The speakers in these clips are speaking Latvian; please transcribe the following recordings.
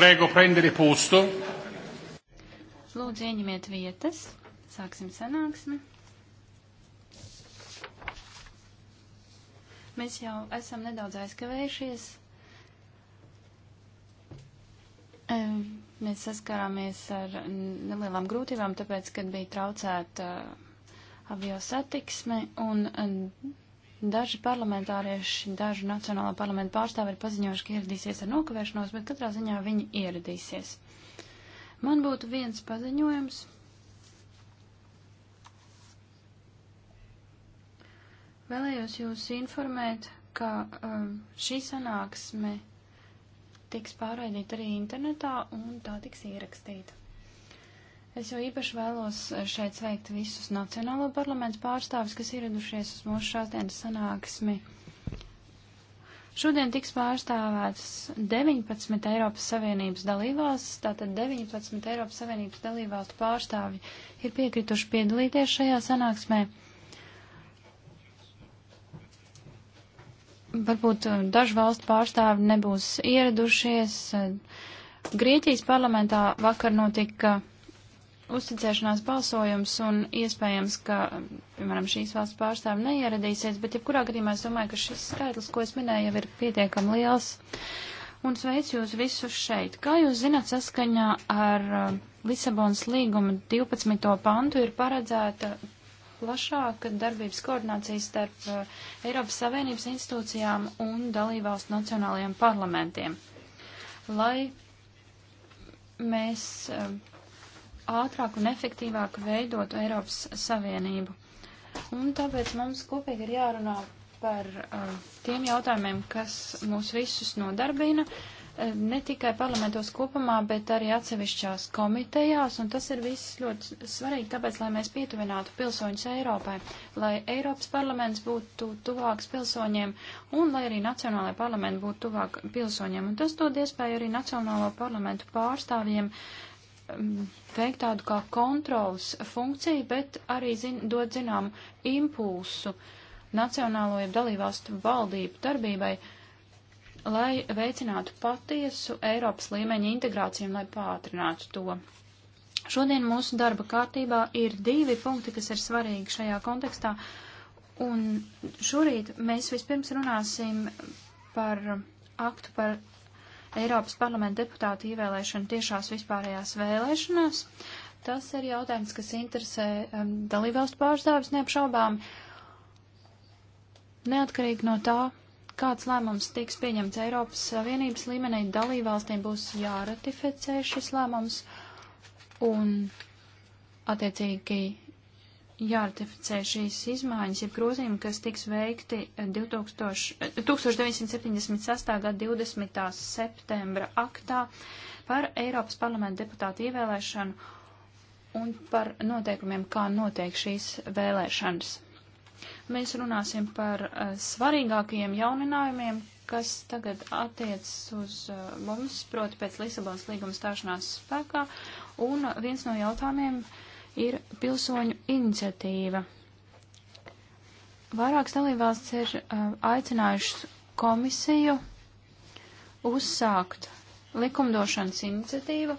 Prego prendere posto. Lūdzu, ieņemiet vietas. Sāksim sanāksmi. Mēs jau esam nedaudz aizkavējušies. Mēs saskārāmies ar nelielām grūtībām, tāpēc, kad bija traucēta uh, avio satiksme un um, Daži parlamentārieši, dažu nacionālā parlamenta pārstāvi ir paziņojuši, ka ieradīsies ar nokavēšanos, bet katrā ziņā viņi ieradīsies. Man būtu viens paziņojums. Vēlējos jūs informēt, ka um, šī sanāksme tiks pārraidīta arī internetā un tā tiks ierakstīta. Es jau īpaši vēlos eh, šeit sveikt visus Nacionālo parlamentu pārstāvis, kas ieradušies uz mūsu šādienas sanāksmi. Šodien tiks pārstāvētas 19 Eiropas Savienības dalībvalstis, tātad 19 Eiropas Savienības dalībvalstu pārstāvi ir piekrituši piedalīties šajā sanāksmē. Varbūt eh, dažu valstu pārstāvi nebūs ieradušies. Eh, Grieķijas parlamentā vakar notika uzticēšanās balsojums un iespējams, ka, piemēram, šīs valsts pārstāvi neieradīsies, bet jebkurā gadījumā es domāju, ka šis skaitlis, ko es minēju, jau ir pietiekami liels. Un sveicu jūs visus šeit. Kā jūs zināt, saskaņā ar uh, Lisabonas līguma 12. pantu ir paredzēta plašāka darbības koordinācija starp uh, Eiropas Savienības institūcijām un dalībvalstu nacionālajiem parlamentiem. Lai mēs uh, ātrāk un efektīvāk veidot Eiropas Savienību. Un tāpēc mums kopīgi ir jārunā par uh, tiem jautājumiem, kas mūs visus nodarbina, uh, ne tikai parlamentos kopumā, bet arī atsevišķās komitejās, un tas ir viss ļoti svarīgi, tāpēc, lai mēs pietuvinātu pilsoņus Eiropai, lai Eiropas parlaments būtu tuvāks pilsoņiem, un lai arī nacionālajā parlamenta būtu tuvāk pilsoņiem, un tas dod iespēju arī nacionālo parlamentu pārstāvjiem uh, Um, veikt tādu kā kontrols funkciju, bet arī zin, dot zinām impulsu nacionālo jeb dalībvalstu valdību darbībai, lai veicinātu patiesu Eiropas līmeņa integrāciju un lai pātrinātu to. Šodien mūsu darba kārtībā ir divi punkti, kas ir svarīgi šajā kontekstā, un šorīt mēs vispirms runāsim par aktu par Eiropas parlamenta deputātu ievēlēšanu tiešās vispārējās vēlēšanās. Tas ir jautājums, kas interesē um, dalībvalstu pārstāvis neapšaubām. Neatkarīgi no tā, kāds lēmums tiks pieņemts Eiropas Savienības līmenī, dalībvalstīm būs jāratificē šis lēmums un attiecīgi jāratificē šīs izmaiņas, jeb grozījumi, kas tiks veikti 2000, eh, 1978. Eh, gada 20. septembra aktā par Eiropas parlamenta deputātu ievēlēšanu un par noteikumiem, kā notiek šīs vēlēšanas. Mēs runāsim par uh, svarīgākajiem jauninājumiem, kas tagad attiecas uz uh, mums, proti pēc Lisabonas līguma stāšanās spēkā, un viens no jautājumiem uh, ir pilsoņu iniciatīva. Vairākas dalībvalsts ir uh, aicinājušas komisiju uzsākt likumdošanas iniciatīvu,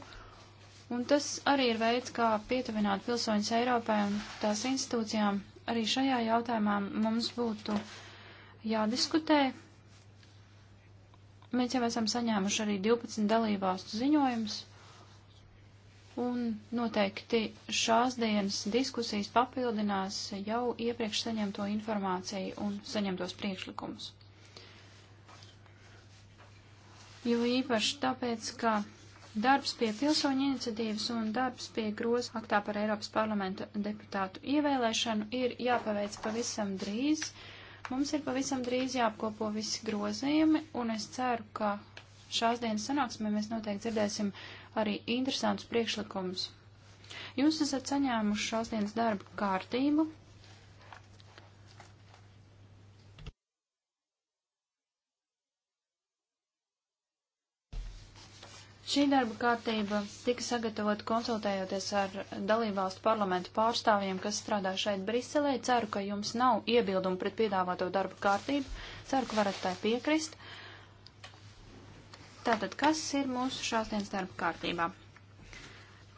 un tas arī ir veids, kā pietuvināt pilsoņus Eiropai un tās institūcijām. Arī šajā jautājumā mums būtu jādiskutē. Mēs jau esam saņēmuši arī 12 dalībvalstu ziņojumus. Un noteikti šās dienas diskusijas papildinās jau iepriekš saņemto informāciju un saņemtos priekšlikumus. Jo īpaši tāpēc, ka Darbs pie pilsoņu iniciatīvas un darbs pie groza aktā par Eiropas parlamenta deputātu ievēlēšanu ir jāpaveic pavisam drīz. Mums ir pavisam drīz jāapkopo visi grozījumi, un es ceru, ka šās dienas sanāksmē mēs noteikti dzirdēsim arī interesants priekšlikums. Jūs esat saņēmuši šās dienas darba kārtību. Šī darba kārtība tika sagatavota konsultējoties ar dalībvalstu parlamentu pārstāvjiem, kas strādā šeit Briselē. Ceru, ka jums nav iebildumu pret piedāvāto darba kārtību. Ceru, ka varat tai piekrist. Tātad, kas ir mūsu šāsdienas darba kārtībā?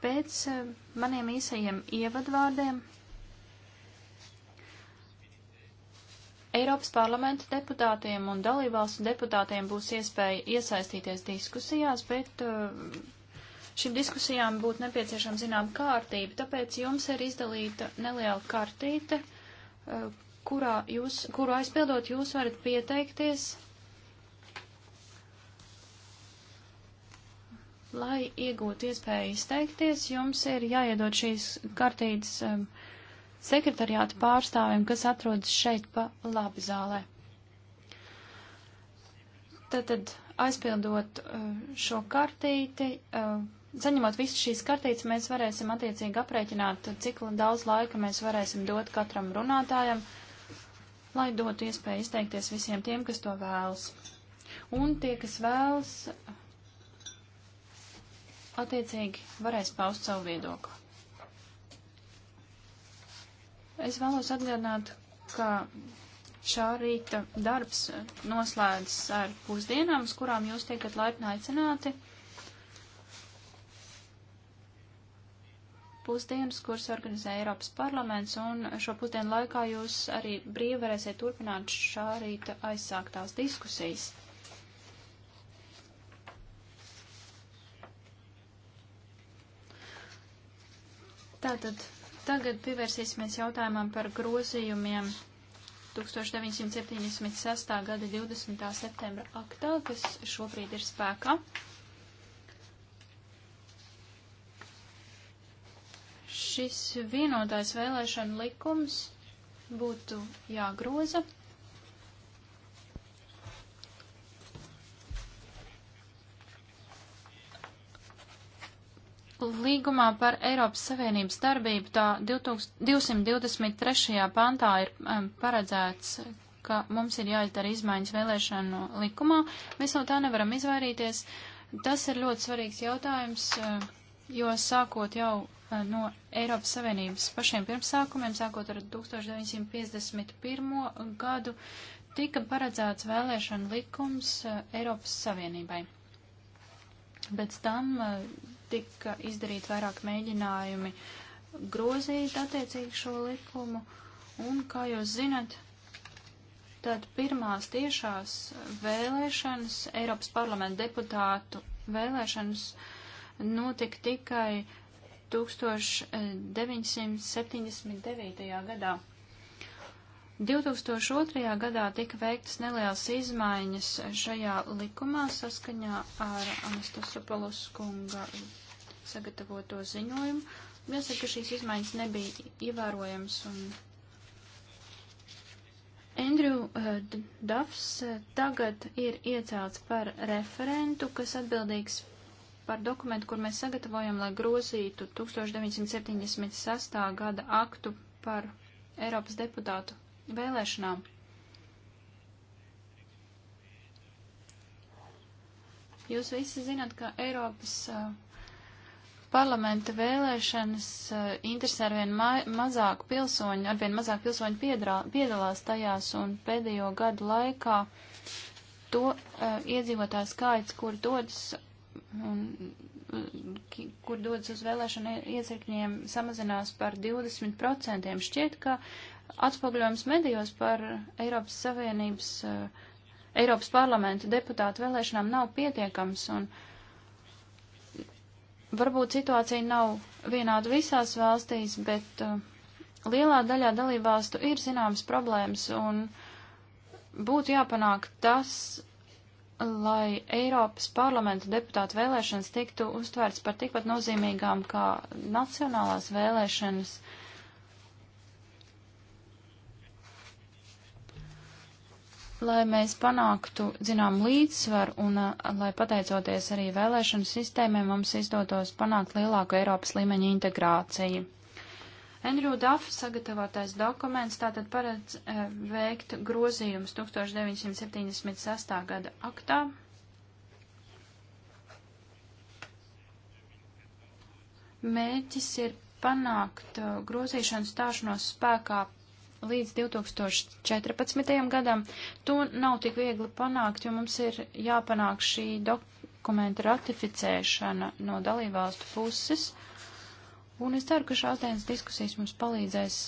Pēc eh, maniem īsajiem ievadvārdiem Eiropas parlamenta deputātiem un dalībvalstu deputātiem būs iespēja iesaistīties diskusijās, bet eh, šīm diskusijām būtu nepieciešama zinām kārtība, tāpēc jums ir izdalīta neliela kartīte, eh, kurā jūs, kuru aizpildot jūs varat pieteikties Lai iegūtu iespēju izteikties, jums ir jāiedod šīs kartītes um, sekretariāta pārstāvjiem, kas atrodas šeit pa labi zālē. Tātad aizpildot uh, šo kartīti, uh, saņemot visu šīs kartītes, mēs varēsim attiecīgi aprēķināt, cik daudz laika mēs varēsim dot katram runātājam, lai dotu iespēju izteikties visiem tiem, kas to vēlas. Un tie, kas vēlas, attiecīgi varēs paust savu viedokli. Es vēlos atgādināt, ka šā rīta darbs noslēdzas ar pusdienām, uz kurām jūs tiekat laipni aicināti. pusdienas, kuras organizē Eiropas parlaments, un šo pusdienu laikā jūs arī brīvi varēsiet turpināt šā rīta aizsāktās diskusijas. Tātad tagad pievērsīsimies jautājumam par grozījumiem 1976. gada 20. septembra aktā, kas šobrīd ir spēkā. Šis vienotais vēlēšana likums būtu jāgroza Līgumā par Eiropas Savienības darbību tā 223. pantā ir paredzēts, ka mums ir jāizdara izmaiņas vēlēšanu likumā. Mēs no tā nevaram izvairīties. Tas ir ļoti svarīgs jautājums, e, jo sākot jau e, no Eiropas Savienības pašiem pirmsākumiem, sākot ar 1951. gadu, tika paredzēts vēlēšana likums e, Eiropas Savienībai. Pēc tam tika izdarīt vairāk mēģinājumi grozīt attiecīgi šo likumu, un, kā jūs zinat, tad pirmās tiešās vēlēšanas, Eiropas parlamenta deputātu vēlēšanas, notika tikai 1979. gadā. 2002. gadā tika veiktas nelielas izmaiņas šajā likumā saskaņā ar Anastasopolus kunga sagatavoto ziņojumu. Jāsaka, ka šīs izmaiņas nebija ievērojams un Andrew uh, Duffs eh, tagad ir iecelts par referentu, kas atbildīgs par dokumentu, kur mēs sagatavojam, lai grozītu 1976. gada aktu par Eiropas deputātu vēlēšanām. Jūs visi zināt, ka Eiropas uh, parlamenta vēlēšanas uh, interesē arvien ma mazāk pilsoņu, arvien mazāk pilsoņu piedrā, piedalās tajās un pēdējo gadu laikā to uh, iedzīvotāju skaits, kur dodas un kur dodas uz vēlēšanu iecirkņiem, samazinās par 20%. Šķiet, ka atspoguļojums medijos par Eiropas Savienības, eh, Eiropas parlamenta deputātu vēlēšanām nav pietiekams, un varbūt situācija nav vienāda visās valstīs, bet eh, lielā daļā dalībvalstu ir zināmas problēmas, un būtu jāpanāk tas, lai Eiropas parlamenta deputātu vēlēšanas tiktu uztvērts par tikpat nozīmīgām kā nacionālās vēlēšanas. Uh, lai mēs panāktu, zinām, līdzsvaru un lai pateicoties arī vēlēšanu sistēmai mums izdotos panākt lielāku Eiropas līmeņa integrāciju. Andrew Duff sagatavotais dokuments tātad paredz e, veikt grozījumus 1976. gada aktā. Mērķis ir panākt e, grozīšanu stāšanos spēkā līdz 2014. gadam. To nav tik viegli panākt, jo mums ir jāpanāk šī dokumenta ratificēšana no dalībvalstu puses. Un es ceru, ka šās dienas diskusijas mums palīdzēs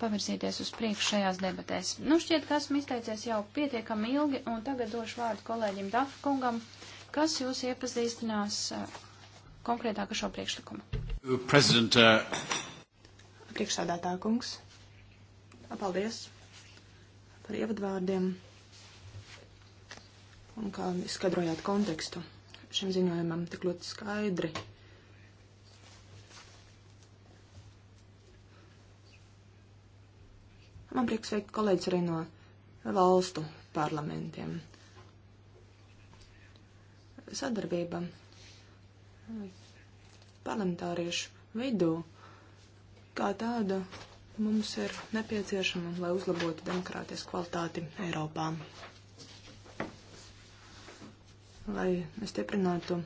pavirzīties uz priekšu šajās debatēs. Nu, šķiet, ka esmu izteicies jau pietiekami ilgi, un tagad došu vārdu kolēģim Dafkungam, kas jūs iepazīstinās uh, konkrētāk ar šo priekšlikumu. President, uh, priekšsādātā kungs. Paldies par ievadvārdiem un kā izskaidrojāt kontekstu šim ziņojumam tik ļoti skaidri. Man prieks veikt kolēģis arī no valstu parlamentiem. Sadarbība parlamentāriešu vidū kā tāda mums ir nepieciešama, lai uzlabotu demokrātijas kvalitāti Eiropā. Lai stiprinātu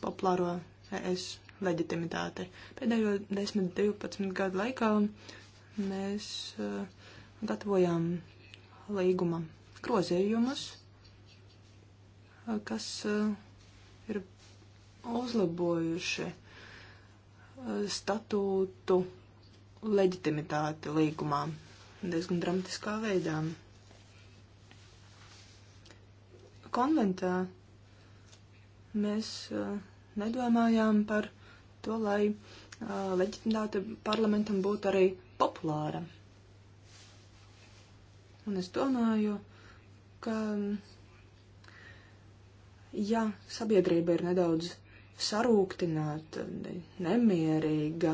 populāro ES leģitimitāti. Pēdējo 10-12 gadu laikā mēs uh, gatavojām līguma grozījumus, uh, kas uh, uzlabojuši eh, statūtu leģitimitāti līgumā diezgan dramatiskā veidā. Konventā mēs eh, nedomājām par to, lai eh, leģitimitāte parlamentam būtu arī populāra. Un es domāju, ka, mm, ja sabiedrība ir nedaudz sarūktināta, nemierīga.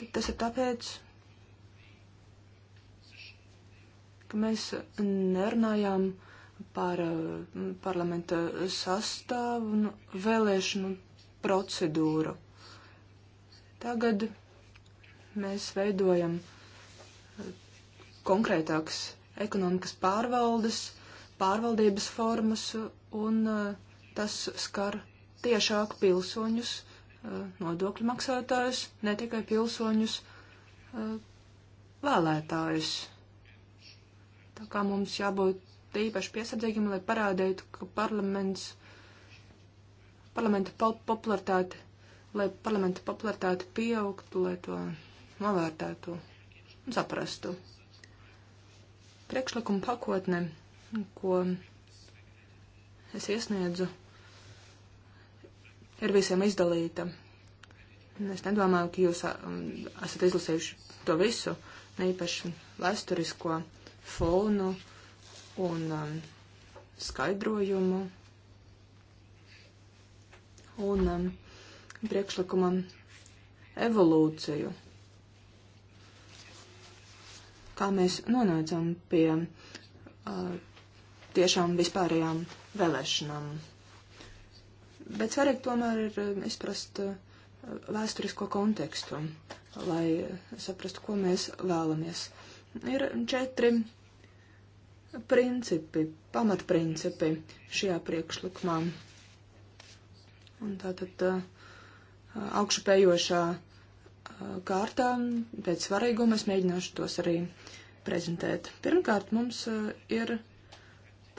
Tad tas ir tāpēc, ka mēs nerunājām par mm, parlamenta sastāvu un vēlēšanu procedūru. Tagad mēs veidojam uh, konkrētākas ekonomikas pārvaldes, pārvaldības formas, un eh, tas skar tiešāk pilsoņus, eh, nodokļu maksātājus, ne tikai pilsoņus, eh, vēlētājus. Tā kā mums jābūt īpaši piesardzīgiem, lai parādītu, ka parlaments, parlamenta popularitāte, lai parlamenta popularitāte pieaugtu, lai to novērtētu un saprastu priekšlikumu pakotne, ko es iesniedzu, ir visiem izdalīta. Es nedomāju, ka jūs um, esat izlasījuši to visu, ne īpaši vēsturisko fonu un um, skaidrojumu. Un um, priekšlikumam evolūciju kā mēs nonācam pie uh, tiešām vispārējām vēlēšanām. Bet svarīgi tomēr ir izprast uh, vēsturisko kontekstu, lai saprastu, ko mēs vēlamies. Ir četri principi, pamatprincipi šajā priekšlikumā. Un tātad uh, augšupējošā uh, kārtā, pēc svarīguma, es mēģināšu tos arī prezentēt. Pirmkārt, mums eh, ir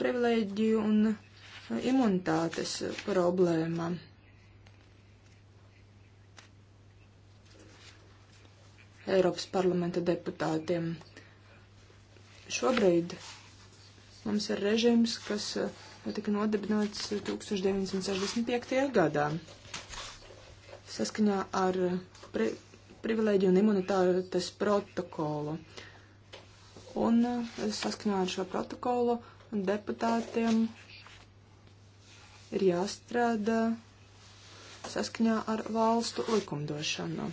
privilēģiju un eh, imunitātes problēma. Eiropas parlamenta deputātiem. Šobrīd mums ir režīms, kas eh, tika nodibināts 1965. gadā. Saskaņā ar privilēģiju un imunitātes protokolu. Un eh, saskaņā ar šo protokolu deputātiem ir jāstrādā saskaņā ar valstu likumdošanu.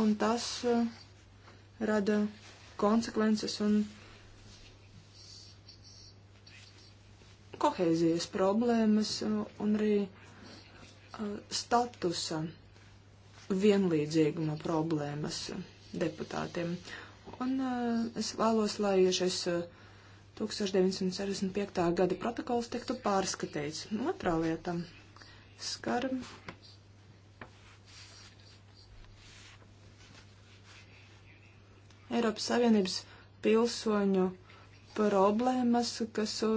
Un tas uh, rada konsekvences un kohēzijas problēmas un arī uh, statusa vienlīdzīguma problēmas deputātiem. Un eh, es vēlos, lai šis 1965. Eh, gada protokols tiktu pārskatīts. Otrā lieta skar Eiropas Savienības pilsoņu problēmas, kas eh,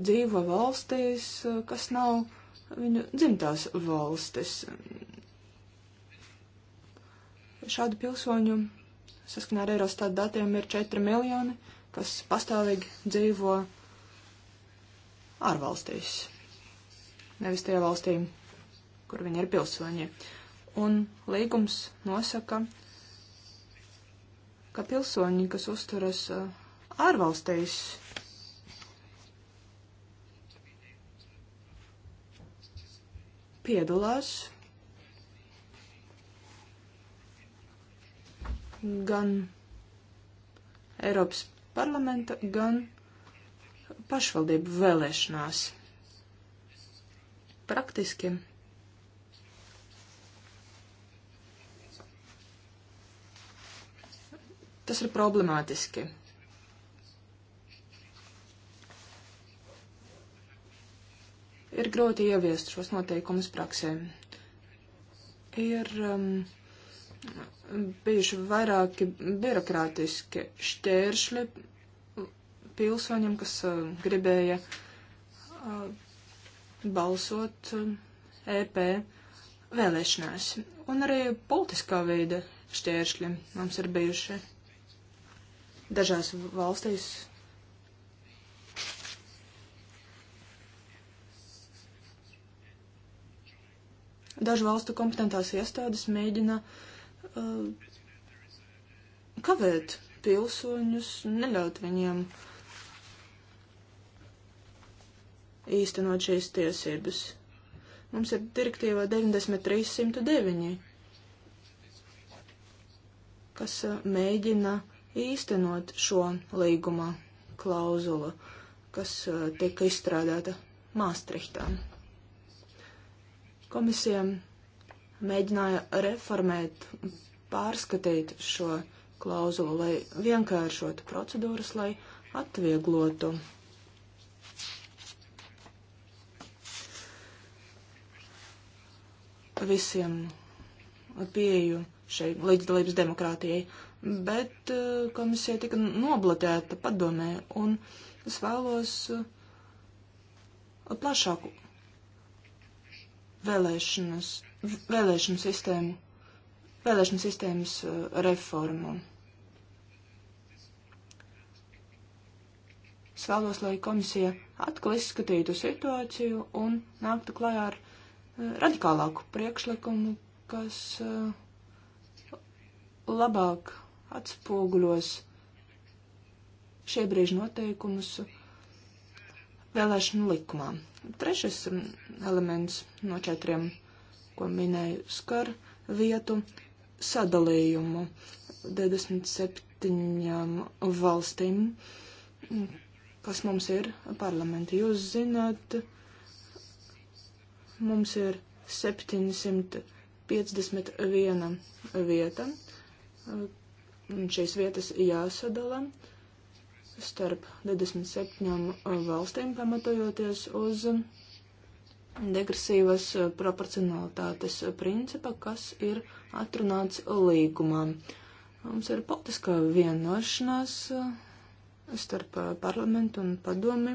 dzīvo valstīs, kas nav viņu dzimtās valstis šādu pilsoņu saskaņā ar Eurostat datiem ir 4 miljoni, kas pastāvīgi dzīvo ārvalstīs, nevis tie valstī, kur viņi ir pilsoņi. Un līgums nosaka, ka pilsoņi, kas uzturas uh, ārvalstīs, piedalās gan Eiropas parlamenta, gan pašvaldību vēlēšanās. Praktiski tas ir problemātiski. Ir grūti ieviest šos noteikumus praksē. Ir um, bijuši vairāki birokrātiski šķēršļi pilsoņiem, kas uh, gribēja uh, balsot uh, um, EP vēlēšanās. Un arī politiskā veida šķēršļi mums ir bijuši dažās valstīs. Dažu valstu kompetentās iestādes mēģina uh, Uh, kavēt pilsoņus, neļaut viņiem īstenot šīs tiesības. Mums ir direktīva 9309, kas uh, mēģina īstenot šo līguma klauzulu, kas uh, tika izstrādāta Māstrihtā. Komisija mēģināja reformēt pārskatīt šo klauzulu, lai vienkāršotu procedūras, lai atvieglotu. Visiem pieju šai līdzdalības demokrātijai, bet eh, komisija tika noblatēta padomē, un es vēlos eh, plašāku vēlēšanas, vēlēšanu sistēmu vēlēšanu sistēmas uh, reformu. Es vēlos, lai komisija atkal izskatītu situāciju un nāktu klajā ar uh, radikālāku priekšlikumu, kas uh, labāk atspoguļos šie brīži noteikumus vēlēšanu likumā. Trešais um, elements no četriem, ko minēju, skar vietu sadalījumu 27 valstīm, kas mums ir parlamenti. Jūs zināt, mums ir 751 vieta, un šīs vietas jāsadala starp 27 valstīm pamatojoties uz degresīvas eh, proporcionalitātes eh, principa, kas ir atrunāts līgumā. Mums ir politiskā vienošanās eh, starp parlamentu un padomi.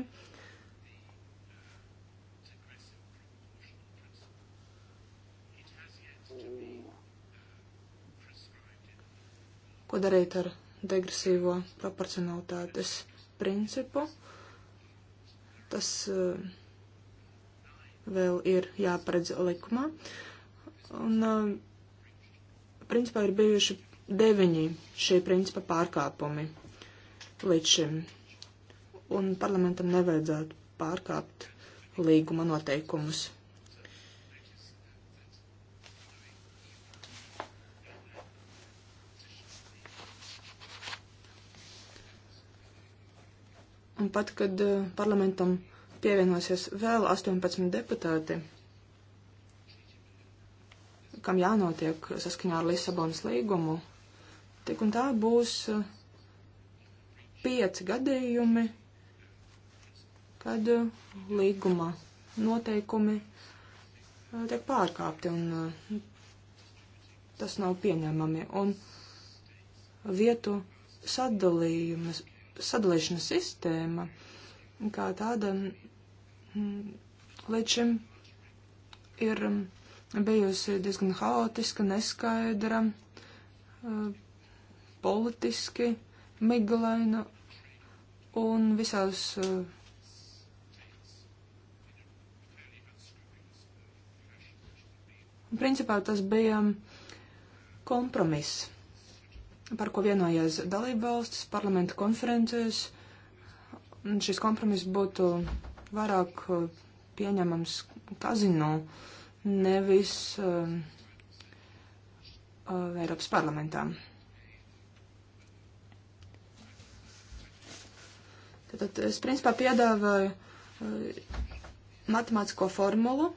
Ko darīt ar degresīvo proporcionalitātes principu? Tas uh, vēl ir jāparedz likumā. Un, um, principā, ir bijuši deviņi šie principa pārkāpumi līdz šim. Un parlamentam nevajadzētu pārkāpt līguma noteikumus. Un pat, kad uh, parlamentam pievienosies vēl 18 deputāti, kam jānotiek saskaņā ar Lisabonas līgumu. Tik un tā būs eh, pieci gadījumi, kad eh, līguma noteikumi eh, tiek pārkāpti un tas nav pieņemami. Un vietu sadalīšanas sistēma kā tāda līdz šim ir um, bijusi diezgan haotiska, neskaidra, uh, politiski miglaina un visās uh, Principā tas bija kompromiss, par ko vienojās dalībvalstis parlamenta konferences. Šis kompromiss būtu vairāk eh, pieņemams kazino, nevis uh, uh, Eiropas parlamentā. Tad es principā piedāvāju uh, matemātisko formulu,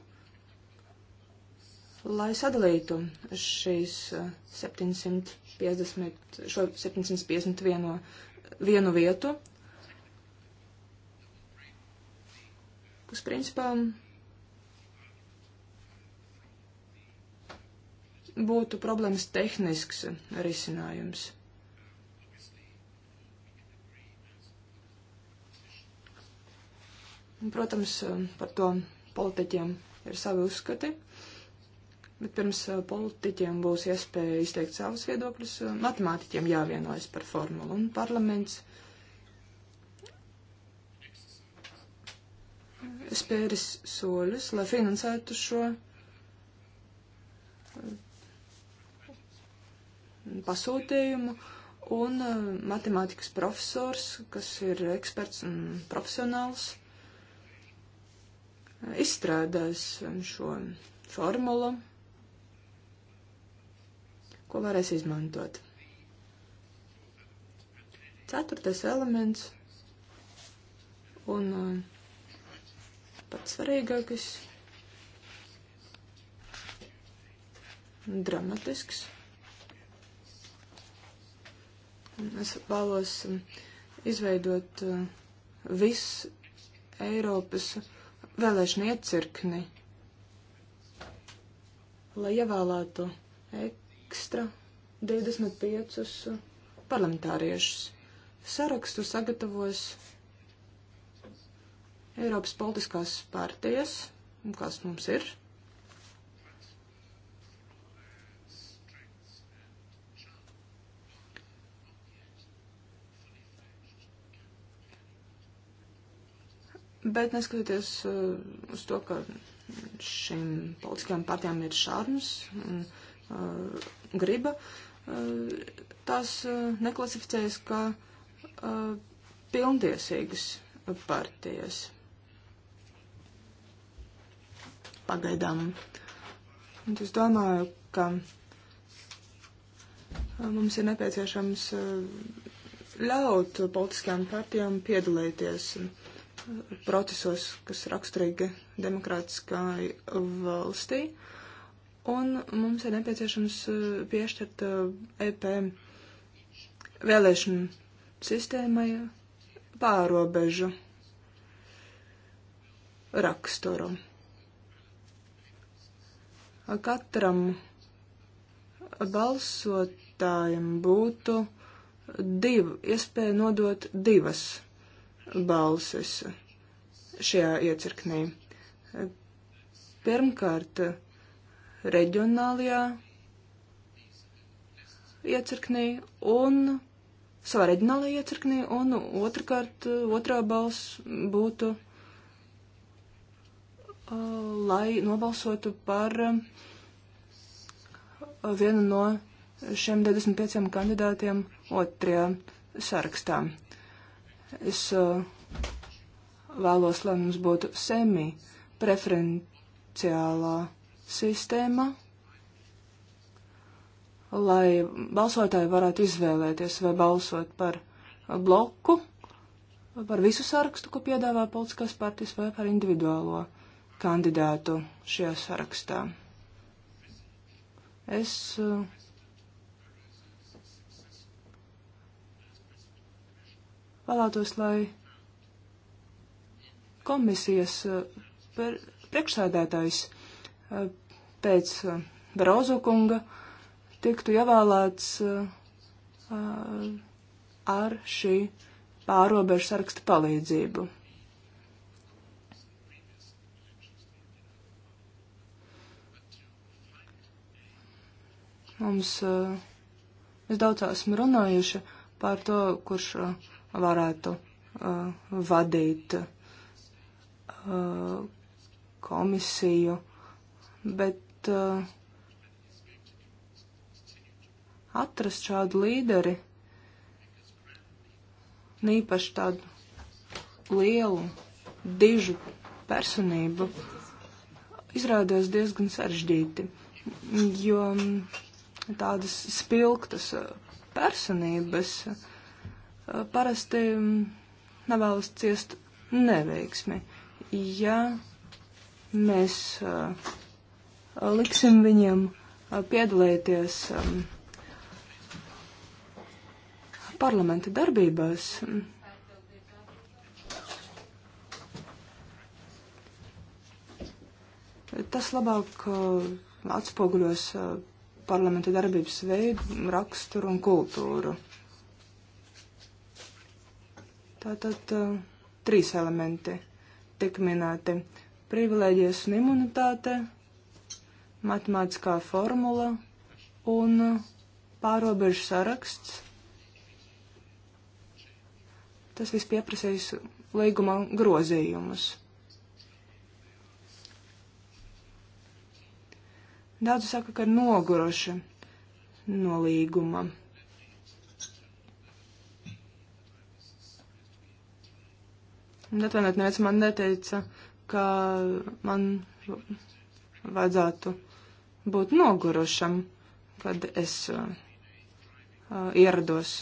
lai sadalītu šīs uh, 750, šo 751 vienu vietu kas principā būtu problēmas tehnisks risinājums. Protams, par to politiķiem ir savi uzskati, bet pirms eh, politiķiem būs iespēja izteikt savus viedokļus, eh, matemātiķiem jāvienojas par formulu, un parlaments uh, spēris soļus, lai finansētu šo eh, pasūtījumu. Un eh, matemātikas profesors, kas ir eksperts un profesionāls, eh, izstrādājis šo formulu, ko varēs izmantot. Ceturtais elements un uh, pats svarīgākais. Dramatisks. Es vēlos um, izveidot um, visu Eiropas vēlēšanu iecirkni, lai ievēlētu ekstra 25 uh, parlamentāriešus. Sarakstu sagatavos Eiropas politiskās partijas, kas mums ir. Bet neskatoties uh, uz to, ka šīm politiskajām partijām ir šarms un uh, griba, uh, tās uh, neklasificējas kā uh, pilntiesīgas partijas. pagaidām. Un es domāju, ka uh, mums ir nepieciešams uh, ļaut politiskajām partijām piedalīties uh, procesos, kas raksturīgi demokrātiskai valstī. Un mums ir nepieciešams piešķirt EP vēlēšanu sistēmai pārobežu raksturu katram balsotājam būtu div, iespēja nodot divas balses šajā iecirknī. Pirmkārt, reģionālajā iecirknī un savā reģionālajā iecirknī, un otrkārt, otrā balss būtu lai nobalsotu par uh, vienu no šiem 25 kandidātiem otrajā sarakstā. Es uh, vēlos, lai mums būtu semi preferenciālā sistēma, lai balsotāji varētu izvēlēties vai balsot par bloku, par visu sarakstu, ko piedāvā politiskās partijas vai par individuālo uh, kandidātu šajā sarakstā. Es eh, vēlētos, lai komisijas eh, priekšsēdētājs eh, pēc Barozo kunga tiktu ievēlēts ar šī pārobežu saraksta palīdzību. Mums, mēs eh, daudz esam runājuši par to, kurš eh, varētu eh, vadīt komisiju, bet atrast šādu līderi, nīpaši tādu lielu, dižu personību, izrādās diezgan sarežģīti, jo tādas spilgtas eh, personības eh, parasti mm, nevēlas ciest neveiksmi. Ja mēs eh, liksim viņiem piedalīties mm, parlamenta darbībās, mm, tas labāk atspoguļos parlamenta darbības veidu, raksturu un kultūru. Tātad uh, trīs elementi tik minēti - privilēģijas un imunitāte, matemātiskā formula un uh, pārobežu saraksts. Tas viss pieprasīs līguma grozījumus. Daudz saka, ka noguruši no līguma. Un atvainojiet, neviens man neteica, ka man vajadzētu būt nogurušam, kad es uh, ierados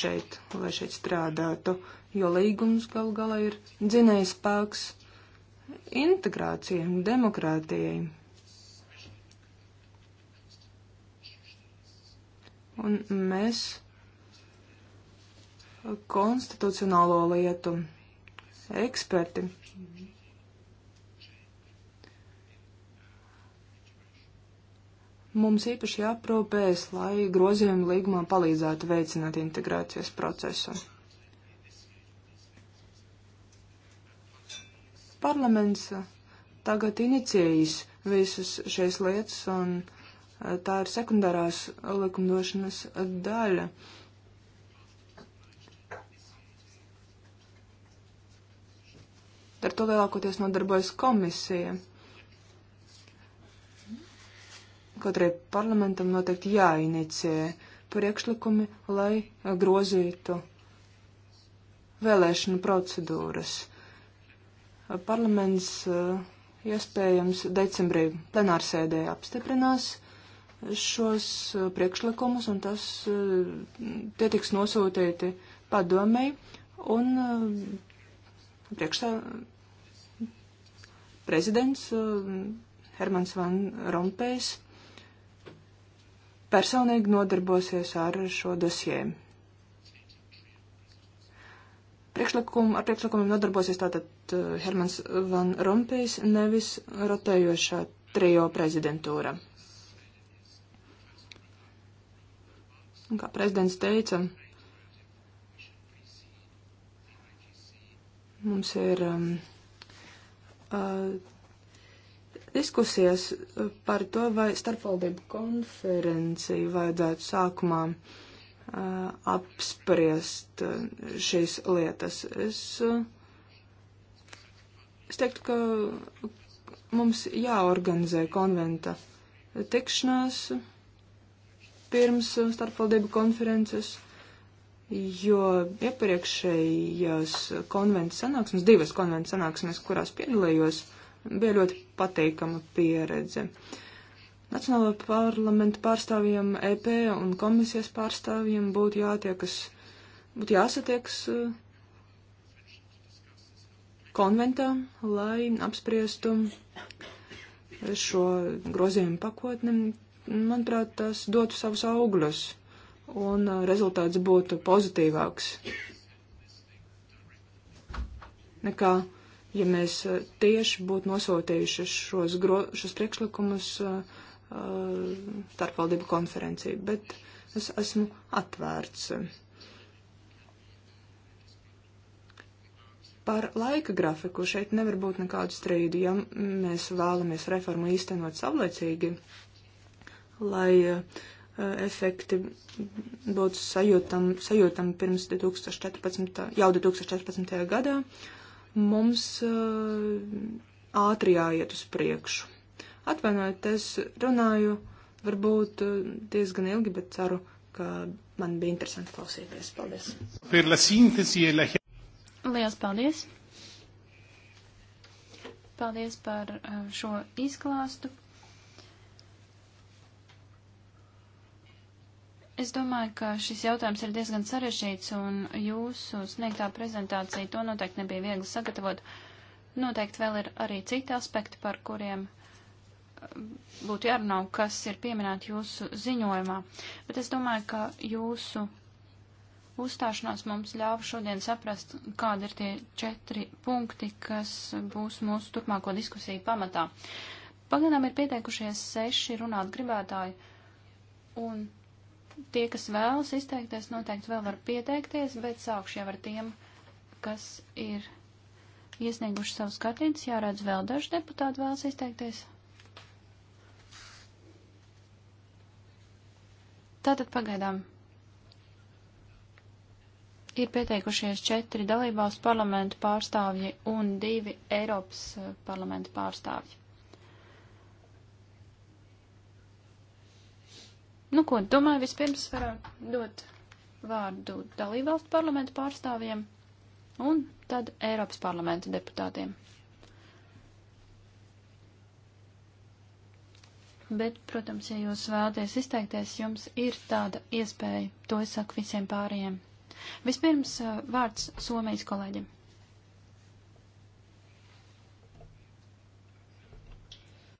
šeit, lai šeit strādātu, jo līgums gal galā ir dzinējs spēks integrācijai, demokrātijai, Un mēs konstitucionālo lietu eksperti mums īpaši jāprūpējas, lai grozījumi līgumā palīdzētu veicināt integrācijas procesu. Parlaments tagad inicijējis visus šīs lietas, un Tā ir sekundārās likumdošanas daļa. Ar to lielākoties nodarbojas komisija. Kaut arī parlamentam noteikti jāinicē priekšlikumi, lai grozītu vēlēšanu procedūras. Parlaments eh, iespējams decembrī plenārsēdē apstiprinās šos eh, priekšlikumus, un tas, eh, tie tiks nosūtīti padomēji, un eh, priekšstā prezidents Hermans Van Rompējs personīgi nodarbosies ar šo dosiem. Priekšlikum, ar priekšlikumiem nodarbosies tātad Hermans Van Rompējs, nevis rotējošā trijo prezidentūra. Un kā prezidents teica, mums ir um, uh, diskusijas par to, vai starpvaldību konferenci vajadzētu sākumā uh, apspriest uh, šīs lietas. Es, uh, es teiktu, ka mums jāorganizē konventa tikšanās. Uh, pirms starpvaldību konferences, jo iepriekšējās konvences sanāksmes, divas konvences sanāksmes, kurās piedalījos, bija ļoti pateikama pieredze. Nacionālo parlamentu pārstāvjiem, EP un komisijas pārstāvjiem būtu jātiekas, būtu jāsatiekas uh, konventā, lai apspriestu šo grozījumu pakotni, manuprāt, tas dotu savus augļus un uh, rezultāts būtu pozitīvāks nekā, ja mēs uh, tieši būtu nosūtījuši šos, gro, šos priekšlikumus uh, uh, starpvaldību konferencī, bet es esmu atvērts. Par laika grafiku šeit nevar būt nekādu strīdu, ja mēs vēlamies reformu īstenot savlaicīgi. Uh, lai eh, efekti būtu sajūtam, sajūtam pirms 2014, jau 2014. gadā, mums eh, ātri jāiet uz priekšu. Atvainojiet, es runāju varbūt eh, diezgan ilgi, bet ceru, ka man bija interesanti klausīties. Paldies! E Lielas paldies! Paldies par šo izklāstu Es domāju, ka šis jautājums ir diezgan sarešķīts, un jūsu sniegtā prezentācija to noteikti nebija viegli sagatavot. Noteikti vēl ir arī citi aspekti, par kuriem um, būtu jārunā, kas ir pieminēti jūsu ziņojumā. Bet es domāju, ka jūsu uzstāšanās mums ļāva šodien saprast, kādi ir tie četri punkti, kas būs mūsu turpmāko diskusiju pamatā. Pagaidām ir pieteikušies seši runāt gribētāji, un Tie, kas vēlas izteikties, noteikti vēl var pieteikties, bet sākšu jau ar tiem, kas ir iesnieguši savus kartītes. Jāredz vēl daži deputāti vēlas izteikties. Tātad pagaidām ir pieteikušies četri dalībvalstu parlamentu pārstāvji un divi Eiropas eh, parlamentu pārstāvji. Nu, ko domāju, vispirms varētu dot vārdu dalībvalstu parlamentu pārstāvjiem un tad Eiropas parlamenta deputātiem. Bet, protams, ja jūs vēlaties izteikties, jums ir tāda iespēja. To es saku visiem pārējiem. Vispirms uh, vārds Somijas kolēģim.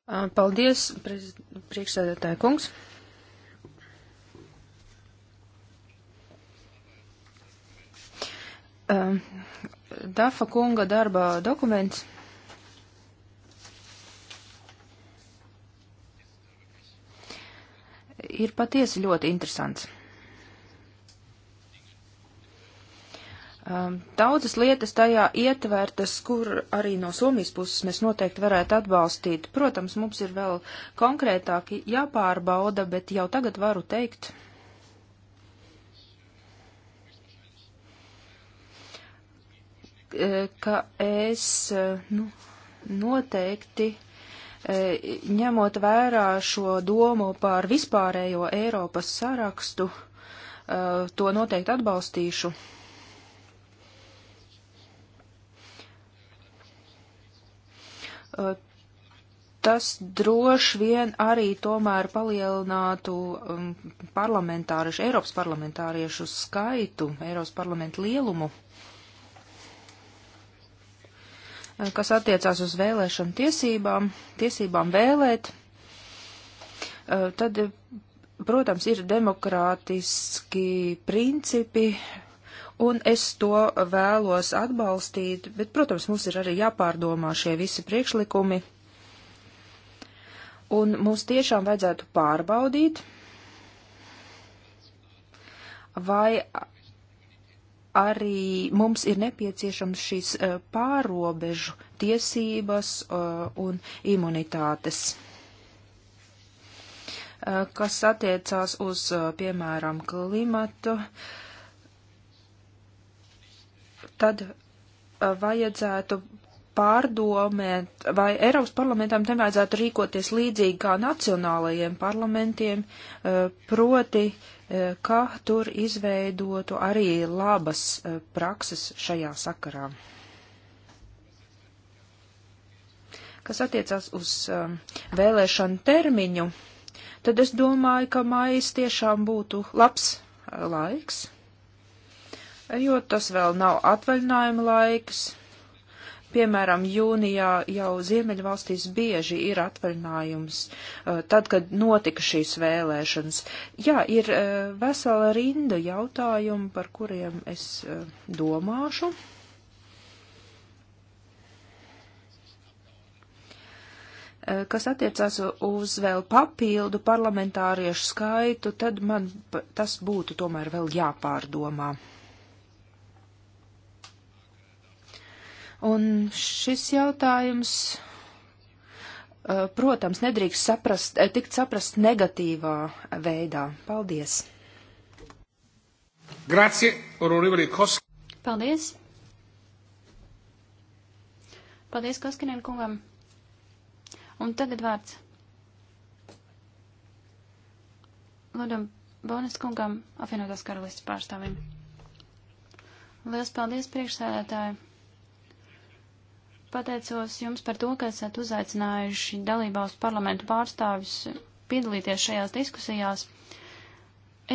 Uh, paldies, priekšsēdētāja kungs. um, Dafa kunga darba dokuments. Ir patiesi ļoti interesants. Um, daudzas lietas tajā ietvertas, kur arī no Somijas puses mēs noteikti varētu atbalstīt. Protams, mums ir vēl konkrētāk jāpārbauda, bet jau tagad varu teikt, uh, ka es nu, noteikti e, ņemot vērā šo domu par vispārējo Eiropas sarakstu, e, to noteikti atbalstīšu. E, tas droši vien arī tomēr palielinātu um, parlamentāriešu, Eiropas parlamentāriešu skaitu, Eiropas parlamentu lielumu. Eh, kas attiecās uz vēlēšanu tiesībām, tiesībām vēlēt, eh, tad, protams, ir demokrātiski principi, un es to vēlos atbalstīt, bet, protams, mums ir arī jāpārdomā šie visi priekšlikumi, un mums tiešām vajadzētu pārbaudīt, vai arī mums ir nepieciešams šīs e, pārobežu tiesības e, un imunitātes, e, kas attiecās uz, piemēram, klimatu, tad vajadzētu pārdomēt, vai Eiropas parlamentam tam vajadzētu rīkoties līdzīgi kā nacionālajiem parlamentiem, proti, uh, Eh, kā tur izveidotu arī labas eh, prakses šajā sakarā. Kas attiecās uz eh, vēlēšanu termiņu, tad es domāju, ka mājas tiešām būtu labs laiks, jo tas vēl nav atvaļinājuma laiks Piemēram, jūnijā jau Ziemeļvalstīs bieži ir atvaļinājums, eh, tad, kad notika šīs vēlēšanas. Jā, ir eh, vesela rinda jautājumu, par kuriem es eh, domāšu. kas attiecās uz vēl papildu parlamentāriešu skaitu, tad man tas būtu tomēr vēl jāpārdomā. Un šis jautājums, eh, protams, nedrīkst saprast, eh, tikt saprast negatīvā veidā. Paldies! Grazie, Ororivri Kosk. Paldies! Paldies Koskiniem kungam! Un tagad vārds. Lūdzu, Bonis kungam, apvienotās karalistas pārstāvim. Lielas paldies priekšsēdētāji! Pateicos jums par to, ka esat uzaicinājuši dalībvalstu parlamentu pārstāvjus piedalīties šajās diskusijās.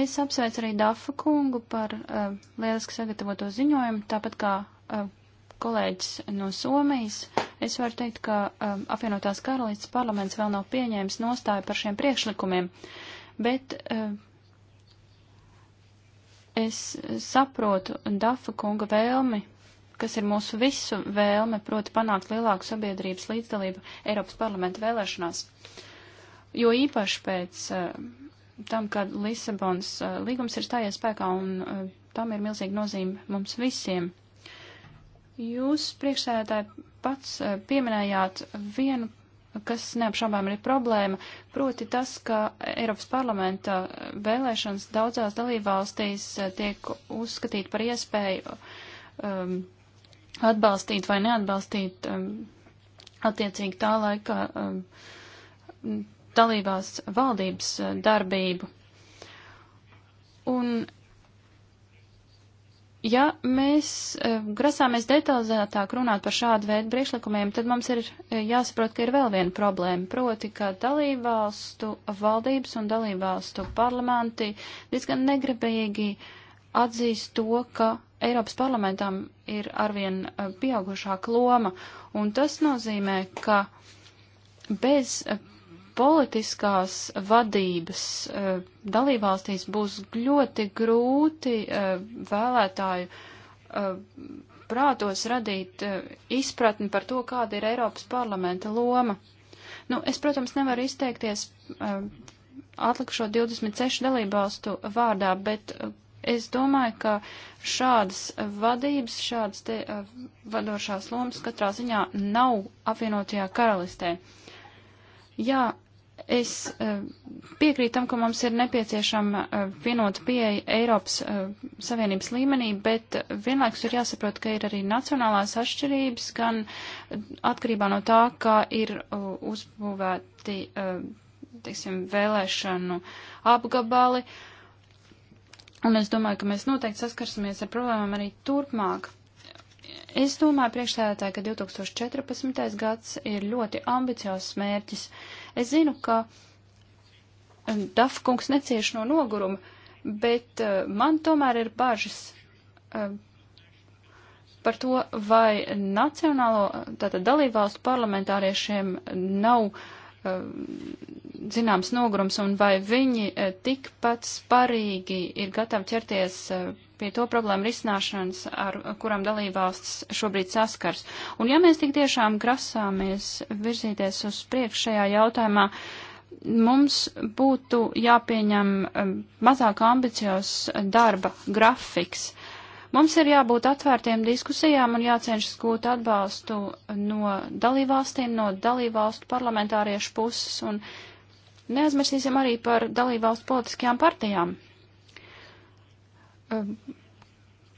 Es apsveicu arī Dafa kungu par uh, lieliski sagatavoto ziņojumu, tāpat kā uh, kolēģis no Somijas. Es varu teikt, ka uh, apvienotās karalists parlaments vēl nav pieņēmis nostāju par šiem priekšlikumiem, bet uh, es saprotu Dafa kunga vēlmi kas ir mūsu visu vēlme, proti panākt lielāku sabiedrības līdzdalību Eiropas parlamenta vēlēšanās. Jo īpaši pēc uh, tam, kad Lisabons uh, eh, līgums ir stājies spēkā un uh, tam ir milzīga nozīme mums visiem. Jūs priekšsēdētāji pats pieminējāt vienu, kas neapšaubām ir problēma, proti tas, ka Eiropas parlamenta vēlēšanas daudzās dalībvalstīs tiek uzskatīt par iespēju um, atbalstīt vai neatbalstīt um, attiecīgi tā laika um, dalībās valdības uh, darbību. Un, ja mēs uh, grasāmies detalizētāk runāt par šādu veidu priekšlikumiem, tad mums ir uh, jāsaprot, ka ir vēl viena problēma, proti, ka dalībvalstu valdības un dalībvalstu parlamenti diezgan negribīgi atzīst to, ka Eiropas parlamentam ir arvien eh, pieaugušāka loma, un tas nozīmē, ka bez eh, politiskās vadības eh, dalībvalstīs būs ļoti grūti vēlētāju prātos radīt izpratni par to, kāda ir Eiropas parlamenta loma. Nu, es, protams, nevaru izteikties atlikušo 26 dalībvalstu vārdā, bet Es domāju, ka šādas vadības, šādas te, uh, vadošās lomas katrā ziņā nav apvienotajā karalistē. Jā, es uh, piekrītu tam, ka mums ir nepieciešama uh, vienota pieeja Eiropas Savienības līmenī, bet vienlaikus ir jāsaprot, ka ir arī nacionālās atšķirības, gan atkarībā no tā, kā ir uzbūvēti, teiksim, vēlēšanu apgabali. Uh, Un es domāju, ka mēs noteikti saskarsimies ar problēmām arī turpmāk. Es domāju, priekšsēdētāji, ka 2014. gads ir ļoti ambiciozs mērķis. Es zinu, ka um, Dafkungs necieš no noguruma, bet uh, man tomēr ir bažas uh, par to, vai nacionālo, tātad dalībvalstu parlamentāriešiem nav uh, Eh, zināms nogurums un vai viņi eh, tikpat sparīgi ir gatavi ķerties eh, pie to problēmu risināšanas, ar kurām dalībvalstis šobrīd saskars. Un ja mēs tik tiešām grasāmies virzīties uz priekšu šajā jautājumā, mums būtu jāpieņem mazāk ambicios darba grafiks. Mums ir jābūt atvērtiem diskusijām un jācenšas gūt atbalstu no dalībvalstīm, no dalībvalstu parlamentāriešu puses, un neaizmirsīsim arī par dalībvalstu politiskajām partijām.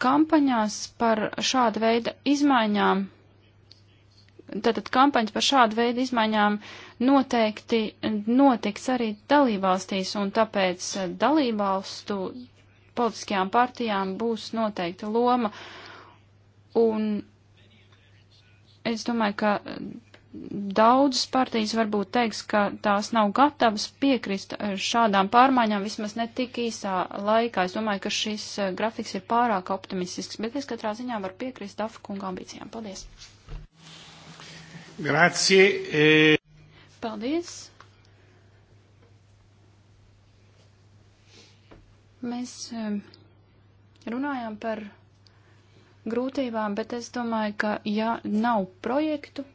Kampaņās par šādu veidu izmaiņām, tātad kampaņas par šādu veidu izmaiņām noteikti notiks arī dalībvalstīs, un tāpēc dalībvalstu politiskajām partijām būs noteikta loma. Un es domāju, ka daudzas partijas varbūt teiks, ka tās nav gatavas piekrist eh, šādām pārmaiņām, vismaz ne tik īsā laikā. Es domāju, ka šis eh, grafiks ir pārāk optimistisks, bet es katrā ziņā varu piekrist Dafa kunga ambīcijām. Paldies! Grazie! Eh. Paldies! Mēs runājām par grūtībām, bet es domāju, ka ja nav projektu,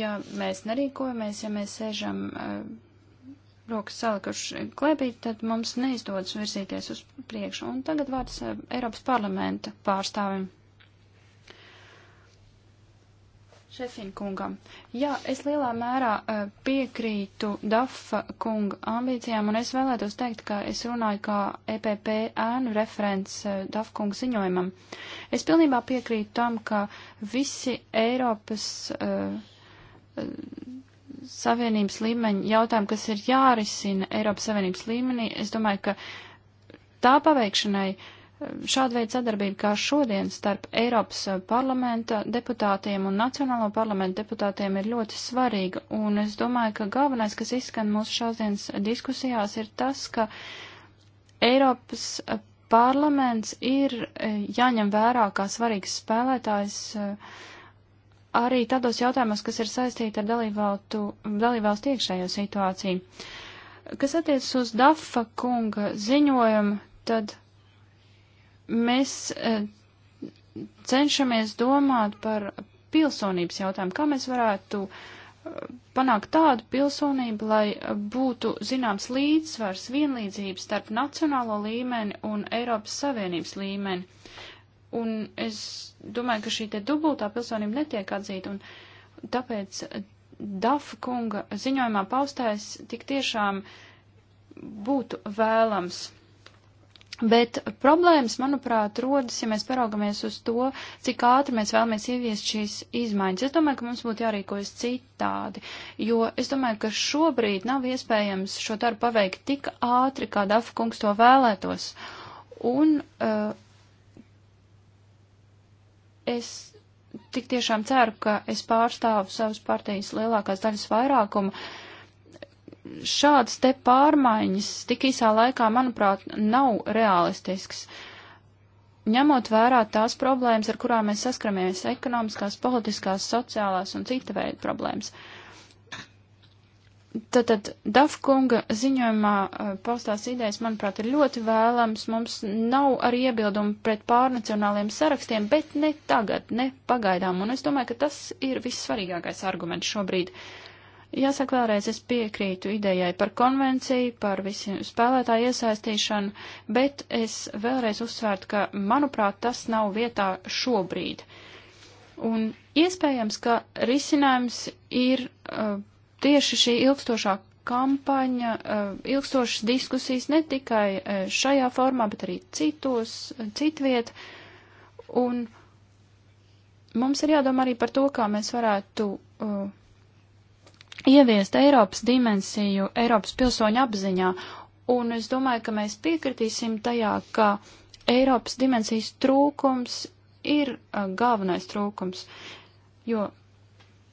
ja mēs nerīkojamies, ja mēs sēžam eh, rokas salikuši klēpī, tad mums neizdodas virzīties uz priekšu. Un tagad vārds eh, Eiropas parlamenta pārstāvim. Šefin kungam. Jā, es lielā mērā eh, piekrītu Dafa kunga ambīcijām, un es vēlētos teikt, ka es runāju kā EPP ēnu referents eh, Dafa kunga ziņojumam. Es pilnībā piekrītu tam, ka visi Eiropas uh, Savienības līmeņa jautājumi, kas ir jārisina Eiropas Savienības līmenī, es domāju, ka tā paveikšanai uh, Šāda veida sadarbība kā šodien starp Eiropas parlamenta deputātiem un Nacionālo parlamentu deputātiem ir ļoti svarīga, un es domāju, ka galvenais, kas izskan mūsu šādienas diskusijās, ir tas, ka Eiropas parlaments ir e, jāņem vērā kā svarīgs spēlētājs e, arī tādos jautājumos, kas ir saistīti ar dalībvalstu iekšējo situāciju. Kas attiecas uz Dafa kunga ziņojumu, tad mēs e, cenšamies domāt par pilsonības jautājumu, kā mēs varētu e, panākt tādu pilsonību, lai būtu zināms līdzsvars, vienlīdzības starp nacionālo līmeni un Eiropas Savienības līmeni. Un es domāju, ka šī te dubultā pilsonība netiek atzīta, un tāpēc Dafa kunga ziņojumā paustais tik tiešām būtu vēlams. Bet problēmas, manuprāt, rodas, ja mēs paraugamies uz to, cik ātri mēs vēlamies ieviest šīs izmaiņas. Es domāju, ka mums būtu jārīkojas citādi, jo es domāju, ka šobrīd nav iespējams šo darbu paveikt tik ātri, kā Dafa kungs to vēlētos. Un uh, es tik tiešām ceru, ka es pārstāvu savas partijas lielākās daļas vairākumu. Uh, šādas te pārmaiņas tik īsā laikā, manuprāt, nav realistisks. Ņemot vērā tās problēmas, ar kurām mēs saskaramies - ekonomiskās, politiskās, sociālās un cita veida problēmas. Tātad Dafkunga ziņojumā uh, paustās idejas, manuprāt, ir ļoti vēlams. Mums nav arī iebildumi pret pārnacionāliem sarakstiem, bet ne tagad, ne pagaidām. Un es domāju, ka tas ir vissvarīgākais arguments šobrīd. Uh, Jāsaka vēlreiz, es piekrītu idejai par konvenciju, par visiem spēlētāju iesaistīšanu, bet es vēlreiz uzsvērtu, ka, manuprāt, tas nav vietā šobrīd. Un iespējams, ka risinājums ir uh, tieši šī ilgstošā kampaņa, uh, ilgstošas diskusijas ne tikai uh, šajā formā, bet arī citos, uh, citviet. Un mums ir jādomā arī par to, kā mēs varētu. Uh, ieviest Eiropas dimensiju Eiropas pilsoņu apziņā, un es domāju, ka mēs piekritīsim tajā, ka Eiropas dimensijas trūkums ir uh, galvenais trūkums, jo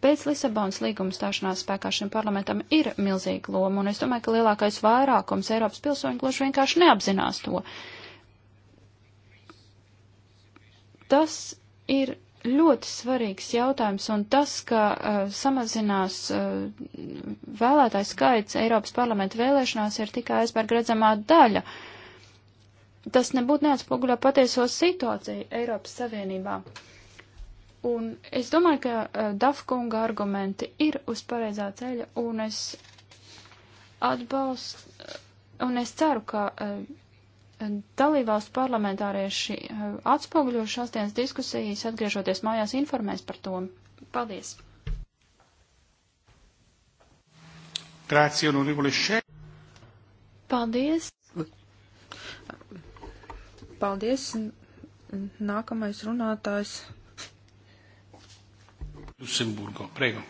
pēc Lisabonas līguma stāšanās spēkā šim parlamentam ir milzīga loma, un es domāju, ka lielākais vairākums Eiropas pilsoņu gluži vienkārši neapzinās to. Tas ir ļoti svarīgs jautājums, un tas, ka uh, samazinās uh, vēlētājs skaits Eiropas parlamenta vēlēšanās, ir tikai aizbērg redzamā daļa. Tas nebūtu neatspoguļo patieso situāciju Eiropas Savienībā. Un es domāju, ka uh, Dafkunga argumenti ir uz pareizā ceļa, un es atbalstu, uh, un es ceru, ka uh, dalībvalstu parlamentārieši eh, atspoguļo šodienas diskusijas, atgriežoties mājās, informēs par to. Paldies! Grācija un Rivolišē. Paldies! Paldies! Nākamais runātājs. Luksemburgo, prego.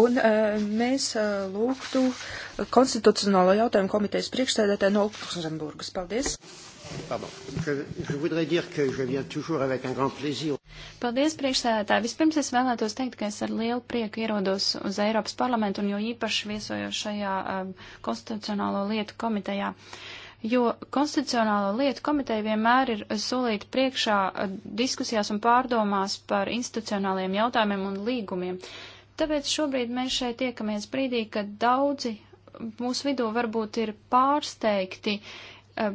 Un uh, mēs uh, lūgtu konstitucionālo jautājumu komitejas priekšsēdētāju no Luksemburgas. Paldies! Paldies, priekšsēdētāji! Vispirms es vēlētos teikt, ka es ar lielu prieku ierodos uz Eiropas parlamentu un jo īpaši viesojos šajā um, konstitucionālo lietu komitejā. Jo konstitucionālo lietu komiteja vienmēr ir solīta priekšā diskusijās un pārdomās par institucionāliem jautājumiem un līgumiem. Uh, Tāpēc šobrīd mēs šeit tiekamies brīdī, kad daudzi mūsu vidū varbūt ir pārsteigti eh,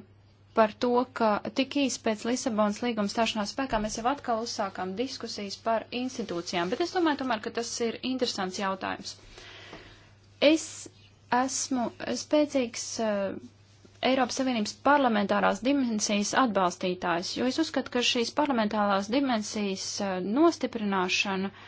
par to, ka tik īsi pēc Lisabonas līguma stāšanās spēkā mēs jau atkal uzsākām diskusijas par institūcijām, bet es domāju tomēr, ka tas ir interesants jautājums. Es esmu spēcīgs eh, Eiropas Savienības parlamentārās dimensijas atbalstītājs, jo es uzskatu, ka šīs parlamentārās dimensijas eh, nostiprināšana uh,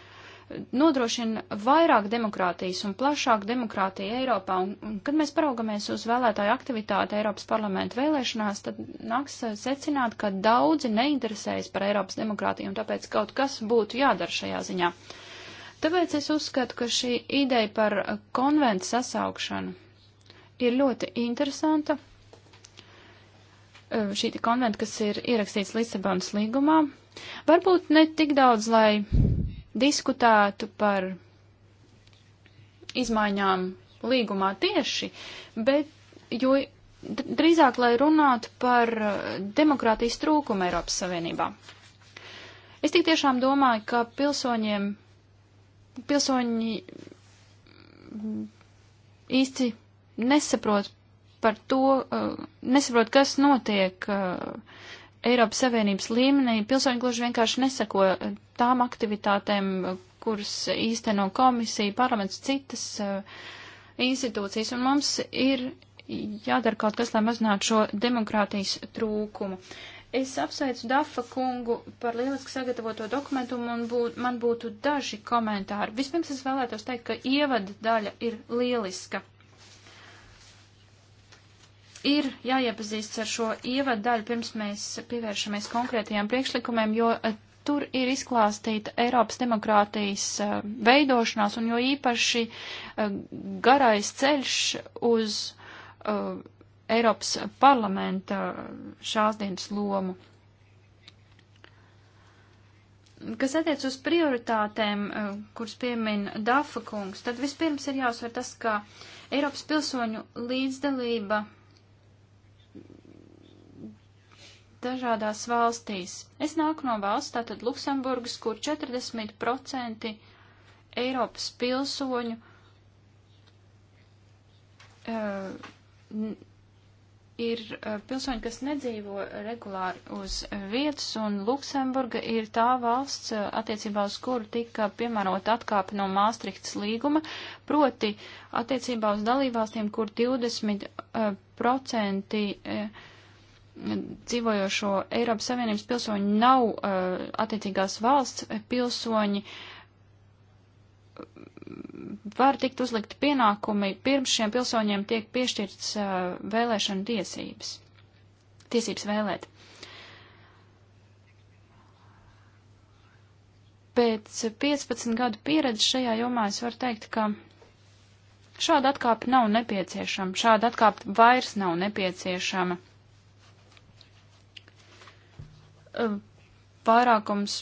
nodrošina vairāk demokrātijas un plašāku demokrātiju Eiropā. Un, un, kad mēs paraugamies uz vēlētāju aktivitāti Eiropas parlamenta vēlēšanās, tad nāks secināt, ka daudzi neinteresējas par Eiropas demokrātiju un tāpēc kaut kas būtu jādara šajā ziņā. Tāpēc es uzskatu, ka šī ideja par konventu sasaukšanu ir ļoti interesanta. Šī konventa, kas ir ierakstīts Lisabonas līgumā, varbūt ne tik daudz, lai diskutētu par izmaiņām līgumā tieši, bet jo drīzāk, lai runātu par eh, demokrātijas trūkumu Eiropas Savienībā. Es tik tiešām domāju, ka pilsoņiem, pilsoņi mm, īsti nesaprot par to, eh, nesaprot, kas notiek uh, Eiropas Savienības līmenī pilsoņi gluži vienkārši nesako eh, tām aktivitātēm, kuras īsteno komisija, parlaments, citas uh, institūcijas, un mums ir jādara kaut kas, lai mazinātu šo demokrātijas trūkumu. Es apsveicu Dafa kungu par lieliski sagatavoto dokumentu, un būt, man būtu daži komentāri. Vispirms es vēlētos teikt, ka ievada daļa ir lieliska ir jāiepazīst ar šo ievadu daļu, pirms mēs pievēršamies konkrētajām priekšlikumiem, jo eh, tur ir izklāstīta Eiropas demokrātijas uh, veidošanās un jo īpaši uh, garais ceļš uz uh, Eiropas parlamenta šās dienas lomu. Kas attiec uz prioritātēm, kuras piemina Dafa kungs, tad vispirms ir jāuzsver tas, ka Eiropas pilsoņu līdzdalība dažādās valstīs. Es nāku no valsts, tātad Luksemburgas, kur 40% Eiropas pilsoņu uh, ir eh, pilsoņi, kas nedzīvo regulāri uz vietas, un Luksemburga ir tā valsts, eh, attiecībā uz kuru tika piemērot atkāpi no Māstrihtas līguma, proti attiecībā uz dalībvalstīm, kur 20% uh, dzīvojošo Eiropas Savienības pilsoņu nav uh, attiecīgās valsts pilsoņi, uh, var tikt uzlikti pienākumi, pirms šiem pilsoņiem tiek piešķirts uh, vēlēšana tiesības. Tiesības vēlēt. Pēc 15 gadu pieredzes šajā jomā es varu teikt, ka šāda atkāpe nav nepieciešama, šāda atkāpe vairs nav nepieciešama. Um, vairākums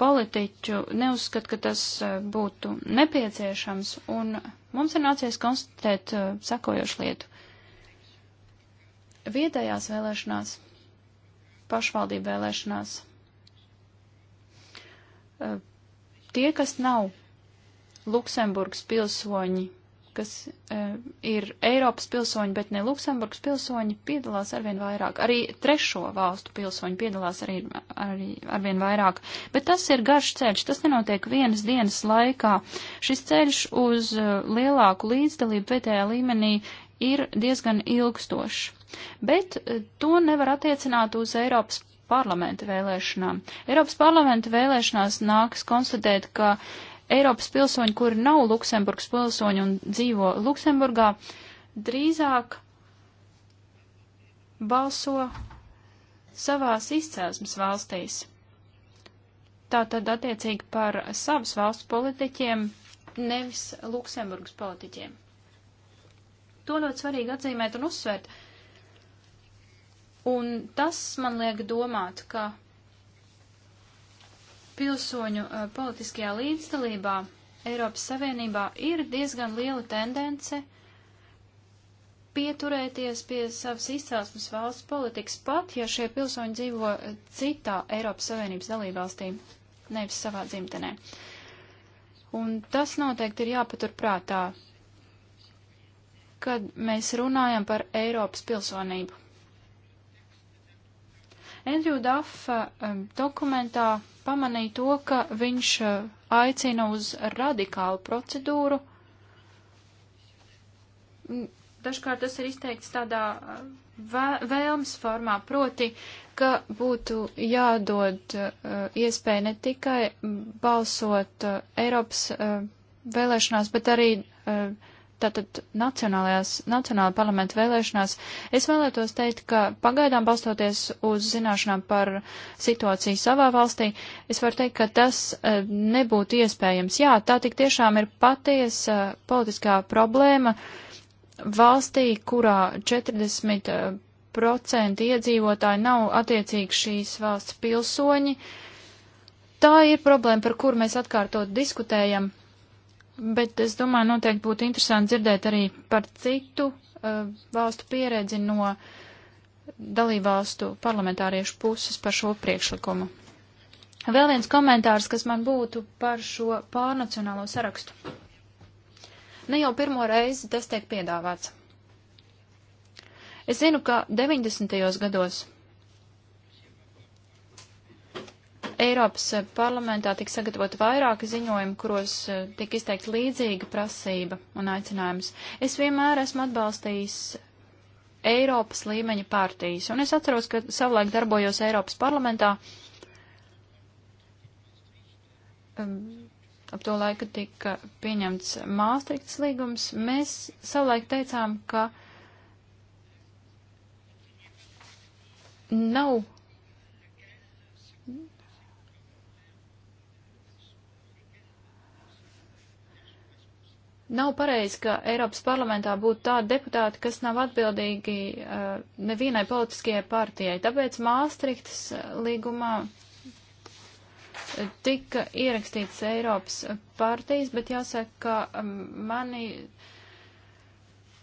politiķu neuzskata, ka tas uh, būtu nepieciešams, un mums ir nācies konstatēt uh, sakojošu lietu. Vietējās vēlēšanās, pašvaldību vēlēšanās, uh, tie, kas nav Luksemburgas pilsoņi, kas uh, ir Eiropas pilsoņi, bet ne Luksemburgas pilsoņi, piedalās arvien vairāk. Arī trešo valstu pilsoņi piedalās arī, arī arvien vairāk. Bet tas ir garš ceļš, tas nenotiek vienas dienas laikā. Šis ceļš uz uh, lielāku līdzdalību vietējā līmenī ir diezgan ilgstošs. Bet uh, to nevar attiecināt uz Eiropas parlamenta vēlēšanām. Eiropas parlamenta vēlēšanās nāks konstatēt, ka uh, Eiropas pilsoņi, kuri nav Luksemburgas pilsoņi un dzīvo Luksemburgā, drīzāk balso savās izcelsmes valstīs. Tātad attiecīgi par savas valsts politiķiem, nevis Luksemburgas politiķiem. To ļoti svarīgi atzīmēt un uzsvērt. Un tas man liek domāt, ka pilsoņu uh, politiskajā līdzdalībā Eiropas Savienībā ir diezgan liela tendence pieturēties pie savas izcelsmes valsts politikas, pat ja šie pilsoņi dzīvo citā Eiropas Savienības dalībvalstī, nevis savā dzimtenē. Un tas noteikti ir jāpatur prātā, kad mēs runājam par Eiropas pilsonību. Andrew Duff eh, dokumentā pamanīja to, ka viņš eh, aicina uz radikālu procedūru. Mm, dažkārt tas ir izteikts tādā eh, vēlmes formā, proti, ka būtu jādod iespēja ne tikai balsot Eiropas vēlēšanās, bet arī Tātad nacionālajās, nacionāla parlamenta vēlēšanās es vēlētos teikt, ka pagaidām balstoties uz zināšanām par situāciju savā valstī, es varu teikt, ka tas e, nebūtu iespējams. Jā, tā tik tiešām ir patiesa politiskā problēma valstī, kurā 40% e, iedzīvotāji nav attiecīgi šīs valsts pilsoņi. Tā ir problēma, par kuru mēs atkārtot diskutējam bet es domāju, noteikti būtu interesanti dzirdēt arī par citu uh, valstu pieredzi no dalībvalstu parlamentāriešu puses par šo priekšlikumu. Vēl viens komentārs, kas man būtu par šo pārnacionālo sarakstu. Ne jau pirmo reizi tas tiek piedāvāts. Es zinu, ka 90. gados Eiropas eh, parlamentā tika sagatavot vairāki ziņojumi, kuros eh, tika izteikts līdzīga prasība un aicinājums. Es vienmēr esmu atbalstījis Eiropas līmeņa partijas, un es atceros, ka savulaik darbojos Eiropas parlamentā. Ap to laiku tika pieņemts māstrikts līgums. Mēs savulaik teicām, ka nav Nav pareizi, ka Eiropas parlamentā būtu tādi deputāti, kas nav atbildīgi uh, nevienai politiskajai partijai. Tāpēc Māstrihtas uh, līgumā uh, tika ierakstīts Eiropas partijas, bet jāsaka, ka um, mani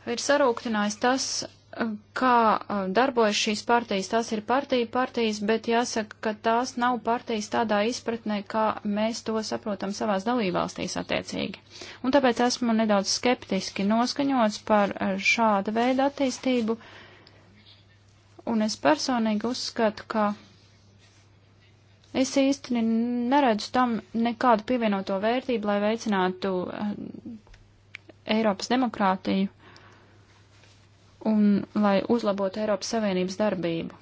ir sarūktinājis tas, kā uh, darbojas šīs partijas. Tās ir partija partijas, bet jāsaka, ka tās nav partijas tādā izpratnē, kā mēs to saprotam savās dalībvalstīs attiecīgi. Un tāpēc esmu nedaudz skeptiski noskaņots par uh, šāda veida attīstību. Un es personīgi uzskatu, ka Es īsti neredzu tam nekādu pievienoto vērtību, lai veicinātu uh, Eiropas demokrātiju un lai uzlabotu Eiropas Savienības darbību.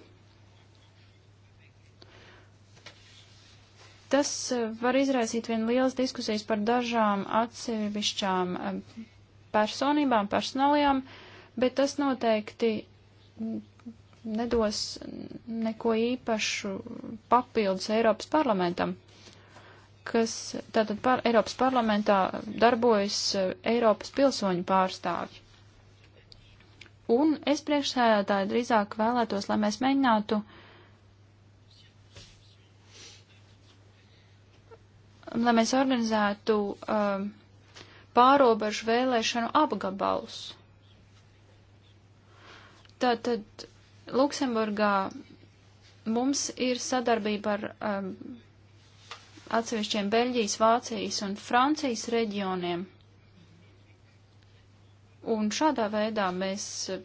Tas eh, var izraisīt vien lielas diskusijas par dažām atsevišķām eh, personībām, personālajām, bet tas noteikti nedos neko īpašu papildus Eiropas parlamentam kas tātad par Eiropas parlamentā darbojas eh, Eiropas pilsoņu pārstāvji. Un es priekšsēdētāju drīzāk vēlētos, lai mēs mēģinātu lai mēs organizētu um, pārobežu vēlēšanu apgabals. Tātad Luksemburgā mums ir sadarbība ar um, atsevišķiem Beļģijas, Vācijas un Francijas reģioniem. Un šādā veidā mēs eh,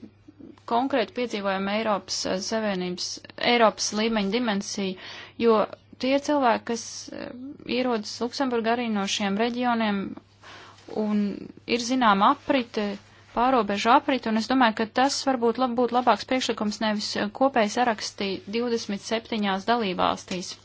konkrēti piedzīvojam Eiropas eh, Savienības, Eiropas līmeņa dimensiju, jo tie cilvēki, kas eh, ierodas Luksemburgā arī no šiem reģioniem un ir zinām aprite, pārobežu aprite, un es domāju, ka tas varbūt lab, būtu labāks priekšlikums nevis kopēji sarakstī 27 dalībvalstīs.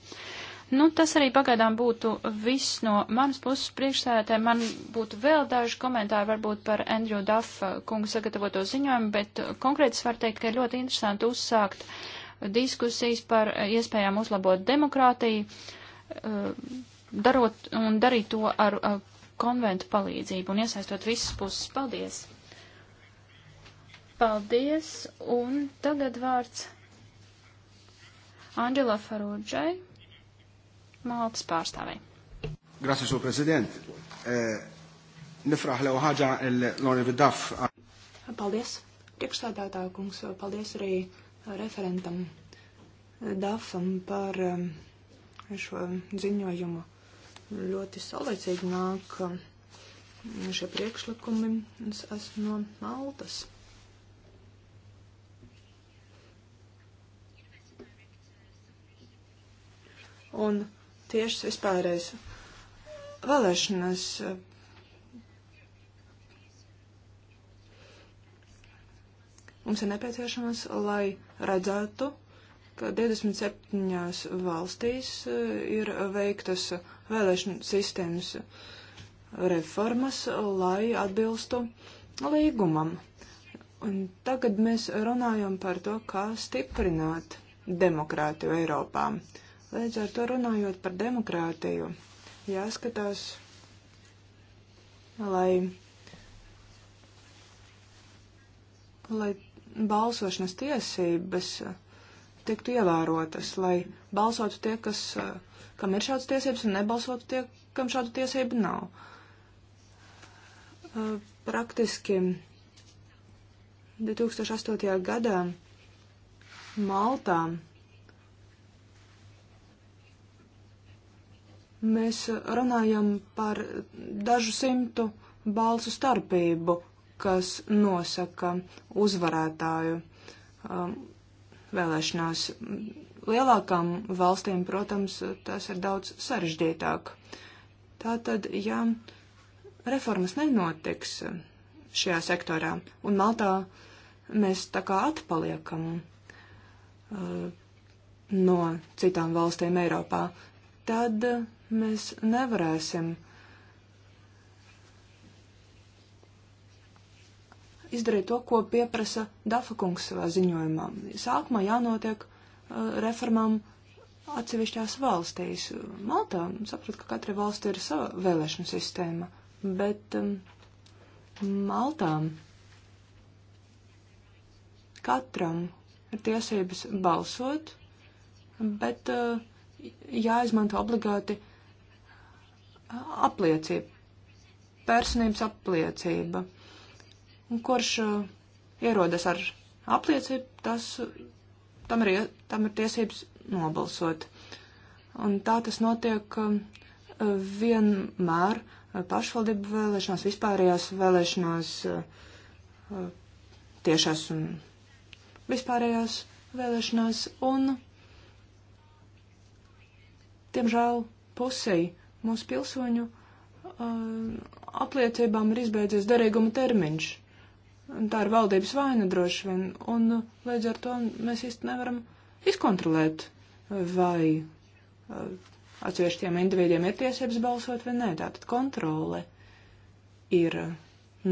Nu, tas arī pagaidām būtu viss no manas puses priekšsēdētāji. Man būtu vēl daži komentāri varbūt par Andrew Duffa uh, kungu sagatavoto ziņojumu, bet uh, konkrēti es varu teikt, ka ir ļoti interesanti uzsākt diskusijas par uh, iespējām uzlabot demokrātiju, darot un darīt to ar konventu palīdzību un iesaistot visas puses. Paldies! Paldies! Un tagad vārds Anģela Farūdžai. Maltas pārstāvē. Grazie, Sr. Prezident. Eh, Nefraħ lew ħaġa l-Lonri Daf. Paldies, priekšstādātā kungs. Paldies arī referentam Dafam par eh, šo ziņojumu. Ļoti saulēcīgi nāk eh, šie priekšlikumi. Es esmu no Maltas. Un tiešas vispārreiz vēlēšanas. Eh, mums ir nepieciešamas, lai redzētu, ka 27 valstīs eh, ir veiktas vēlēšanu sistēmas reformas, lai atbilstu līgumam. Un tagad mēs runājam par to, kā stiprināt demokrātiju Eiropā. Uh, Līdz ar to runājot par demokrātiju, jāskatās, lai, lai balsošanas tiesības tiktu ievērotas, lai balsotu tie, kas, kam ir šādas tiesības, un nebalsotu tie, kam šādu tiesību nav. Praktiski 2008. gadā Maltā Mēs runājam par dažu simtu balsu starpību, kas nosaka uzvarētāju um, vēlēšanās. Lielākām valstīm, protams, tas ir daudz sarežģītāk. Tātad, ja reformas nenotiks šajā sektorā, un Maltā mēs tā kā atpaliekam uh, no citām valstīm Eiropā, tad uh, mēs nevarēsim izdarīt to, ko pieprasa Dafa kungs savā ziņojumā. Sākumā jānotiek uh, reformām atsevišķās valstīs. Maltā saprot, ka katra valsts ir sava vēlēšana sistēma, bet um, Maltā katram ir tiesības balsot, bet uh, jāizmanto obligāti uh, apliecība, personības apliecība. Un kurš uh, ierodas ar apliecību, tas, uh, tam, ir, tam ir tiesības nobalsot. Un tā tas notiek um, vienmēr uh, pašvaldību vēlēšanās, vispārējās vēlēšanās, tiešās un vispārējās vēlēšanās. Un, diemžēl, pusei mūsu pilsoņu uh, apliecībām ir izbeidzies derīguma termiņš. Un tā ir valdības vaina droši vien, un uh, līdz ar to mēs īsti nevaram izkontrolēt, vai uh, atsevišķiem individiem ir tiesības balsot vai nē. Tātad kontrole ir uh,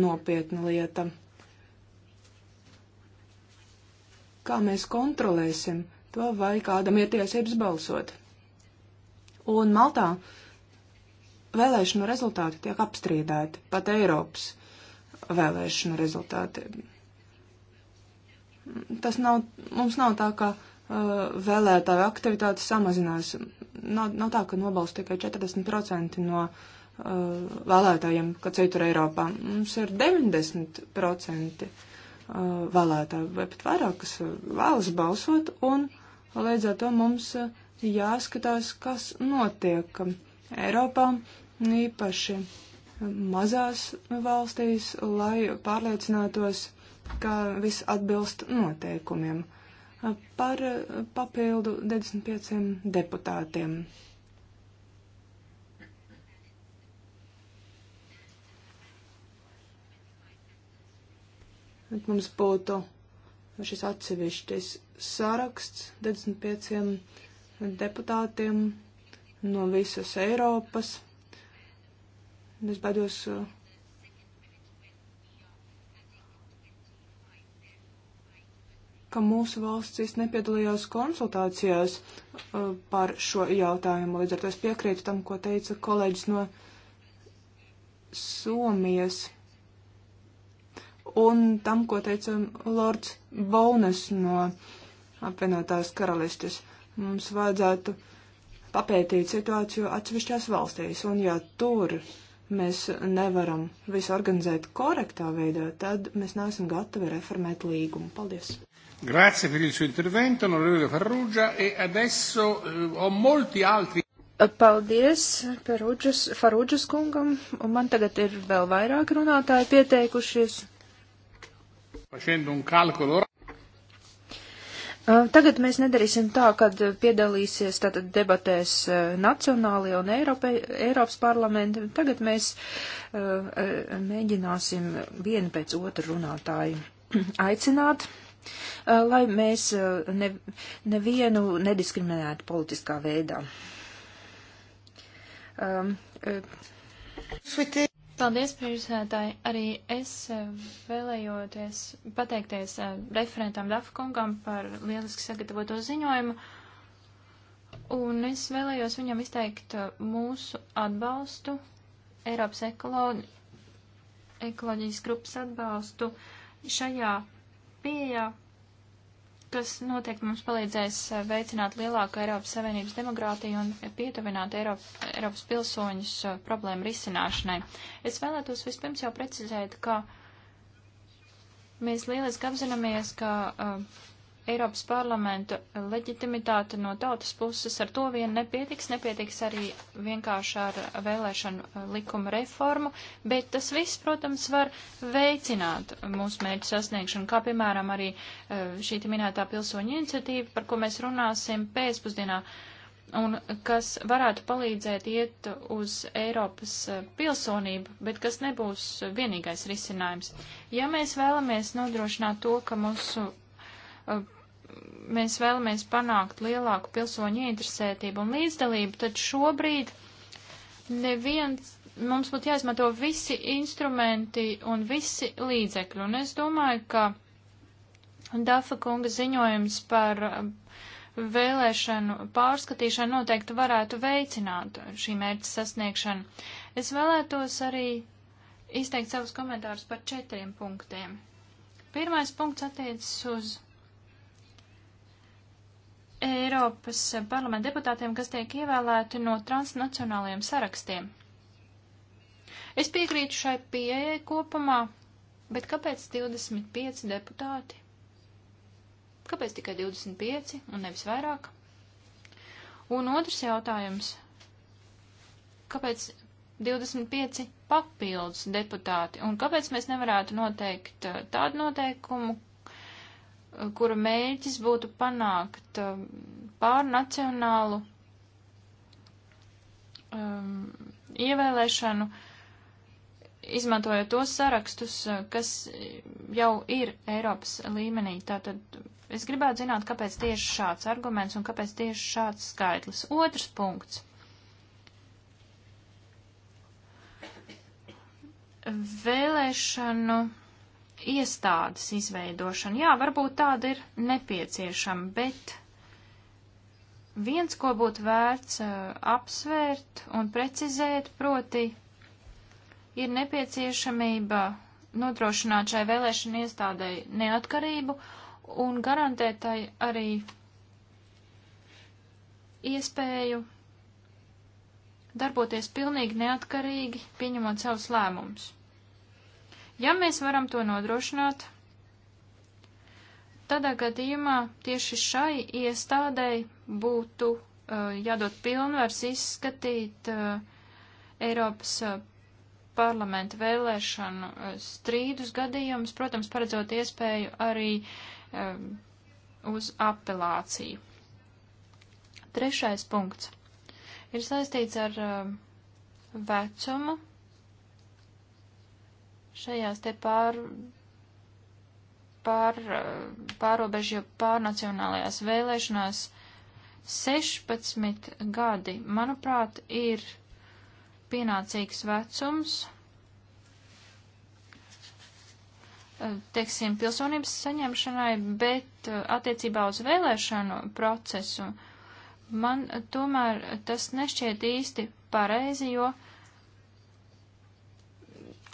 nopietna lieta. Kā mēs kontrolēsim to, vai kādam ir tiesības balsot? Un Maltā uh, vēlēšanu rezultāti tiek apstrīdēti, pat Eiropas vēlēšanu rezultāti. Tas nav, mums nav tā, ka uh, vēlētāju aktivitāte samazinās. Nav, nav tā, ka nobalst tikai 40% no uh, vēlētājiem, kā citur Eiropā. Mums ir 90% uh, vēlētāju, vai pat vairāk, kas vēlas balsot, un līdz ar to mums uh, jāskatās, kas notiek Eiropā. Uh, īpaši mazās valstīs, lai pārliecinātos, ka viss atbilst noteikumiem par papildu 95 deputātiem. Bet mums būtu šis atsevišķis saraksts 95 deputātiem no visas Eiropas. Es baidos. Uh, ka mūsu valstis nepiedalījās konsultācijās uh, par šo jautājumu. Līdz ar to es piekrītu tam, ko teica kolēģis no Somijas un tam, ko teica Lords Baunes no apvienotās karalistes. Mums vajadzētu papētīt situāciju atsevišķās valstīs, un ja tur mēs nevaram visu organizēt korektā veidā, tad mēs neesam gatavi reformēt līgumu. Paldies! Grazie per il suo intervento, onorevole Farrugia, e adesso uh, ho molti altri. Paldies Perūģas, Farūģas kungam, un man tagad ir vēl vairāk runātāji pieteikušies. Facendo un calcolo Tagad mēs nedarīsim tā, kad piedalīsies tātad debatēs nacionālajie un Eiropa, Eiropas parlamenti. Tagad mēs uh, mēģināsim vienu pēc otru runātāju aicināt, uh, lai mēs ne, nevienu nediskriminētu politiskā veidā. Um, uh, Paldies, priekšsēdētāji. Arī es eh, vēlējoties pateikties eh, referentam Dafkungam par lieliski sagatavoto ziņojumu. Un es vēlējos viņam izteikt eh, mūsu atbalstu, Eiropas ekoloģi, ekoloģijas grupas atbalstu šajā pieejā, kas noteikti mums palīdzēs eh, veicināt lielāku Eiropas Savienības demokrātiju un pietuvināt Eiropa, Eiropas pilsoņus eh, problēmu risināšanai. Es vēlētos vispirms jau precizēt, ka mēs lieliski apzināmies, ka uh, Eiropas parlamenta leģitimitāte no tautas puses ar to vien nepietiks, nepietiks arī vienkārši ar vēlēšanu eh, likuma reformu, bet tas viss, protams, var veicināt mūsu mērķu sasniegšanu, kā piemēram arī eh, šī minētā pilsoņa iniciatīva, par ko mēs runāsim pēcpusdienā, un kas varētu palīdzēt iet uz Eiropas eh, pilsonību, bet kas nebūs vienīgais risinājums. Ja mēs vēlamies nodrošināt to, ka mūsu mēs vēlamies panākt lielāku pilsoņu interesētību un līdzdalību, tad šobrīd neviens, mums būtu jāizmanto visi instrumenti un visi līdzekļi. Un es domāju, ka Dafa kunga ziņojums par vēlēšanu pārskatīšanu noteikti varētu veicināt šī mērķa sasniegšanu. Es vēlētos arī izteikt savus komentārus par četriem punktiem. Pirmais punkts attiecas uz Eiropas parlamenta deputātiem, kas tiek ievēlēti no transnacionālajiem sarakstiem. Es piekrītu šai pieejai kopumā, bet kāpēc 25 deputāti? Kāpēc tikai 25 un nevis vairāk? Un otrs jautājums. Kāpēc 25 papildus deputāti? Un kāpēc mēs nevarētu noteikt uh, tādu noteikumu, kura mērķis būtu panākt um, pārnacionālu um, ievēlēšanu, izmantojot tos sarakstus, uh, kas jau ir Eiropas līmenī. Tātad es gribētu zināt, kāpēc tieši šāds arguments un kāpēc tieši šāds skaitlis. Otrs punkts. Vēlēšanu iestādes izveidošana. Jā, varbūt tāda ir nepieciešama, bet viens, ko būtu vērts uh, apsvērt un precizēt, proti ir nepieciešamība nodrošināt šai vēlēšana iestādai neatkarību un garantēt tai arī iespēju darboties pilnīgi neatkarīgi, pieņemot savus lēmumus. Ja mēs varam to nodrošināt, tādā gadījumā tieši šai iestādēji būtu uh, jādod pilnvars izskatīt uh, Eiropas uh, parlamenta vēlēšanu strīdus gadījumus, protams, paredzot iespēju arī um, uz apelāciju. Trešais punkts ir saistīts ar um, vecumu šajās te pār, pār, pārobežu pārnacionālajās vēlēšanās 16 gadi, manuprāt, ir pienācīgs vecums, teiksim, pilsonības saņemšanai, bet eh, attiecībā uz vēlēšanu procesu man tomēr tas nešķiet īsti pareizi, jo uh,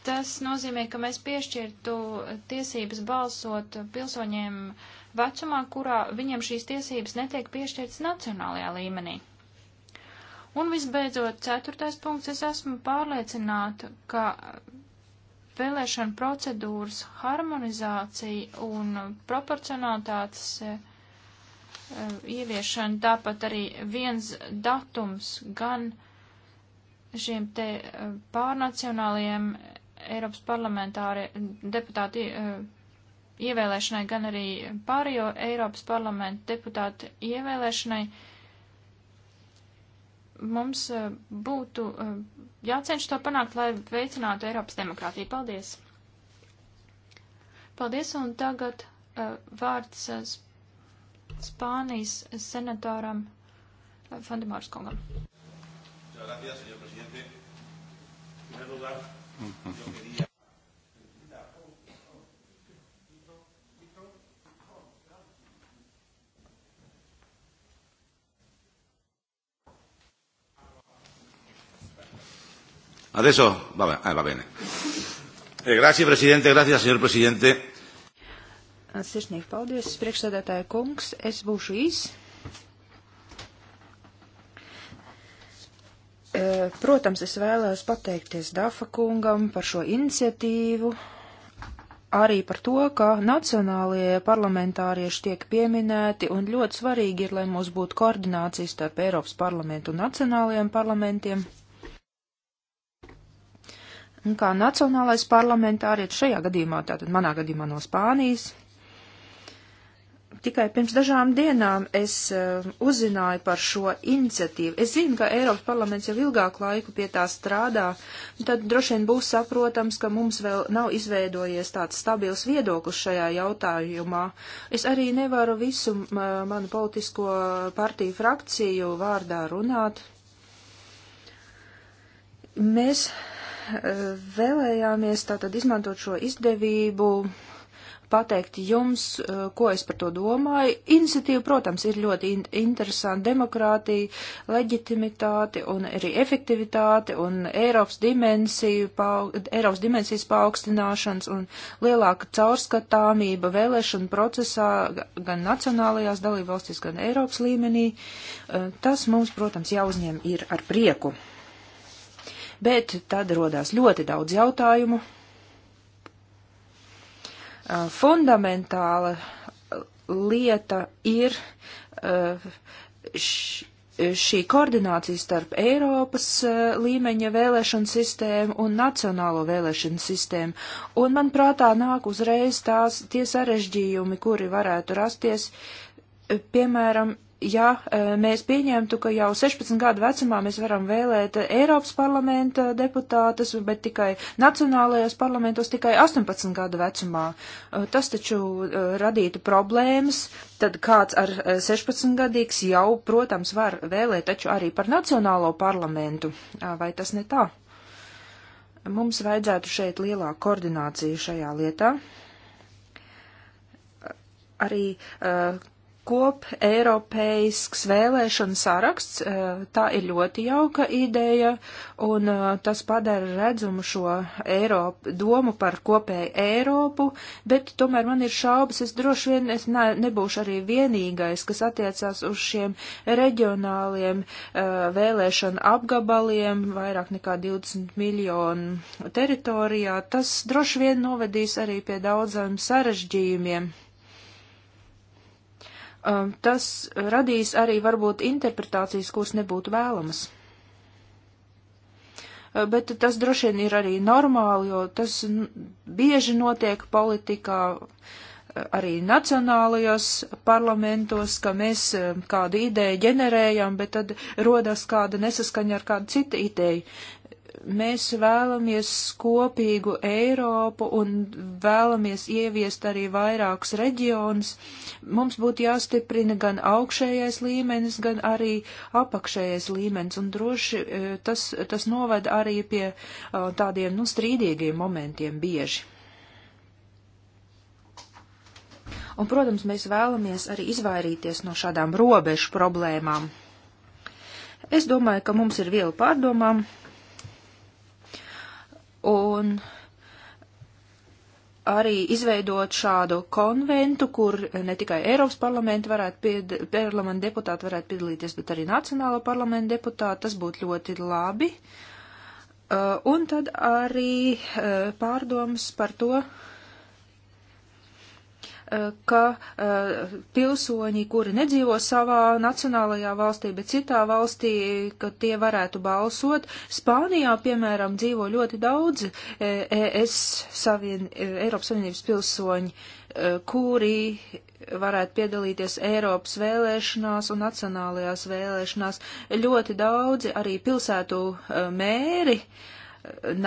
Tas nozīmē, ka mēs piešķirtu tiesības balsot pilsoņiem vecumā, kurā viņiem šīs tiesības netiek piešķirtas nacionālajā līmenī. Un visbeidzot, ceturtais punkts, es esmu pārliecināta, ka vēlēšana procedūras harmonizācija un proporcionātātes e, e, ieviešana, tāpat arī viens datums gan šiem te e, pārnacionālajiem Eiropas parlamentāri deputāti e, ievēlēšanai, gan arī pārējo Eiropas parlamenta deputātu ievēlēšanai mums e, būtu e, jācenš to panākt, lai veicinātu Eiropas demokrātiju. Paldies! Paldies, un tagad vārds Spānijas senatoram Fandemārs kungam. Gracias, señor presidente. En primer lugar, Adesso va, bene, eh, va bene. Eh, grazie Presidente, grazie signor Presidente. Sirsnīgi paldies, priekšsēdētāja kungs. Es būšu īs. E, protams, es vēlos pateikties Dafa kungam par šo iniciatīvu, arī par to, ka nacionālajie parlamentārieši tiek pieminēti, un ļoti svarīgi ir, lai mums būtu koordinācija starp Eiropas parlamentu un nacionālajiem parlamentiem. Un kā nacionālais parlamentārietis šajā gadījumā, tātad manā gadījumā no Spānijas, tikai pirms dažām dienām es uh, uzzināju par šo iniciatīvu. Es zinu, ka Eiropas parlaments jau ilgāku laiku pie tā strādā, un tad droši vien būs saprotams, ka mums vēl nav izveidojies tāds stabils viedoklis šajā jautājumā. Es arī nevaru visu manu politisko partiju frakciju vārdā runāt. Mēs uh, vēlējāmies tātad izmantot šo izdevību pateikt jums, eh, ko es par to domāju. Iniciatīva, protams, ir ļoti in interesanta demokrātija, leģitimitāte un arī efektivitāte un Eiropas, paug Eiropas dimensijas paaugstināšanas un lielāka caurskatāmība vēlēšanu procesā gan nacionālajās dalībvalstīs, gan Eiropas līmenī. Eh, tas mums, protams, jāuzņem ir ar prieku. Bet tad rodās ļoti daudz jautājumu, Uh, fundamentāla lieta ir uh, šī koordinācija starp Eiropas uh, līmeņa vēlēšanu sistēmu un nacionālo vēlēšanu sistēmu. Un, manuprātā, nāk uzreiz tās tie sarežģījumi, kuri varētu rasties, piemēram, ja e, mēs pieņemtu, ka jau 16 gadu vecumā mēs varam vēlēt Eiropas parlamenta deputātas, bet tikai nacionālajos parlamentos tikai 18 gadu vecumā. E, tas taču e, radītu problēmas, tad kāds ar 16 gadīgs jau, protams, var vēlēt taču arī par nacionālo parlamentu. Vai tas ne tā? Mums vajadzētu šeit lielāku koordināciju šajā lietā. Arī uh, kop Eiropeisks vēlēšana saraksts, eh, tā ir ļoti jauka ideja, un eh, tas padara redzumu šo Eiropu, domu par kopēju Eiropu, bet tomēr man ir šaubas, es droši vien es ne, nebūšu arī vienīgais, kas attiecās uz šiem reģionāliem eh, vēlēšana apgabaliem, vairāk nekā 20 miljonu teritorijā, tas droši vien novedīs arī pie daudzām sarežģījumiem. Um, tas radīs arī varbūt interpretācijas, kuras nebūtu vēlamas. Uh, bet tas droši vien ir arī normāli, jo tas bieži notiek politikā, uh, arī nacionālajos parlamentos, ka mēs uh, kādu ideju ģenerējam, bet tad rodas kāda nesaskaņa ar kādu citu ideju mēs vēlamies kopīgu Eiropu un vēlamies ieviest arī vairākus reģionus, mums būtu jāstiprina gan augšējais līmenis, gan arī apakšējais līmenis, un droši e, tas, tas noved arī pie e, tādiem, nu, strīdīgiem momentiem bieži. Un, protams, mēs vēlamies arī izvairīties no šādām robežu problēmām. Es domāju, ka mums ir viela pārdomām, un arī izveidot šādu konventu, kur ne tikai Eiropas parlamenta varētu pied, parlamenta deputāti varētu piedalīties, bet arī Nacionālo parlamenta deputāti, tas būtu ļoti labi. Uh, un tad arī uh, pārdomas par to, uh, ka eh, pilsoņi, kuri nedzīvo savā nacionālajā valstī, bet citā valstī, ka tie varētu balsot. Spānijā, piemēram, dzīvo ļoti daudz ES eh, e savien, eh, Eiropas Savienības pilsoņi, kuri varētu piedalīties Eiropas vēlēšanās un nacionālajās vēlēšanās. Ļoti daudzi arī pilsētu mēri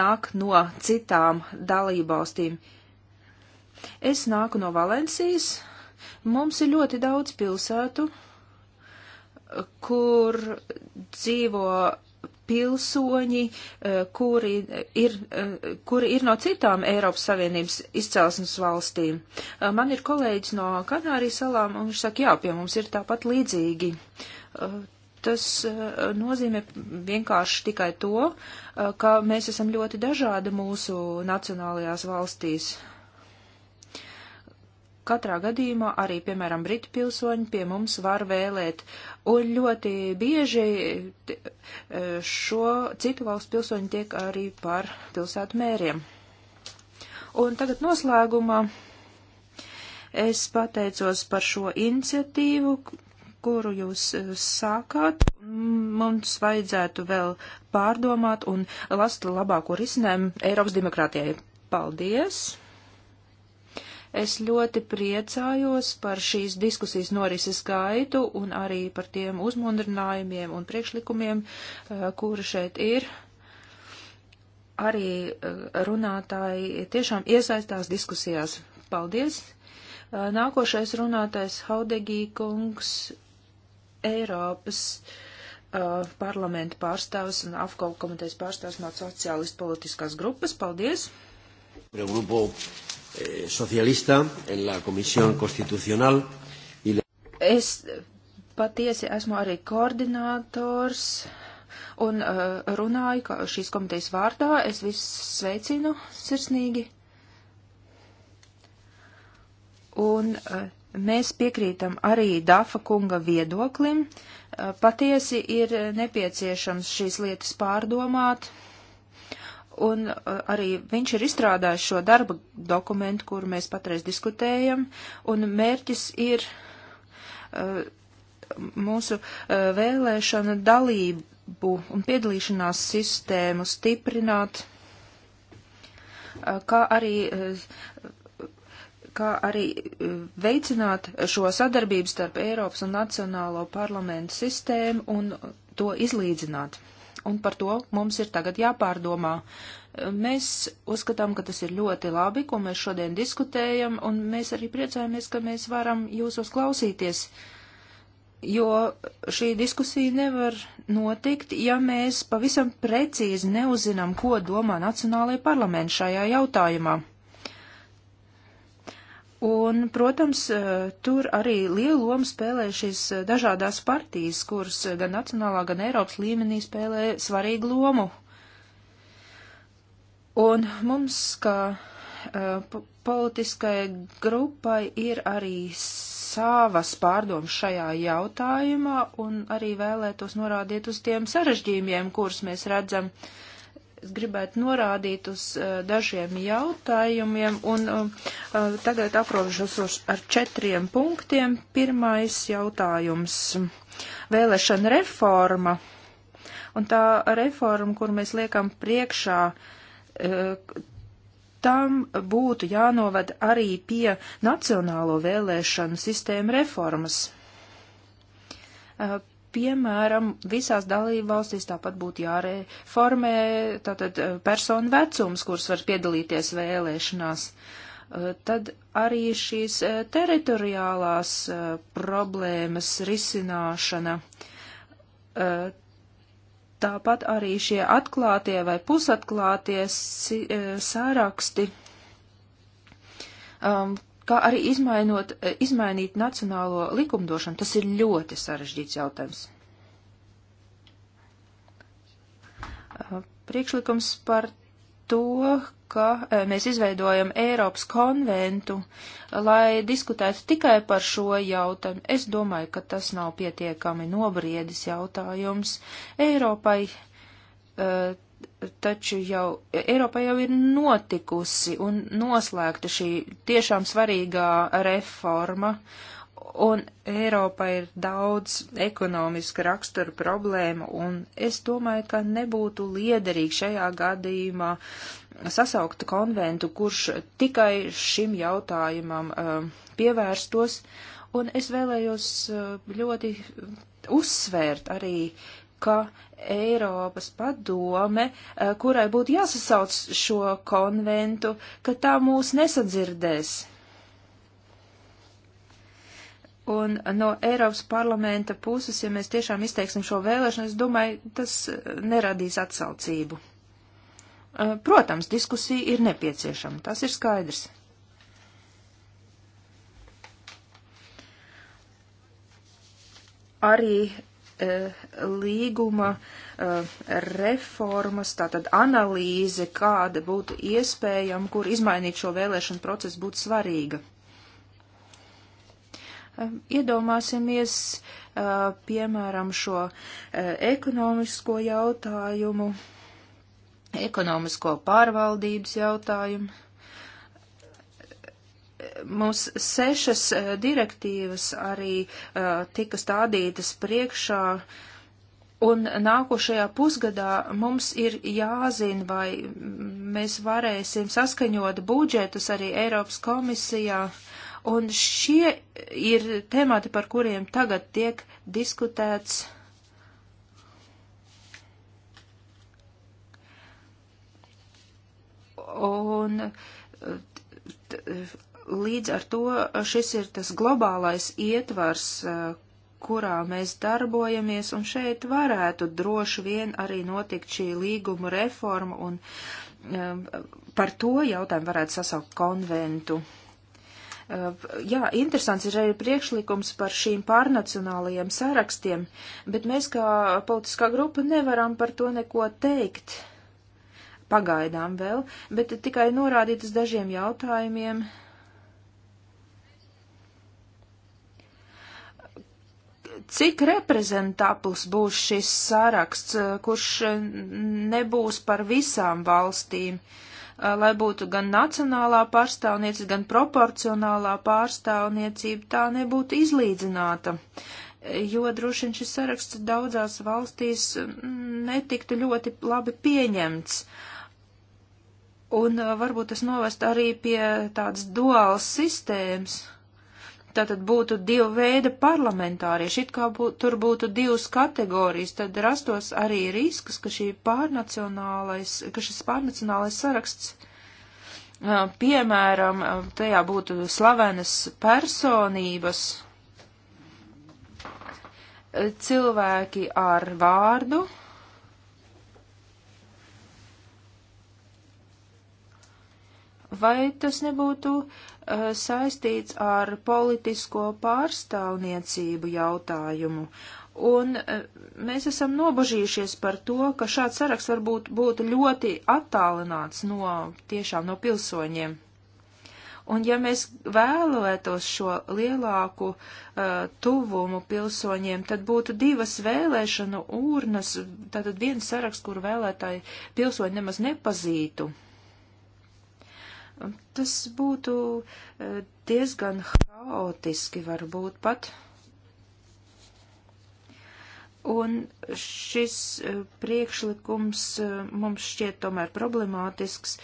nāk no citām dalībvalstīm. Uh, Es nāku no Valencijas. Mums ir ļoti daudz pilsētu, kur dzīvo pilsoņi, eh, kuri ir, eh, kuri ir no citām Eiropas Savienības izcelsmes valstīm. Eh, man ir kolēģis no Kanārijas salām, un viņš saka, jā, pie mums ir tāpat līdzīgi. Tas nozīmē vienkārši tikai to, ka mēs esam ļoti dažādi mūsu nacionālajās valstīs katrā gadījumā arī, piemēram, britu pilsoņi pie mums var vēlēt. Un ļoti bieži e, šo citu valstu pilsoņi tiek arī par pilsētu mēriem. Un tagad noslēgumā es pateicos par šo iniciatīvu, kuru jūs e, sākāt, mums vajadzētu vēl pārdomāt un last labāko risinājumu Eiropas demokrātijai. Paldies! Es ļoti priecājos par šīs diskusijas norises gaitu un arī par tiem uzmundrinājumiem un priekšlikumiem, eh, kuri šeit ir. Arī eh, runātāji tiešām iesaistās diskusijās. Paldies! Eh, nākošais runātais Haudegī kungs Eiropas parlamenta pārstāvis un AFKO komitejas pārstāvis no sociālistu politiskās grupas. Paldies! Grupo eh, socialista en la Comisión Constitucional. Y le... Es patiesi esmu arī koordinators un uh, runāju ka šīs komitejas vārdā. Es visus sveicinu sirsnīgi. Un uh, mēs piekrītam arī Dafa kunga viedoklim. Uh, patiesi ir nepieciešams šīs lietas pārdomāt. Uh, un uh, arī viņš ir izstrādājis šo darba dokumentu, kuru mēs patreiz diskutējam, un mērķis ir uh, mūsu uh, vēlēšana dalību un piedalīšanās sistēmu stiprināt, uh, kā arī uh, kā arī uh, veicināt šo sadarbību starp Eiropas un Nacionālo parlamentu sistēmu un to izlīdzināt. Uh, un par to mums ir tagad jāpārdomā. Mēs uzskatām, ka tas ir ļoti labi, ko mēs šodien diskutējam, un mēs arī priecājamies, ka mēs varam jūsos klausīties, jo šī diskusija nevar notikt, ja mēs pavisam precīzi neuzinām, ko domā Nacionālajie parlamenti šajā jautājumā. Un, protams, eh, tur arī lielu lomu spēlē šīs eh, dažādās partijas, kuras eh, gan nacionālā, gan Eiropas līmenī spēlē svarīgu lomu. Un mums, kā politiskai grupai, ir arī savas pārdomas šajā jautājumā, un arī vēlētos norādīt uz tiem sarežģījumiem, kurus mēs redzam uh, Es gribētu norādīt uz uh, dažiem jautājumiem un uh, uh tagad aprobežos ar četriem punktiem. Pirmais jautājums - vēlēšana reforma. Un tā reforma, kur mēs liekam priekšā, uh, tam būtu jānovad arī pie nacionālo vēlēšanu sistēmu reformas uh, piemēram, visās dalībvalstīs tāpat būtu jāreformē tātad eh, personu vecums, kurš var piedalīties vēlēšanās. Eh, tad arī šīs eh, teritoriālās problēmas risināšana. Tāpat arī šie atklātie vai pusatklātie saraksti, um, kā arī izmainot, eh, izmainīt nacionālo likumdošanu, tas ir ļoti sarežģīts jautājums. Eh, priekšlikums par to, ka eh, mēs izveidojam Eiropas konventu, lai diskutētu tikai par šo jautājumu. Es domāju, ka tas nav pietiekami nobriedis jautājums. Eiropai uh, taču jau Eiropā jau ir notikusi un noslēgta šī tiešām svarīgā reforma, un Eiropā ir daudz ekonomiska rakstura problēma, un es domāju, ka nebūtu liederīgi šajā gadījumā sasaukt konventu, kurš tikai šim jautājumam uh, pievērstos, un es vēlējos uh, ļoti uzsvērt arī uh, ka Eiropas padome, eh, kurai būtu jāsasauc šo konventu, ka tā mūs nesadzirdēs. Un no Eiropas parlamenta puses, ja mēs tiešām izteiksim šo vēlēšanu, es domāju, tas eh, neradīs atsaucību. Eh, protams, diskusija ir nepieciešama, tas ir skaidrs. Arī Eh, līguma eh, reformas, tātad analīze, kāda būtu iespējama, kur izmainīt šo vēlēšanu procesu būtu svarīga. Eh, iedomāsimies, piemēram, šo ekonomisko jautājumu, ekonomisko pārvaldības jautājumu mums sešas eh, direktīvas arī eh, tika stādītas priekšā, un nākošajā pusgadā mums ir jāzina, vai mēs varēsim saskaņot budžetus arī Eiropas komisijā, un šie ir temati, par kuriem tagad tiek diskutēts. Un eh, t, t, Līdz ar to šis ir tas globālais ietvars, kurā mēs darbojamies, un šeit varētu droši vien arī notikt šī līguma reforma, un um, par to jautājumu varētu sasaukt konventu. Uh, jā, interesants ir arī priekšlikums par šīm pārnacionālajiem sarakstiem, bet mēs kā politiskā grupa nevaram par to neko teikt pagaidām vēl, bet tikai norādīt uz dažiem jautājumiem, uh, cik reprezentabls būs šis saraksts, eh, kurš eh, nebūs par visām valstīm, eh, lai būtu gan nacionālā pārstāvniecība, gan proporcionālā pārstāvniecība, tā nebūtu izlīdzināta, jo droši vien šis saraksts daudzās valstīs mm, netiktu ļoti labi pieņemts. Un varbūt tas novest arī pie tādas duālas sistēmas. Tātad būtu divi veidi parlamentārieši, it kā bū, tur būtu divas kategorijas, tad rastos arī risks, ka, šī pārnacionālais, ka šis pārnacionālais saraksts, piemēram, tajā būtu slavenas personības, cilvēki ar vārdu, vai tas nebūtu uh, saistīts ar politisko pārstāvniecību jautājumu. Un uh, mēs esam nobažījušies par to, ka šāds saraksts varbūt būtu ļoti attālināts no tiešām no pilsoņiem. Un ja mēs vēlētos šo lielāku uh, tuvumu pilsoņiem, tad būtu divas vēlēšanu urnas, tātad viens saraksts, kur vēlētāji pilsoņi nemaz nepazītu. Tas būtu e, diezgan haotiski varbūt pat. Un šis e, priekšlikums e, mums šķiet tomēr problemātisks.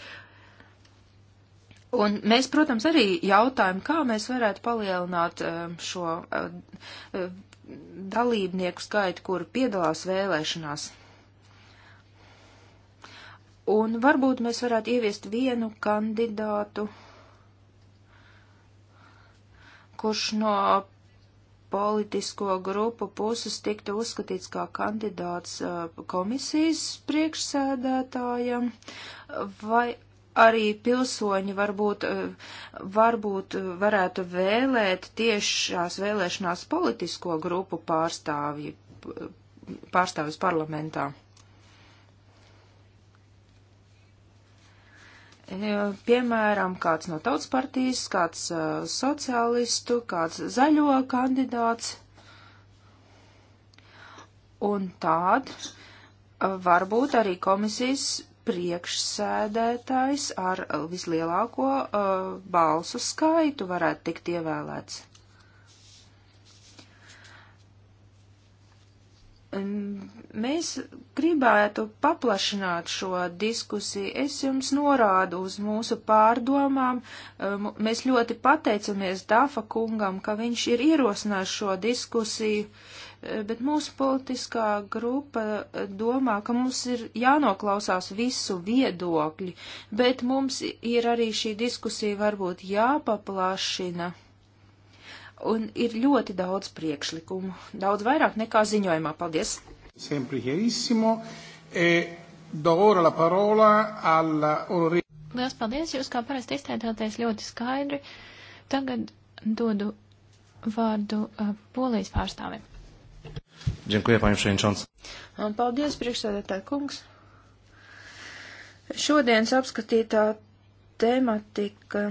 Un mēs, protams, arī jautājam, kā mēs varētu palielināt šo dalībnieku skaitu, kuri piedalās vēlēšanās. Un varbūt mēs varētu ieviest vienu kandidātu, kurš no politisko grupu puses tiktu uzskatīts kā kandidāts uh, komisijas priekšsēdētājam, vai arī pilsoņi varbūt, uh, varbūt varētu vēlēt tiešās vēlēšanās politisko grupu pārstāvji, pārstāvis parlamentā. Piemēram, kāds no tautas partijas, kāds uh, sociālistu, kāds zaļo kandidāts. Un tād uh, varbūt arī komisijas priekšsēdētājs ar vislielāko uh, balsu skaitu varētu tikt ievēlēts. Mēs gribētu paplašināt šo diskusiju. Es jums norādu uz mūsu pārdomām. Mēs ļoti pateicamies Dāfa kungam, ka viņš ir ierosinājis šo diskusiju, e, bet mūsu politiskā grupa domā, ka mums ir jānoklausās visu viedokļi, bet mums ir arī šī diskusija varbūt jāpaplašina un ir ļoti daudz priekšlikumu, daudz vairāk nekā ziņojumā. Paldies! E Lielas paldies! Jūs kā parasti izteicāties ļoti skaidri. Tagad dodu vārdu uh, polijas pārstāvim. Dziękuję, panie przewodniczący. Paldies, priekšsēdētāji kungs. Šodienas apskatītā tematika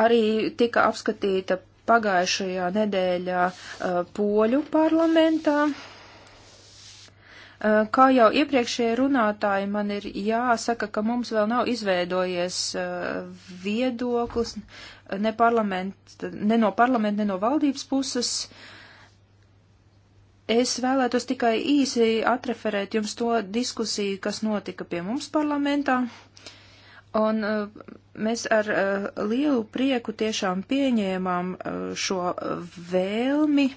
arī tika apskatīta pagājušajā nedēļā eh, Poļu parlamentā. Eh, kā jau iepriekšējie runātāji, man ir jāsaka, ka mums vēl nav izveidojies eh, viedoklis ne, ne no parlamenta, ne no valdības puses. Es vēlētos tikai īsi atreferēt jums to diskusiju, kas notika pie mums parlamentā. Un uh, mēs ar uh, lielu prieku tiešām pieņēmām uh, šo vēlmi,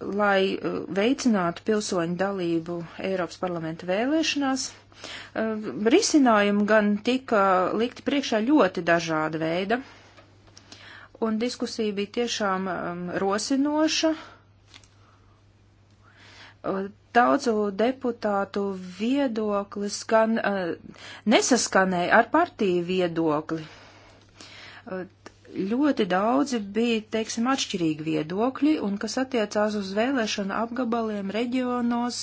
lai veicinātu pilsoņu dalību Eiropas parlamenta vēlēšanās. Risinājumi gan tika likti priekšā ļoti dažāda veida, un diskusija bija tiešām um, rosinoša daudzu deputātu viedoklis gan uh, nesaskanēja ar partiju viedokli. Uh, ļoti daudzi bija, teiksim, atšķirīgi viedokļi, un kas attiecās uz vēlēšanu apgabaliem reģionos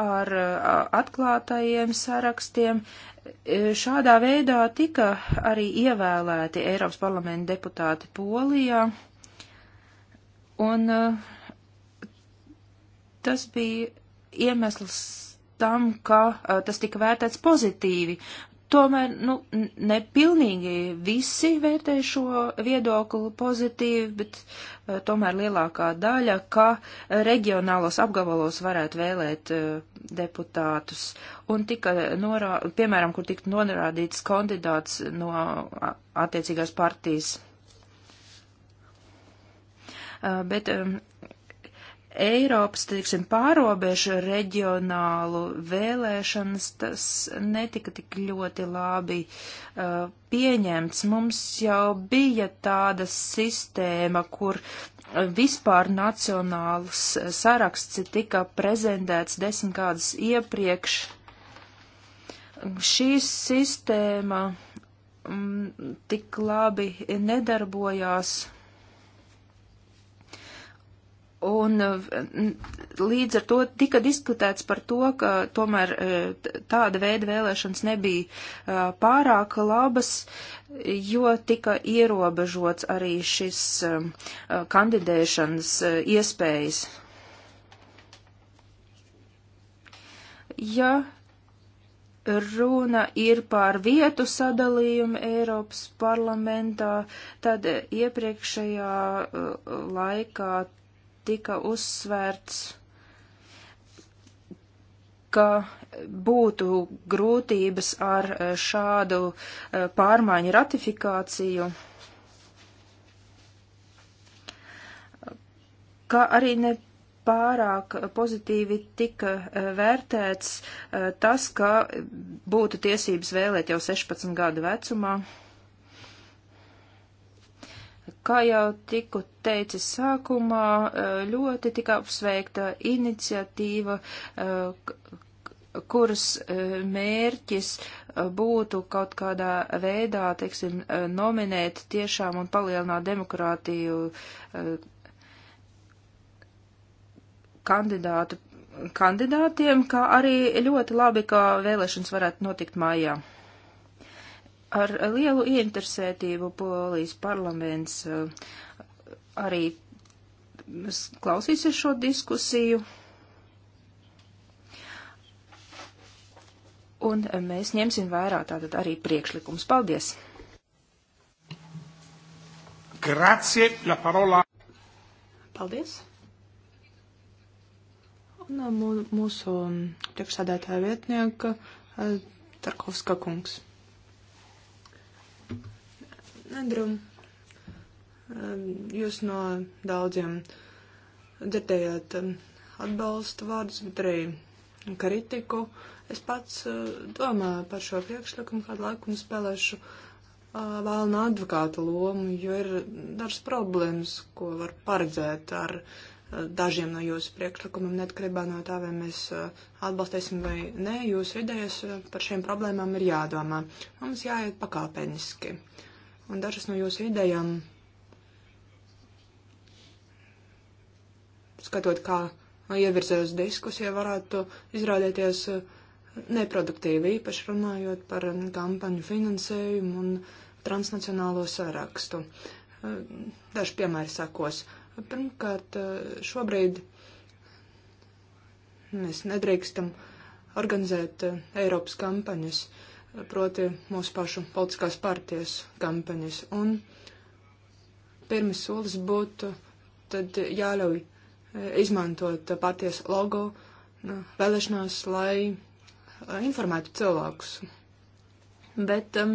ar uh, atklātajiem sarakstiem, šādā veidā tika arī ievēlēti Eiropas parlamenta deputāti Polijā. Un uh, tas bija iemesls tam, ka uh, tas tika vērtēts pozitīvi. Tomēr, nu, nepilnīgi visi vērtē šo viedokli pozitīvi, bet uh, tomēr lielākā daļa, ka reģionālos apgabalos varētu vēlēt uh, deputātus. Un tika, norā, piemēram, kur tika norādīts kandidāts no attiecīgās partijas. Uh, bet um, Eiropas, teiksim, pārobežu reģionālu vēlēšanas, tas netika tik ļoti labi uh, pieņemts. Mums jau bija tāda sistēma, kur uh, vispār nacionāls uh, saraksts tika prezentēts desmit gadus iepriekš. Šī sistēma m, mm, tik labi nedarbojās Un eh, līdz ar to tika diskutēts par to, ka tomēr eh, tāda veida vēlēšanas nebija eh, pārāk labas, jo tika ierobežots arī šis kandidēšanas iespējas. Ja runa ir par vietu sadalījumu Eiropas parlamentā, tad iepriekšējā laikā tika uzsvērts, ka būtu grūtības ar e, šādu e, pārmaiņu ratifikāciju, ka arī ne pārāk pozitīvi tika e, vērtēts tas, ka būtu tiesības vēlēt jau 16 gadu vecumā. Kā jau tiku teicis sākumā, eh, ļoti tika apsveikta iniciatīva, eh, kuras eh, mērķis būtu kaut kādā veidā, teiksim, nominēt tiešām un palielināt demokrātiju kandidātu kandidātiem, kā arī ļoti labi, ka vēlēšanas varētu notikt mājā. Ar lielu ieinteresētību Polijas parlaments eh, arī klausīsies šo diskusiju. Un mēs ņemsim vērā tātad arī priekšlikums. Paldies! Grazie, la parola. Paldies. Un uh, mūsu mm, priekšsādātāja vietnieka uh, Tarkovska kungs. Andrum, um, jūs no daudziem dzirdējāt um, atbalsta vārdus, bet arī kritiku. Es pats uh, domāju par šo priekšlikumu kādu laiku un spēlēšu uh, vēlna advokāta lomu, jo ir dažas problēmas, ko var paredzēt ar uh, dažiem no jūsu priekšlikumiem, neatkarībā no tā, vai mēs atbalstīsim vai nē, jūsu idejas par šiem problēmām ir jādomā. Mums jāiet pakāpeniski. Uh, un dažas no jūsu idejām, skatot, kā ievirzēs diskusija, varētu izrādīties eh, neproduktīvi, īpaši runājot par eh, kampaņu finansējumu un transnacionālo sarakstu. Eh, daži piemēri sakos. Pirmkārt, šobrīd mēs nedrīkstam organizēt Eiropas kampaņas uh, proti mūsu pašu politiskās partijas kampaņas. Un pirmais solis būtu tad jāļauj e, izmantot partijas logo nu, vēlēšanās, lai e, informētu cilvēkus. Bet um,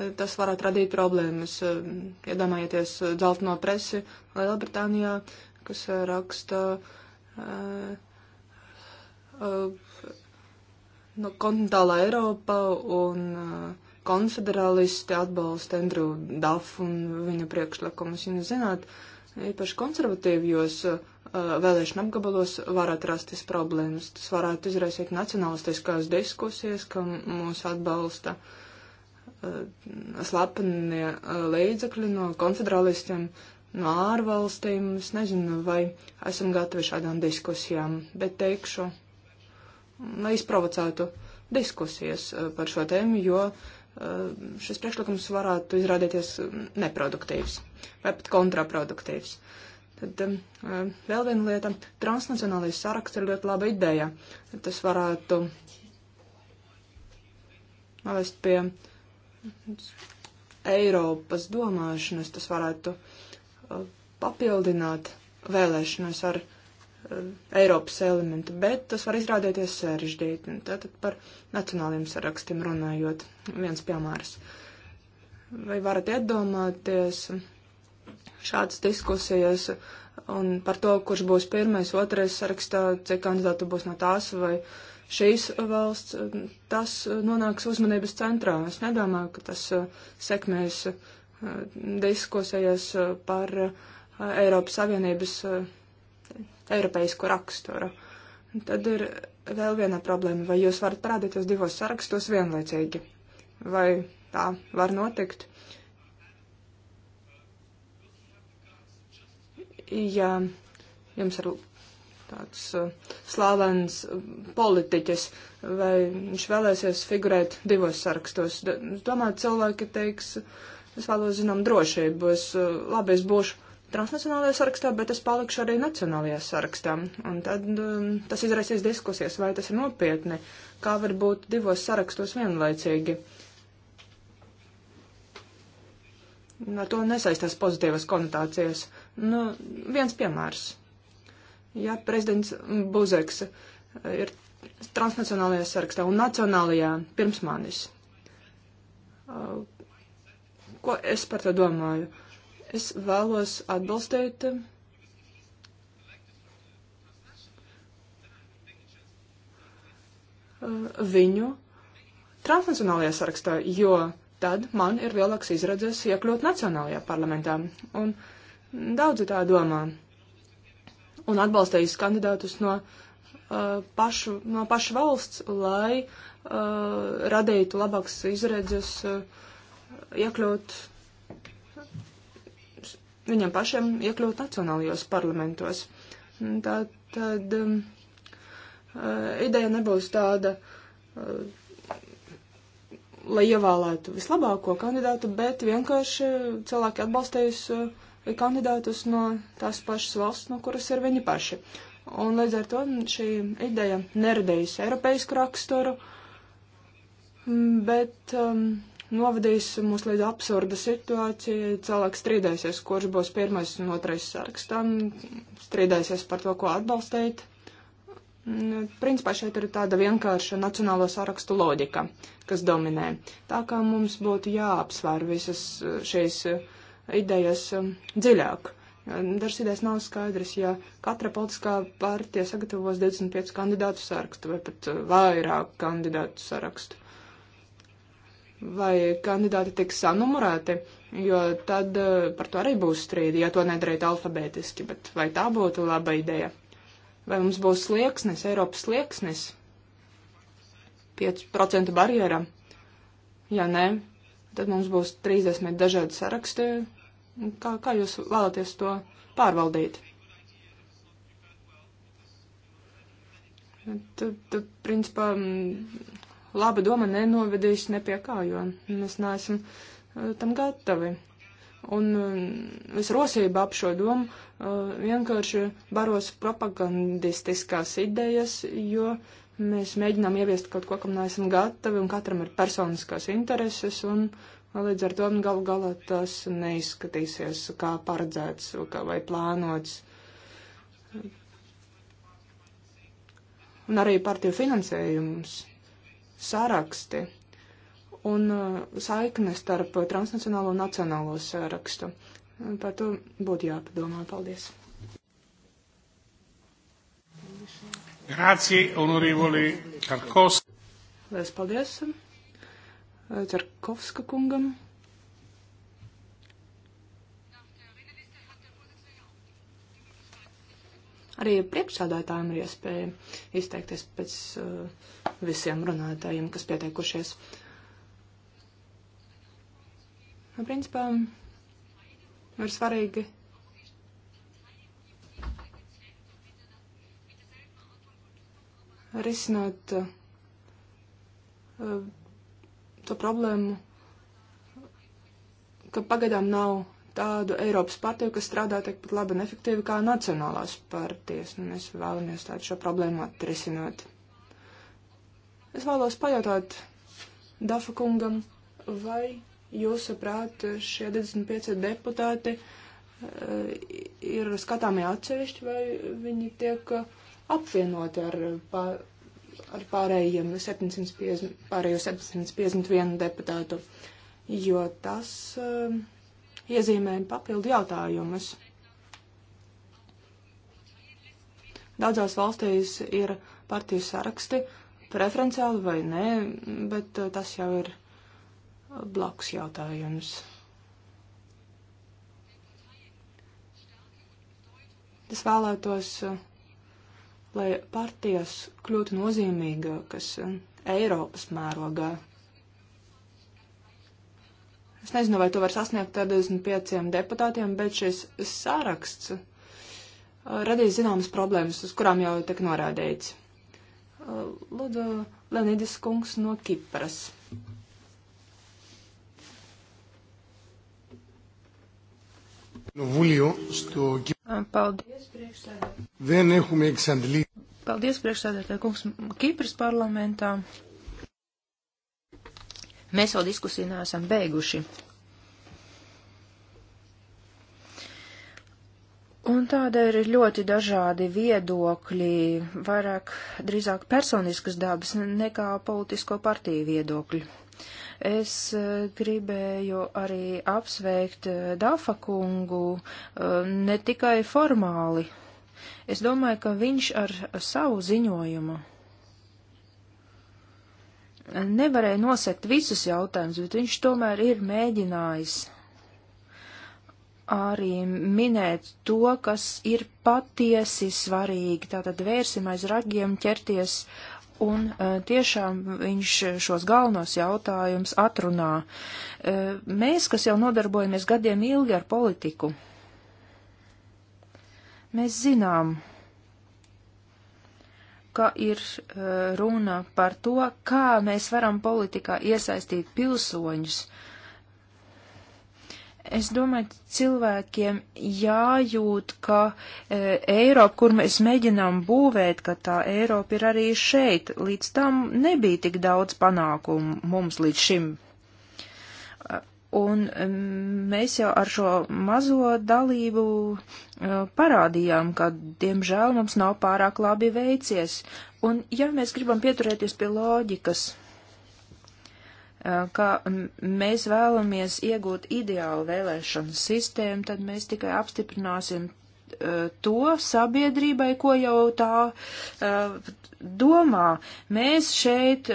e, tas varētu radīt problēmas. Iedomājieties dzeltno presi Lielbritānijā, kas raksta. Uh, uh, no nu, kontinentālā Eiropa un uh, konfederālisti atbalsta Andrew Duff un viņa priekšlikumus. Jūs zināt, īpaši konservatīvjos uh, vēlēšana apgabalos var atrasties problēmas. Tas varētu izraisīt nacionalistiskās diskusijas, ka mūs atbalsta uh, slepenie uh, līdzekļi no konfederālistiem. No ārvalstīm es nezinu, vai esam gatavi šādām diskusijām, bet teikšu, izprovocētu diskusijas eh, par šo tēmu, jo eh, šis priekšlikums varētu izrādīties mm, neproduktīvs vai pat kontraproduktīvs. Tad eh, vēl viena lieta - transnacionālais saraksts ir ļoti laba ideja. Tas varētu novest pie Eiropas domāšanas, tas varētu papildināt vēlēšanas ar Eh, Eiropas elementu, bet tas var izrādīties sarežģīti. Tātad par nacionāliem sarakstiem runājot, viens piemērs. Vai varat iedomāties šādas diskusijas un par to, kurš būs pirmais, otrais sarakstā, cik kandidātu būs no tās vai šīs valsts, tas nonāks uzmanības centrā. Es nedomāju, ka tas eh, sekmēs eh, diskusijas par Eiropas Savienības eiropeisku raksturu. Tad ir vēl viena problēma, vai jūs varat parādīties divos sarakstos vienlaicīgi. Vai tā var notikt? Ja jums ir tāds uh, slavens uh, politiķis, vai viņš vēlēsies figurēt divos sarakstos, es domāju, cilvēki teiks, es vēlos zinām drošību, es uh, labi, es būšu transnacionālajā sarakstā, bet es palikšu arī nacionālajā sarakstā. Un tad um, tas izraisīs diskusijas, vai tas ir nopietni, kā var būt divos sarakstos vienlaicīgi. Ar to nesaistās pozitīvas konotācijas. Nu, viens piemērs. Ja prezidents Buzeks ir transnacionālajā sarakstā un nacionālajā pirms manis, uh, ko es par to domāju? Uh, Es vēlos atbalstīt uh, viņu transnacionālajā sarakstā, jo tad man ir lielāks izredzes iekļūt nacionālajā parlamentā. Un daudzi tā domā. Un atbalstījis kandidātus no, uh, pašu, no pašu valsts, lai uh, radītu labākas izredzes uh, iekļūt viņiem pašiem iekļūt nacionālajos parlamentos. Tā tad um, uh, ideja nebūs tāda, uh, lai ievēlētu vislabāko kandidātu, bet vienkārši cilvēki atbalstījis uh, kandidātus no tās pašas valsts, no kuras ir viņi paši. Un līdz ar to šī ideja neradīs eiropeisku raksturu, mm, bet um, novadīs mūs līdz absurda situācijai. Cilvēks strīdēsies, kurš būs pirmais un otrais sarakstā, strīdēsies par to, ko atbalstīt. Principā šeit ir tāda vienkārša nacionālo sarakstu loģika, kas dominē. Tā kā mums būtu jāapsver visas šīs idejas um, dziļāk. Dažas idejas nav skaidras, ja katra politiskā partija sagatavos 25 kandidātu sarakstu vai pat uh, vairāk kandidātu sarakstu vai kandidāti tiks sanumurēti, jo tad eh, par to arī būs strīdi, ja to nedarīt alfabētiski, bet vai tā būtu laba ideja? Vai mums būs slieksnis, Eiropas slieksnis? 5% barjera? Ja nē, tad mums būs 30 dažādi saraksti. Kā, kā jūs vēlaties to pārvaldīt? Tad, tad principā, laba doma nenovedīs ne pie kā, jo mēs neesam eh, tam gatavi. Un eh, es rosību ap šo domu eh, vienkārši baros propagandistiskās idejas, jo mēs mēģinām ieviest kaut ko, kam neesam gatavi, un katram ir personiskās intereses, un līdz ar to galu galā tas neizskatīsies kā paredzēts kā vai plānots. Un arī partiju finansējums saraksti un uh, saikne starp transnacionālo un nacionālo sarakstu. Par to būtu jāpadomā. Paldies! Grazie, onorevoli Karkovs. Liels paldies Čarkovska uh, kungam. Arī priekšsādātājiem ir iespēja izteikties pēc uh, visiem runātājiem, kas pieteikušies. Nu, principā ir svarīgi. Risināt uh, to problēmu, ka pagaidām nav tādu Eiropas partiju, kas strādā tikpat labi un efektīvi kā nacionālās partijas, un nu, mēs vēlamies tādu šo problēmu atrisināt. Es vēlos pajautāt Dafa kungam, vai jūsuprāt šie 25 deputāti eh, ir skatāmie atsevišķi, vai viņi tiek apvienoti ar, pār, ar pārējiem 750, pārējo 751 deputātu, jo tas uh, iezīmēju papildu jautājumus. Daudzās valstīs ir partiju saraksti, preferenciāli vai nē, bet uh, tas jau ir blakus jautājums. Es vēlētos, uh, lai partijas kļūtu nozīmīgākas uh, Eiropas mērogā. Es nezinu, vai to var sasniegt ar 25 deputātiem, bet šis saraksts uh, radīs zināmas problēmas, uz kurām jau tiek norādīts. Uh, lūdzu, Lenīdis Kungs no Kipras. Nu, uh, paldies, priekšsēdētāji. Paldies, priekšsēdētāji Kungs, Kipras parlamentā. Mēs vēl diskusiju neesam beiguši. Un tādēļ ir ļoti dažādi viedokļi, vairāk drīzāk personiskas dabas nekā politisko partiju viedokļi. Es eh, gribēju arī apsveikt eh, Dafa kungu eh, ne tikai formāli. Es domāju, ka viņš ar savu ziņojumu nevarēja nosekt visus jautājumus, bet viņš tomēr ir mēģinājis arī minēt to, kas ir patiesi svarīgi. Tātad vērsim aiz ragiem, ķerties un e, tiešām viņš šos galvenos jautājumus atrunā. E, mēs, kas jau nodarbojamies gadiem ilgi ar politiku, mēs zinām, ka ir e, runa par to, kā mēs varam politikā iesaistīt pilsoņus. Es domāju, cilvēkiem jājūt, ka e, Eiropa, kur mēs mēģinām būvēt, ka tā Eiropa ir arī šeit. Līdz tam nebija tik daudz panākumu mums līdz šim. Un mēs jau ar šo mazo dalību eh, parādījām, ka, diemžēl, mums nav pārāk labi veicies. Un, ja mēs gribam pieturēties pie loģikas, eh, ka mēs vēlamies iegūt ideālu vēlēšanu sistēmu, tad mēs tikai apstiprināsim eh, to sabiedrībai, ko jau tā domā. Mēs šeit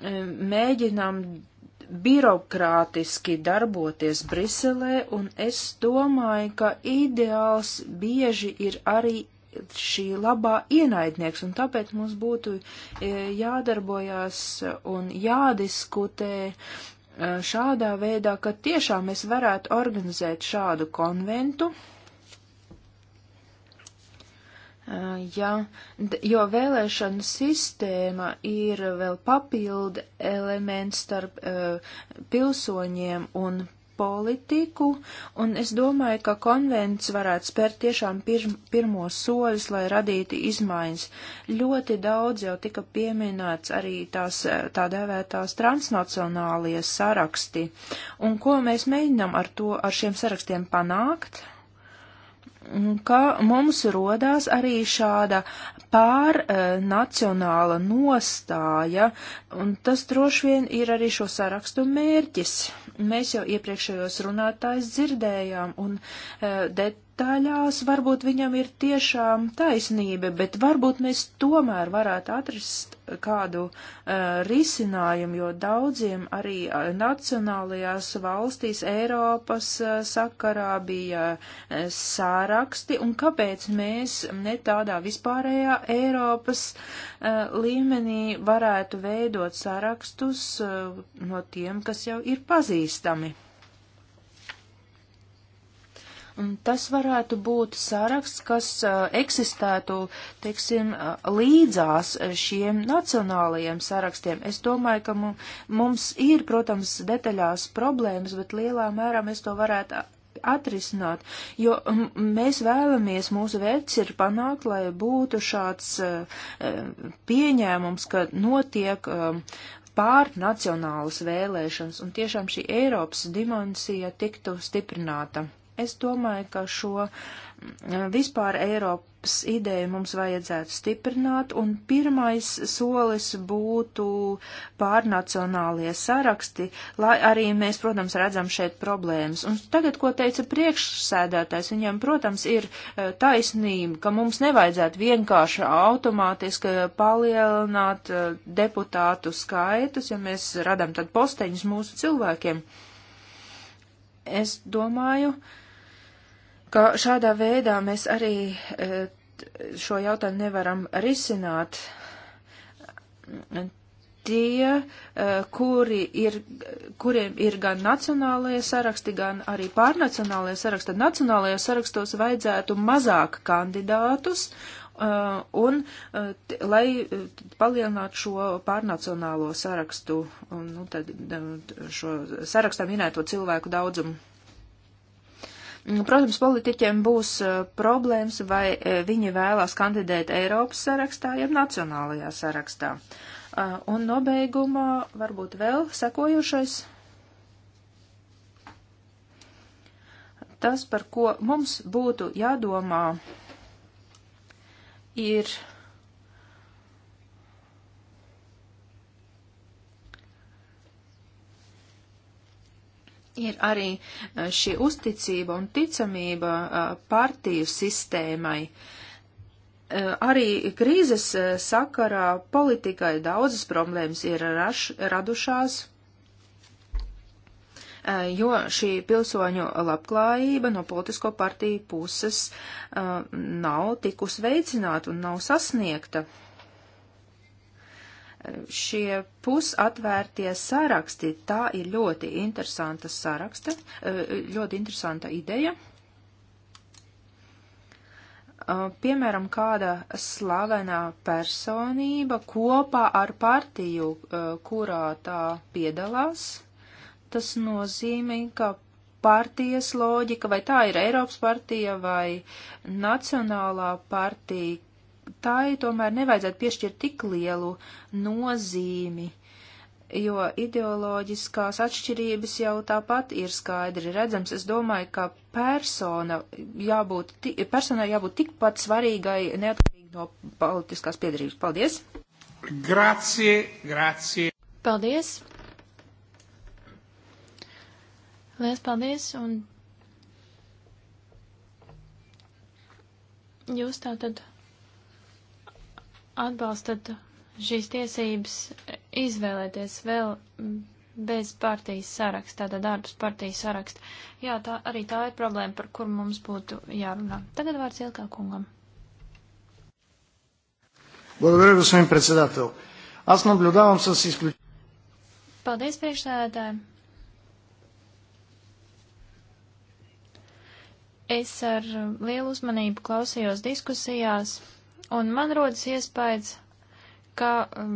mēģinām birokrātiski darboties Briselē, un es domāju, ka ideāls bieži ir arī šī labā ienaidnieks, un tāpēc mums būtu e, jādarbojās un jādiskutē e, šādā veidā, ka tiešām mēs varētu organizēt šādu konventu, Eh, ja, jo vēlēšanu sistēma ir vēl papildu elements starp uh, pilsoņiem un politiku, un es domāju, ka konvents varētu spērt tiešām pirm, pirmos soļus, lai radītu izmaiņas. Ļoti daudz jau tika pieminēts arī tās eh, tā dēvētās transnacionālie saraksti, un ko mēs mēģinām ar to, ar šiem sarakstiem panākt? ka mums rodās arī šāda pārnacionāla e, nostāja, un tas droši vien ir arī šo sarakstu mērķis. Mēs jau iepriekšējos runātājs dzirdējām, un e, det detaļās varbūt viņam ir tiešām taisnība, bet varbūt mēs tomēr varētu atrast kādu uh, risinājumu, jo daudziem arī eh, nacionālajās valstīs Eiropas uh, sakarā bija uh, sāraksti, un kāpēc mēs ne tādā vispārējā Eiropas uh, līmenī varētu veidot sārakstus uh, no tiem, kas jau ir pazīstami. Un tas varētu būt saraksts, kas uh, eksistētu, teiksim, līdzās šiem nacionālajiem sarakstiem. Es domāju, ka mums ir, protams, detaļās problēmas, bet lielā mērā mēs to varētu atrisināt, jo mēs vēlamies, mūsu vērts ir panākt, lai būtu šāds uh, pieņēmums, ka notiek uh, pārnacionālas vēlēšanas, un tiešām šī Eiropas dimensija tiktu stiprināta. Es domāju, ka šo mm, vispār Eiropas ideju mums vajadzētu stiprināt, un pirmais solis būtu pārnacionālie saraksti, lai arī mēs, protams, redzam šeit problēmas. Un tagad, ko teica priekšsēdētājs, viņam, protams, ir e, taisnība, ka mums nevajadzētu vienkārši automātiski palielināt e, deputātu skaitus, ja mēs radam tad posteņus mūsu cilvēkiem. Es domāju, uh, ka šādā veidā mēs arī e, šo jautājumu nevaram risināt. Tie, e, kuri ir, kuriem ir gan nacionālajie saraksti, gan arī pārnacionālajie saraksti, tad nacionālajie sarakstos vajadzētu mazāk kandidātus, e, un lai palielinātu šo pārnacionālo sarakstu, nu, tad šo sarakstā minēto cilvēku daudzumu. Mm, protams, politiķiem būs eh, problēmas, vai eh, viņi vēlās kandidēt Eiropas sarakstā, jeb nacionālajā sarakstā. Eh, un nobeigumā varbūt vēl sekojušais. Tas, par ko mums būtu jādomā, ir ir arī eh, šī uzticība un ticamība eh, partiju sistēmai. Eh, arī krīzes sakarā politikai daudzas problēmas ir raš, radušās, jo šī pilsoņu labklājība no politisko partiju puses nav tikus veicināta un nav sasniegta šie pusatvērtie saraksti, tā ir ļoti interesanta saraksta, eh, ļoti interesanta ideja. Eh, piemēram, kāda slavenā personība kopā ar partiju, eh, kurā tā piedalās, tas nozīmē, ka partijas loģika, vai tā ir Eiropas partija vai Nacionālā partija, tai tomēr nevajadzētu piešķirt tik lielu nozīmi, jo ideoloģiskās atšķirības jau tāpat ir skaidri redzams. Es domāju, ka persona jābūt, personai jābūt tikpat svarīgai neatkarīgi no politiskās piedarības. Paldies! Grazie, grazie! Paldies! Lielas paldies! Un... Jūs tātad atbalstat šīs tiesības izvēlēties vēl bez partijas saraksta, tātad ārpus partijas saraksta. Jā, tā arī tā ir problēma, par kur mums būtu jārunā. Tagad vārds Ilkā kungam. Благодаря, господин председател. Аз наблюдавам с изключение. Paldies, priekšsēdētāji. Es ar lielu uzmanību klausījos diskusijās Un man rodas iespējas, ka um,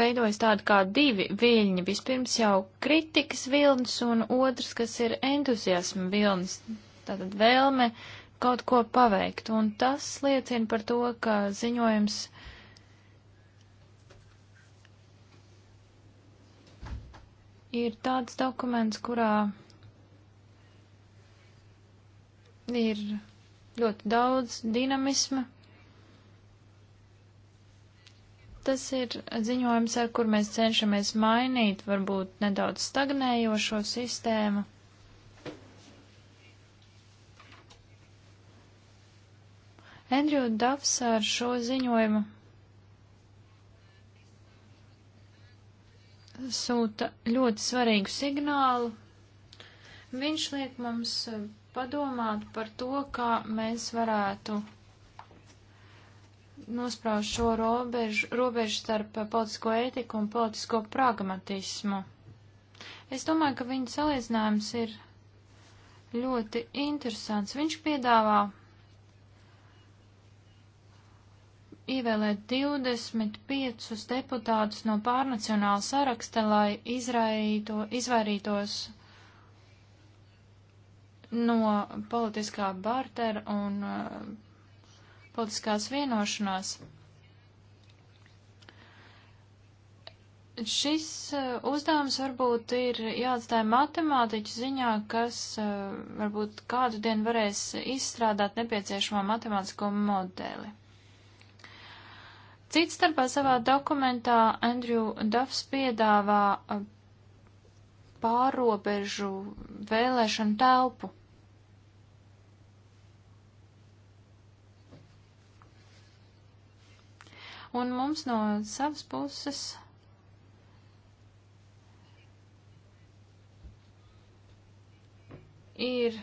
veidojas tāda kā divi viļņi. Vispirms jau kritikas vilnis un otrs, kas ir entuziasma vilnis, tātad vēlme kaut ko paveikt. Un tas liecina par to, ka ziņojums. Ir tāds dokuments, kurā ir ļoti daudz dinamisma. Tas ir ziņojums, ar kur mēs cenšamies mainīt varbūt nedaudz stagnējošo sistēmu. Andrew Duffs ar šo ziņojumu sūta ļoti svarīgu signālu. Viņš liek mums padomāt par to, kā mēs varētu nospraust šo robežu, robežu starp politisko ētiku un politisko pragmatismu. Es domāju, ka viņa salīdzinājums ir ļoti interesants. Viņš piedāvā ievēlēt 25 deputātus no pārnacionāla saraksta, lai izraito, izvairītos no politiskā bartera un uh, politiskās vienošanās. Šis eh, uzdevums varbūt ir jāatstāja matemātiķu ziņā, kas eh, varbūt kādu dienu varēs izstrādāt nepieciešamo matemātisko modeli. Cits starpā savā dokumentā Andrew Duffs piedāvā pārobežu vēlēšanu telpu. Un mums no savas puses ir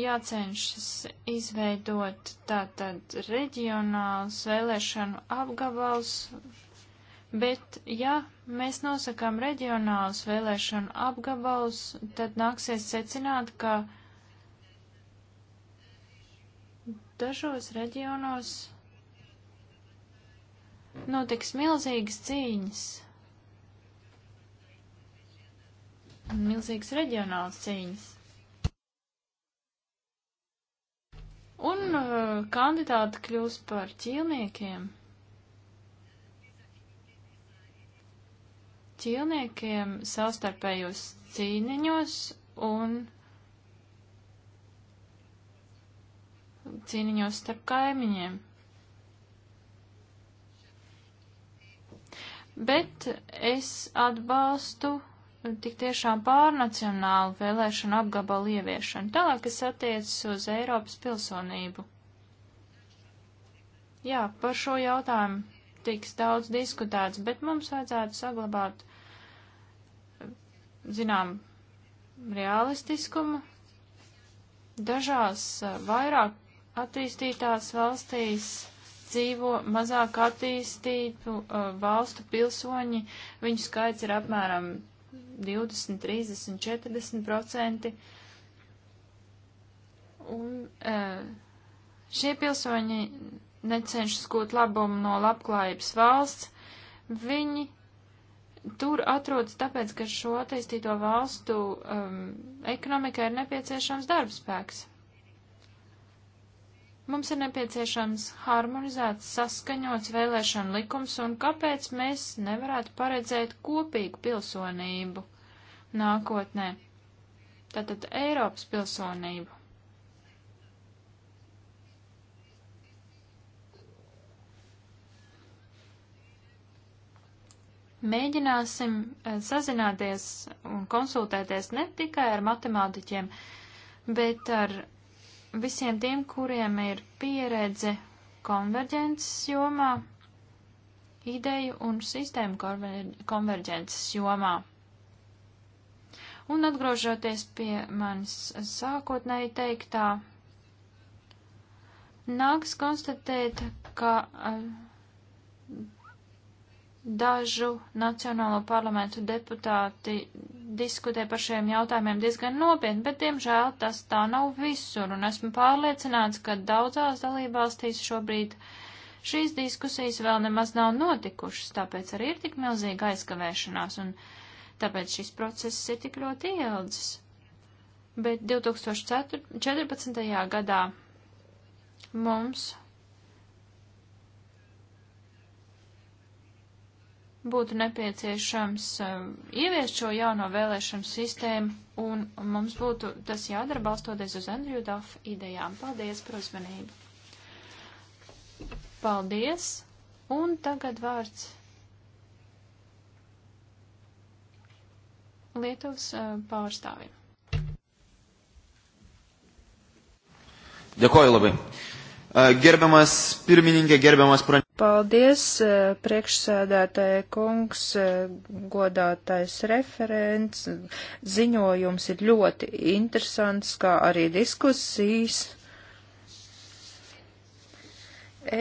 jācenšas izveidot tātad reģionāls vēlēšanu apgabals, bet ja mēs nosakām reģionāls vēlēšanu apgabals, tad nāksies secināt, ka dažos reģionos notiks milzīgas cīņas. Un milzīgas reģionālas cīņas. Un uh, kandidāti kļūs par ķīlniekiem. Ķīlniekiem savstarpējos cīniņos un cīniņos starp kaimiņiem. bet es atbalstu tik tiešām pārnacionālu vēlēšanu apgabalu ieviešanu, tālāk, kas attiecas uz Eiropas pilsonību. Jā, par šo jautājumu tiks daudz diskutēts, bet mums vajadzētu saglabāt, zinām, realistiskumu. Dažās vairāk attīstītās valstīs dzīvo mazāk attīstītu uh, valstu pilsoņi, viņu skaits ir apmēram 20, 30, 40 procenti. Un uh, šie pilsoņi necenšas gūt labumu no labklājības valsts, viņi tur atrodas tāpēc, ka šo attīstīto valstu um, ekonomikai ir nepieciešams darbspēks. Mums ir nepieciešams harmonizēts, saskaņots vēlēšana likums, un kāpēc mēs nevarētu paredzēt kopīgu pilsonību nākotnē? Tātad Eiropas pilsonību. Mēģināsim eh, sazināties un konsultēties ne tikai ar matemātiķiem, bet ar visiem tiem, kuriem ir pieredze konverģences jomā, ideju un sistēmu konver konverģences jomā. Un atgriežoties pie manis sākotnēji teiktā, nāks konstatēt, ka uh, dažu nacionālo parlamentu deputāti diskutē par šiem jautājumiem diezgan nopietni, bet, diemžēl, tas tā nav visur, un esmu pārliecināts, ka daudzās dalībvalstīs šobrīd šīs diskusijas vēl nemaz nav notikušas, tāpēc arī ir tik milzīga aizkavēšanās, un tāpēc šis process ir tik ļoti ieldzis. Bet 2014. gadā mums būtu nepieciešams eh, ieviest šo jauno vēlēšanu sistēmu, un mums būtu tas jādara balstoties uz Andriju Dafu idejām. Paldies par uzmanību! Paldies! Un tagad vārds Lietuvas eh, pārstāvim. Dėkoju labai. Eh, gerbiamas pirmininkė, gerbiamas pranešėjas. Paldies, eh, priekšsēdētāja kungs, eh, godātais referents. Ziņojums ir ļoti interesants, kā arī diskusijas.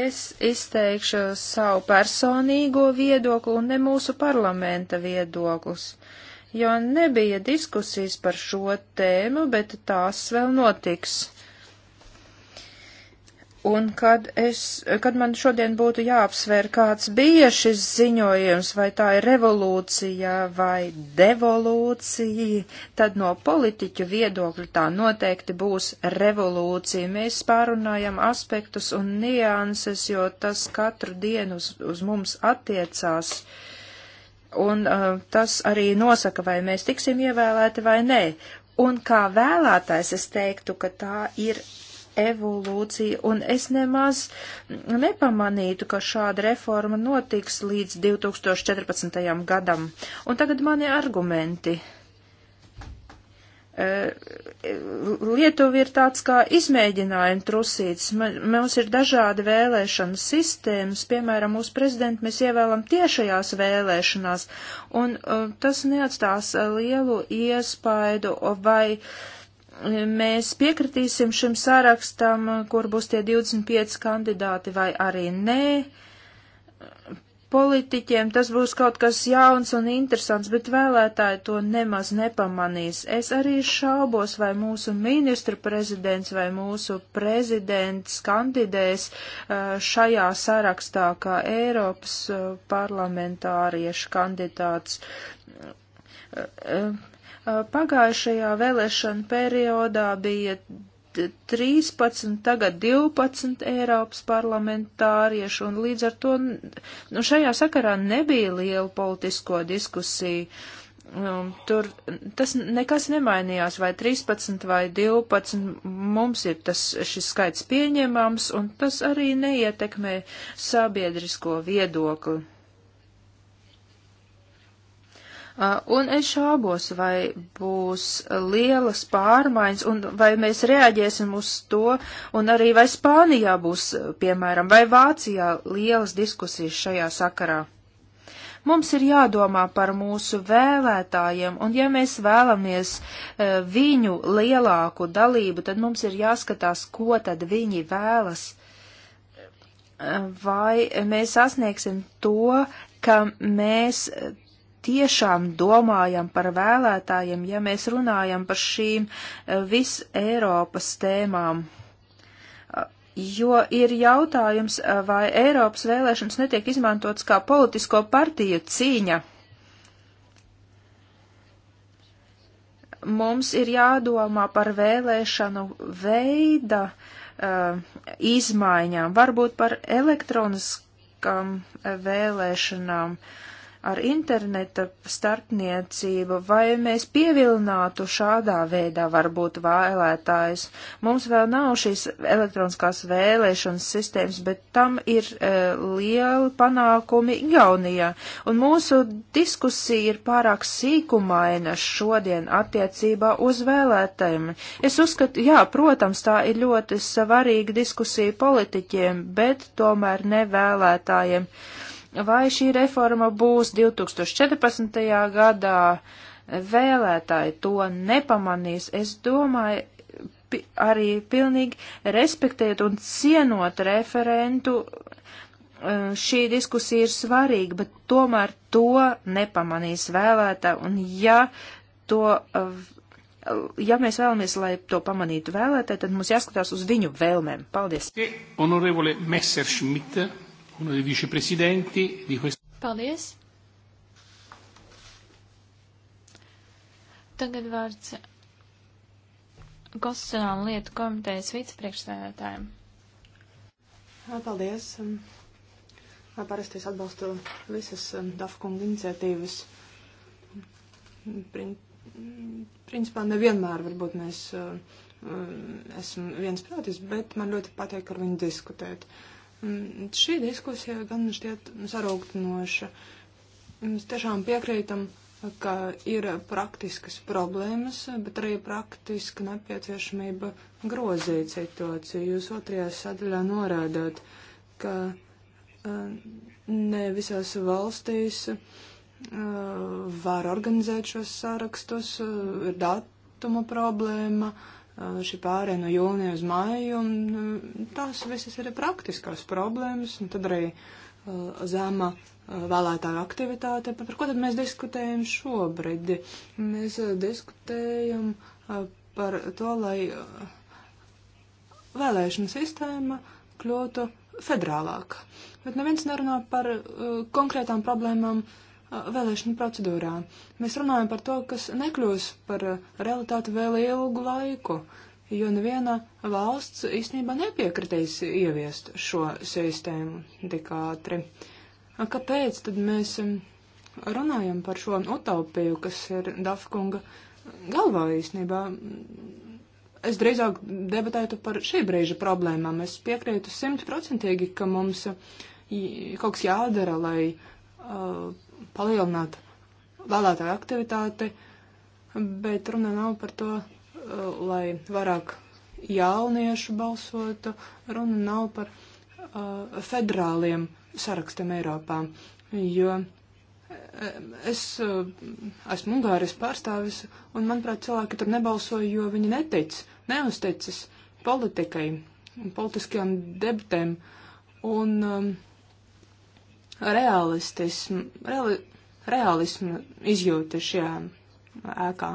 Es izteikšu savu personīgo viedokli un ne mūsu parlamenta viedoklis, jo nebija diskusijas par šo tēmu, bet tās vēl notiks. Un kad, es, kad man šodien būtu jāapsver, kāds bija šis ziņojums, vai tā ir revolūcija vai devolūcija, tad no politiķu viedokļa tā noteikti būs revolūcija. Mēs pārunājam aspektus un nianses, jo tas katru dienu uz, uz mums attiecās. Un uh, tas arī nosaka, vai mēs tiksim ievēlēti vai nē. Un kā vēlētājs es teiktu, ka tā ir evolūcija, un es nemaz nepamanītu, ka šāda reforma notiks līdz 2014. gadam. Un tagad mani argumenti. E, Lietuva ir tāds kā izmēģinājuma trusīts. Mums ir dažādi vēlēšana sistēmas, piemēram, mūsu prezidentu mēs ievēlam tiešajās vēlēšanās, un e, tas neatstās lielu iespaidu vai uh, mēs piekritīsim šim sārakstam, kur būs tie 25 kandidāti vai arī nē. Politiķiem tas būs kaut kas jauns un interesants, bet vēlētāji to nemaz nepamanīs. Es arī šaubos, vai mūsu ministru prezidents vai mūsu prezidents kandidēs šajā sarakstā kā Eiropas parlamentāriešu kandidāts Uh, pagājušajā vēlēšana periodā bija 13, tagad 12 Eiropas parlamentārieši, un līdz ar to nu, šajā sakarā nebija liela politisko diskusiju. Um, tur tas nekas nemainījās, vai 13 vai 12 mums ir tas, šis skaits pieņemams, un tas arī neietekmē sabiedrisko viedokli. Uh, un es šaubos, vai būs lielas pārmaiņas, un vai mēs reaģēsim uz to, un arī vai Spānijā būs, piemēram, vai Vācijā lielas diskusijas šajā sakarā. Mums ir jādomā par mūsu vēlētājiem, un ja mēs vēlamies uh, viņu lielāku dalību, tad mums ir jāskatās, ko tad viņi vēlas. Uh, vai mēs sasniegsim to, ka mēs tiešām domājam par vēlētājiem, ja mēs runājam par šīm eh, vis Eiropas tēmām. Jo ir jautājums, eh, vai Eiropas vēlēšanas netiek izmantotas kā politisko partiju cīņa. Mums ir jādomā par vēlēšanu veida uh, izmaiņām, varbūt par elektroniskām vēlēšanām. Uh, ar interneta starpniecību, vai mēs pievilinātu šādā veidā varbūt vēlētājus. Mums vēl nav šīs elektroniskās vēlēšanas sistēmas, bet tam ir e, lieli panākumi Igaunijā, un mūsu diskusija ir pārāk sīkumaina šodien attiecībā uz vēlētājiem. Es uzskatu, jā, protams, tā ir ļoti svarīga diskusija politiķiem, bet tomēr ne vēlētājiem. Yeah vai šī reforma būs 2014. gadā, vēlētāji to nepamanīs. Es domāju, arī pilnīgi respektējot un cienot referentu, eh, šī diskusija ir svarīga, bet tomēr to nepamanīs vēlētāji. Un ja to eh, ja mēs vēlamies, lai to pamanītu vēlētāji, tad mums jāskatās uz viņu vēlmēm. Paldies! uno dei vicepresidenti di questo. Paldies. Tagad vārds konstitucionāla lietu komitejas vicepriekšstādātājiem. Paldies. Parasti es atbalstu visas um, Dafkunga iniciatīvas. Prin, principā nevienmēr varbūt mēs uh, um, esam viensprātis, bet man ļoti patīk ar viņu diskutēt. Uh, Mm, šī diskusija gan šķiet sarūktinoša. Mm, mēs tiešām piekrītam, ka ir praktiskas problēmas, bet arī praktiska nepieciešamība grozīt situāciju. Jūs otrajā sadaļā norādāt, ka mm, ne visās valstīs var organizēt šos sārakstus, ir datuma problēma. Uh, Uh, šī pārē no jūnija uz māju, un um, tās visas ir praktiskās problēmas, un tad arī uh, zema uh, vēlētāju aktivitāte. Par ko tad mēs diskutējam šobrīd? Mēs diskutējam par to, lai vēlēšana sistēma kļūtu federālāka. Bet neviens nerunā par konkrētām problēmām uh, vēlēšanu procedūrā. Mēs runājam par to, kas nekļūs par realitāti vēl ilgu laiku, jo neviena valsts īstenībā nepiekritīs ieviest šo sistēmu tik ātri. Kāpēc tad mēs runājam par šo utopiju, kas ir Dafkunga galvā īstenībā? Es drīzāk debatētu par šī brīža problēmām. Es piekrītu simtprocentīgi, ka mums kaut kas jādara, lai uh, palielināt vēlētāju aktivitāti, bet runa nav par to, uh, lai vairāk jauniešu balsotu, runa nav par uh, federāliem sarakstiem Eiropā, jo uh, es uh, esmu Ungārijas pārstāvis, un manuprāt, cilvēki tur nebalsoja, jo viņi netic, neuzticas politikai un politiskajām debatēm. Un, um, realistismu, reali, realismu izjūta šajā ēkā.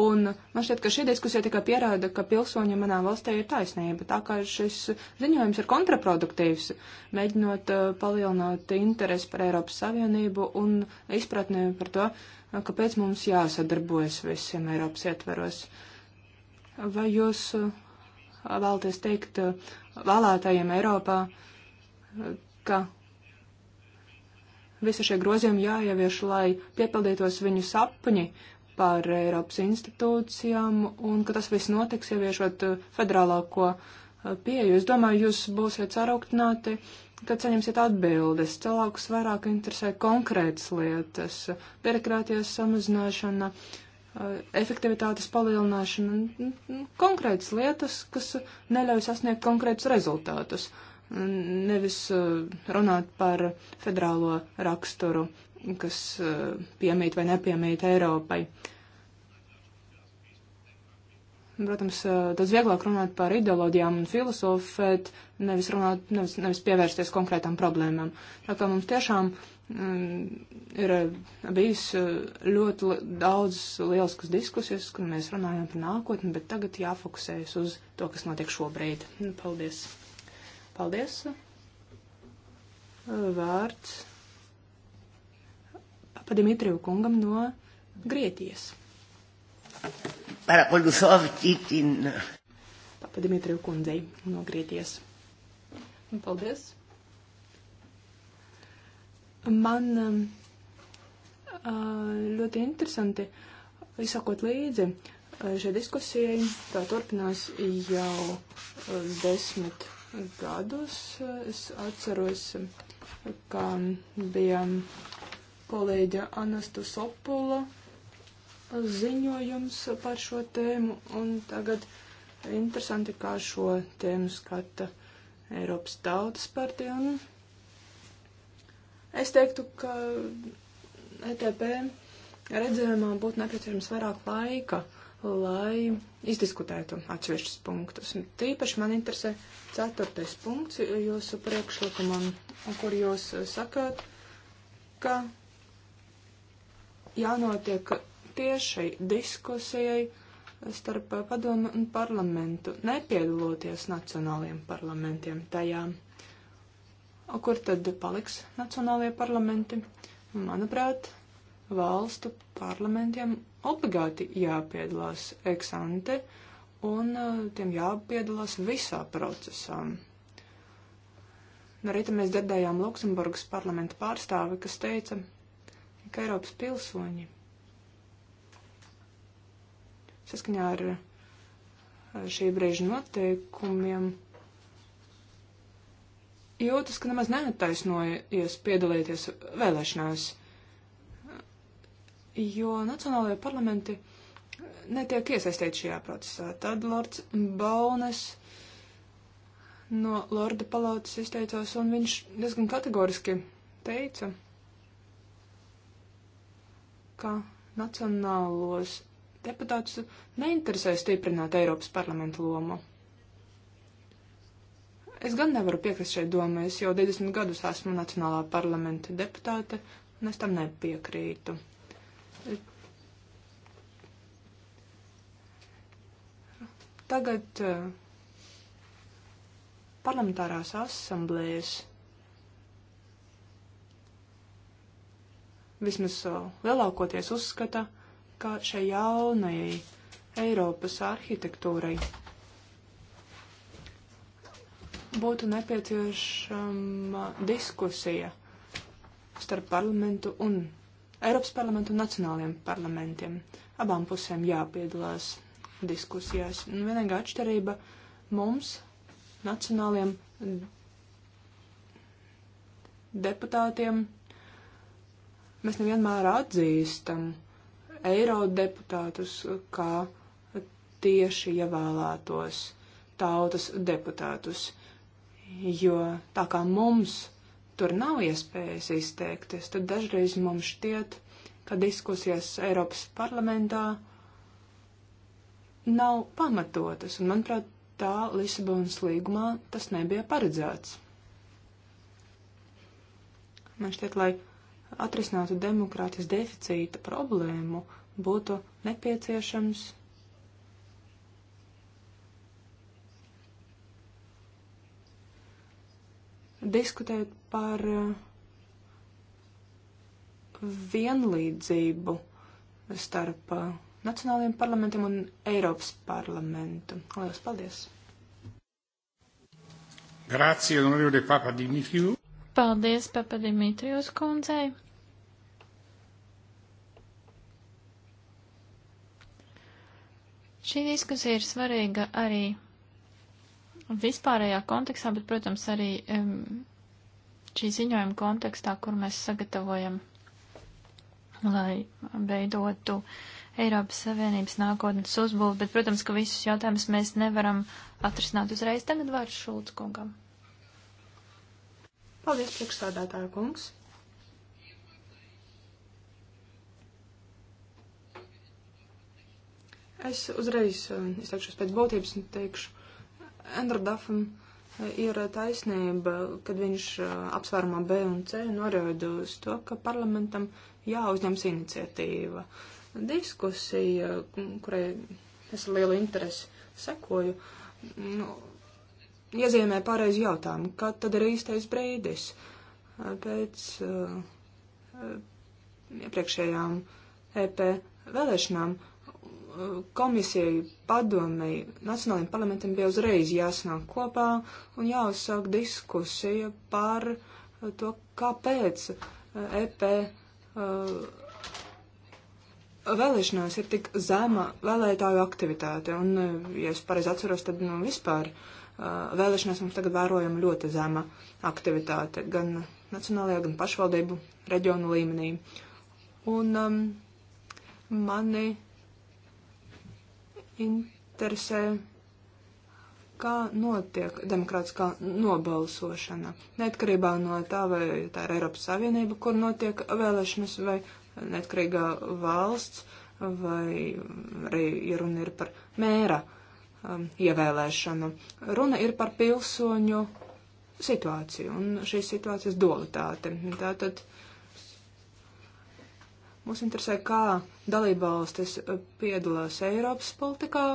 Un man šķiet, ka šī diskusija tikai pierāda, ka pilsoņi manā valstī ir taisnība. Tā kā šis ziņojums ir kontraproduktīvs, mēģinot uh, palielināt interesi par Eiropas Savienību un izpratni par to, kāpēc mums jāsadarbojas visiem Eiropas ietveros. Vai jūs uh, vēlaties teikt uh, vēlētājiem Eiropā, uh, ka Visi šie grozījumi jāievieš, lai piepildītos viņu sapņi par Eiropas institūcijām un ka tas viss notiks ieviešot uh, federālāko uh, pieeju. Es domāju, jūs būsiet sarūktināti, kad saņemsiet atbildes. Cilvēkus vairāk interesē konkrētas lietas, birokrātijas samazināšana, uh, efektivitātes palielināšana, konkrētas lietas, kas neļauj sasniegt konkrētus rezultātus. Uh, nevis uh, runāt par federālo raksturu, kas uh, piemīt vai nepiemīt Eiropai. Protams, uh, daudz vieglāk runāt par ideoloģijām un filozofēt, nevis, runāt, nevis, nevis pievērsties konkrētām problēmām. Tā kā mums tiešām mm, ir bijis ļoti daudz lieliskas diskusijas, kur mēs runājām par nākotni, bet tagad jāfokusējas uz to, kas notiek šobrīd. Nu, paldies! Paldies. Vārds Papadimitru kungam no Grieķijas. Papadimitru kundzei no Grieķijas. Paldies. Man um, ļoti interesanti izsakot līdzi šai diskusijai. Tā turpinās jau desmit gadus. Es atceros, ka bija kolēģa Anastasopola ziņojums par šo tēmu, un tagad interesanti, kā šo tēmu skata Eiropas Tautas partija. Un es teiktu, ka ETP redzējumā būtu nepieciešams vairāk laika lai izdiskutētu atsevišķus punktus. Tīpaši man interesē ceturtais punkts jūsu priekšlikumam, kur jūs sakāt, ka jānotiek tiešai diskusijai starp padomu un parlamentu, nepiedaloties nacionālajiem parlamentiem tajā. Kur tad paliks nacionālajie parlamenti? Manuprāt, valstu parlamentiem obligāti jāpiedalās eksante un eh, tiem jāpiedalās visā procesā. No nu, rīta mēs dzirdējām Luksemburgas parlamenta pārstāvi, kas teica, ka Eiropas pilsoņi saskaņā ar šī brīža noteikumiem jūtas, ka nemaz neattaisnojas piedalīties vēlēšanās jo nacionālajie parlamenti netiek iesaistīti šajā procesā. Tad Lords Baunes no Lorda palātas izteicās, un viņš diezgan kategoriski teica, ka nacionālos deputātus neinteresē stiprināt Eiropas parlamentu lomu. Es gan nevaru piekrist šai domai, es jau 20 gadus esmu Nacionālā parlamenta deputāte, un es tam nepiekrītu. Tagad eh, parlamentārās asamblējas, vismaz eh, lielākoties uzskata, ka šai jaunajai Eiropas arhitektūrai būtu nepieciešama diskusija starp parlamentu un Eiropas parlamentu un nacionāliem parlamentiem. Abām pusēm jāpiedalās diskusijās. Un vienīgā atšķirība mums, nacionāliem deputātiem, mēs nevienmēr atzīstam eirodeputātus kā tieši ievēlētos tautas deputātus, jo tā kā mums tur nav iespējas izteikties, tad dažreiz mums šķiet, ka diskusijas Eiropas parlamentā uh, nav pamatotas, un, manuprāt, tā Lisabonas līgumā tas nebija paredzēts. Man šķiet, lai atrisinātu demokrātijas deficīta problēmu, būtu nepieciešams diskutēt par uh, vienlīdzību starp uh, nacionālajiem parlamentiem un Eiropas parlamentu. Lielas paldies! Grācija, honorīvde Papa Dimitriju. Paldies, Papa Dimitrijus kundzei. Šī diskusija ir svarīga arī vispārējā kontekstā, bet, protams, arī um, šī ziņojuma kontekstā, kur mēs sagatavojam, lai veidotu uh, Eiropas Savienības nākotnes uzbūvi, bet, protams, ka visus jautājumus mēs nevaram atrisināt uzreiz. Tagad vārds Šulc kungam. Paldies, priekšstādātāja kungs. Es uzreiz eh, izteikšos pēc būtības un teikšu, Endra Dafam eh, ir taisnība, kad viņš eh, apsvērumā B un C norāda uz to, ka parlamentam jāuzņems iniciatīva. Uh, diskusija, kurai es ar lielu interesi sekoju, nu, iezīmē pareizi jautājumu, kad tad ir īstais brīdis pēc uh, iepriekšējām EP vēlēšanām. Komisijai, padomei, nacionālajiem parlamentiem bija uzreiz jāsanāk kopā un jāuzsāk diskusija par to, kāpēc EP uh, vēlēšanās ir tik zema vēlētāju aktivitāte, un, eh, ja es pareizi atceros, tad nu, vispār eh, vēlēšanās mums tagad vērojama ļoti zema aktivitāte gan nacionālajā, gan pašvaldību reģionu līmenī. Un um, mani interesē, kā notiek demokrātiskā nobalsošana, neatkarībā no tā, vai tā ir Eiropas Savienība, kur notiek vēlēšanas, vai neatkarīga valsts, vai arī ja runa ir par mēra um, ievēlēšanu. Runa ir par pilsoņu situāciju un šīs situācijas dualitāti. Tātad mūs interesē, kā dalībvalstis piedalās Eiropas politikā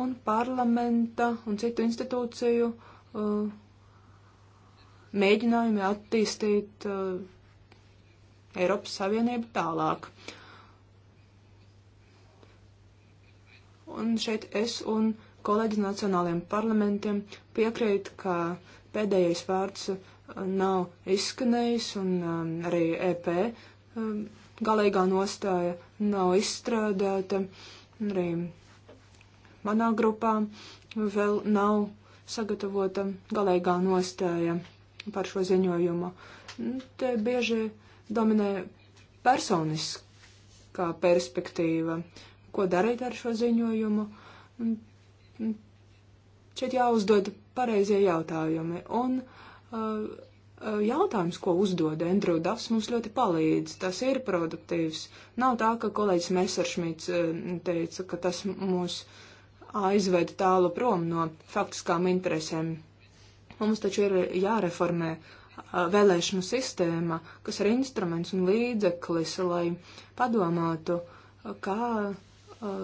un parlamenta un citu institūciju uh, mēģinājumi attīstīt uh, Eiropas Savienību tālāk. Un šeit es un kolēģi nacionāliem parlamentiem piekrīt, ka pēdējais vārds uh, nav izskanējis un um, arī EP um, galīgā nostāja nav izstrādāta. Arī manā grupā vēl nav sagatavota galīgā nostāja par šo ziņojumu. Nu, te bieži uh, dominē personiskā perspektīva, ko darīt ar šo ziņojumu. Un šeit jāuzdod pareizie jautājumi. Un uh, uh jautājums, ko uzdod Andrew Dafs, mums ļoti palīdz. Tas ir produktīvs. Nav tā, ka kolēģis Messeršmīts uh, teica, ka tas mūs aizved tālu prom no faktiskām interesēm. Mums taču ir jāreformē vēlēšanu sistēma, kas ir instruments un līdzeklis, lai padomātu, kā uh,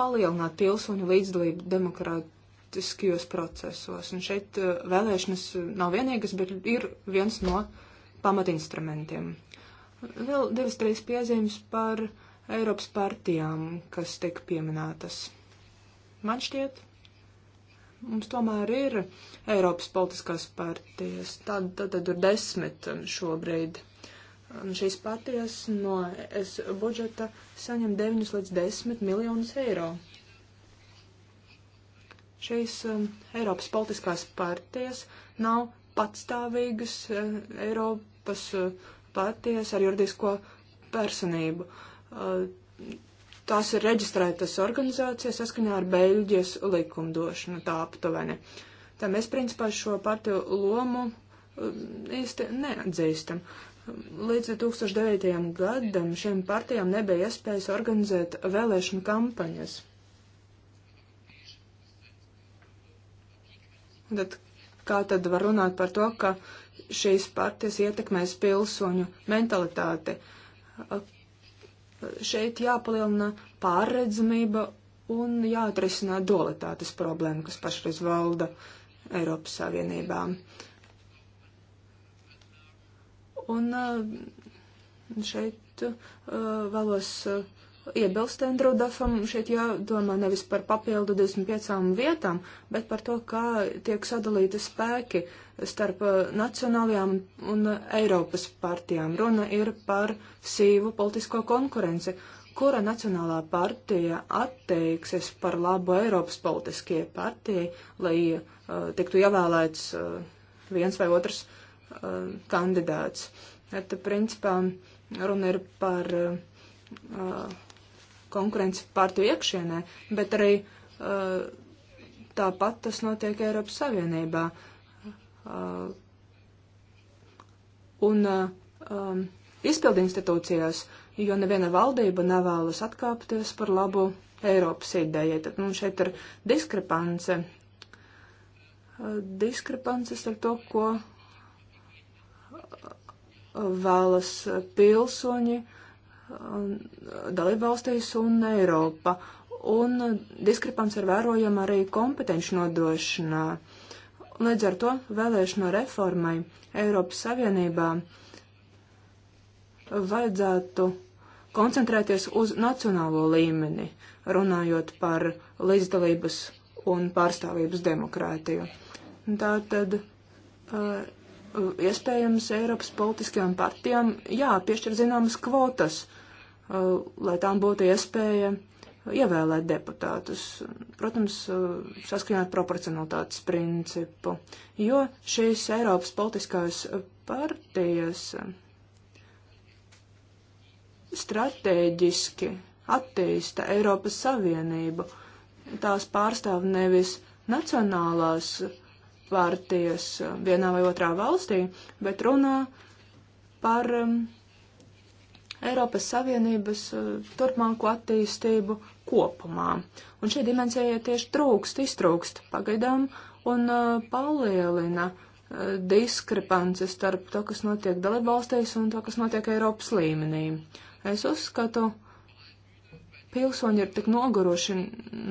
palielināt pilsoņu līdzdalību demokrātiskajos procesos. Un šeit uh, vēlēšanas nav vienīgas, bet ir viens no pamatinstrumentiem. Vēl divas, trīs piezīmes par Eiropas partijām, kas tiek pieminētas. Man šķiet, Mums tomēr ir Eiropas politiskās partijas. Tad, tad, tad ir desmit šobrīd. Un šīs partijas no es budžeta saņem 9 līdz 10 miljonus eiro. Šīs um, Eiropas politiskās partijas nav patstāvīgas uh, Eiropas uh, partijas ar juridisko personību. Uh, Tās ir reģistrētas organizācijas saskaņā ar Beļģijas likumdošanu, tā aptuveni. Tā mēs principā šo partiju lomu um, īsti neatzīstam. Līdz 2009. gadam šiem partijām nebija iespējas organizēt vēlēšanu kampaņas. Tad kā tad var runāt par to, ka šīs partijas ietekmēs pilsoņu mentalitāti? šeit jāpalielina pārredzamība un jāatrisinā dualitātes problēma, kas pašreiz valda Eiropas Savienībā. Un eh, šeit eh, vēlos eh, iebilst Endrudafam, šeit jādomā nevis par papildu 25 vietām, bet par to, kā tiek sadalīti spēki starp uh, nacionālajām un Eiropas partijām. Runa ir par sīvu politisko konkurenci, kura nacionālā partija atteiksies par labu Eiropas politiskajai partijai, lai uh, tiktu ievēlēts uh, viens vai otrs uh, kandidāts. Et, principā, runa ir par uh, uh konkurence partiju iekšienē, bet arī uh, tāpat tas notiek Eiropas Savienībā. Uh, un uh, um, izpildu institūcijās, jo neviena valdība nevēlas atkāpties par labu Eiropas idejai. Tad mums nu, šeit ir diskrepance. Uh, Diskrepances ar to, ko uh, vēlas pilsoņi, uh, Um, dalībvalstīs un Eiropa. Un diskrepants ir vērojama arī kompetenci nodošanā. Līdz ar to vēlēšana reformai Eiropas Savienībā vajadzētu koncentrēties uz nacionālo līmeni, runājot par līdzdalības un pārstāvības demokrātiju. Tā tad uh, iespējams Eiropas politiskajām partijām jāpiešķir zināmas kvotas uh, Uh, lai tām būtu iespēja ievēlēt deputātus. Protams, uh, saskaņot proporcionalitātes principu, jo šīs Eiropas politiskās partijas stratēģiski attīsta Eiropas Savienību. Tās pārstāv nevis nacionālās partijas vienā vai otrā valstī, bet runā par um, Eiropas Savienības uh, turpmāko attīstību kopumā. Un šī dimensija tieši trūkst, iztrūkst pagaidām un uh, palielina uh, diskrepanci starp to, kas notiek dalībvalstīs un to, kas notiek Eiropas līmenī. Es uzskatu, pilsoņi ir tik noguruši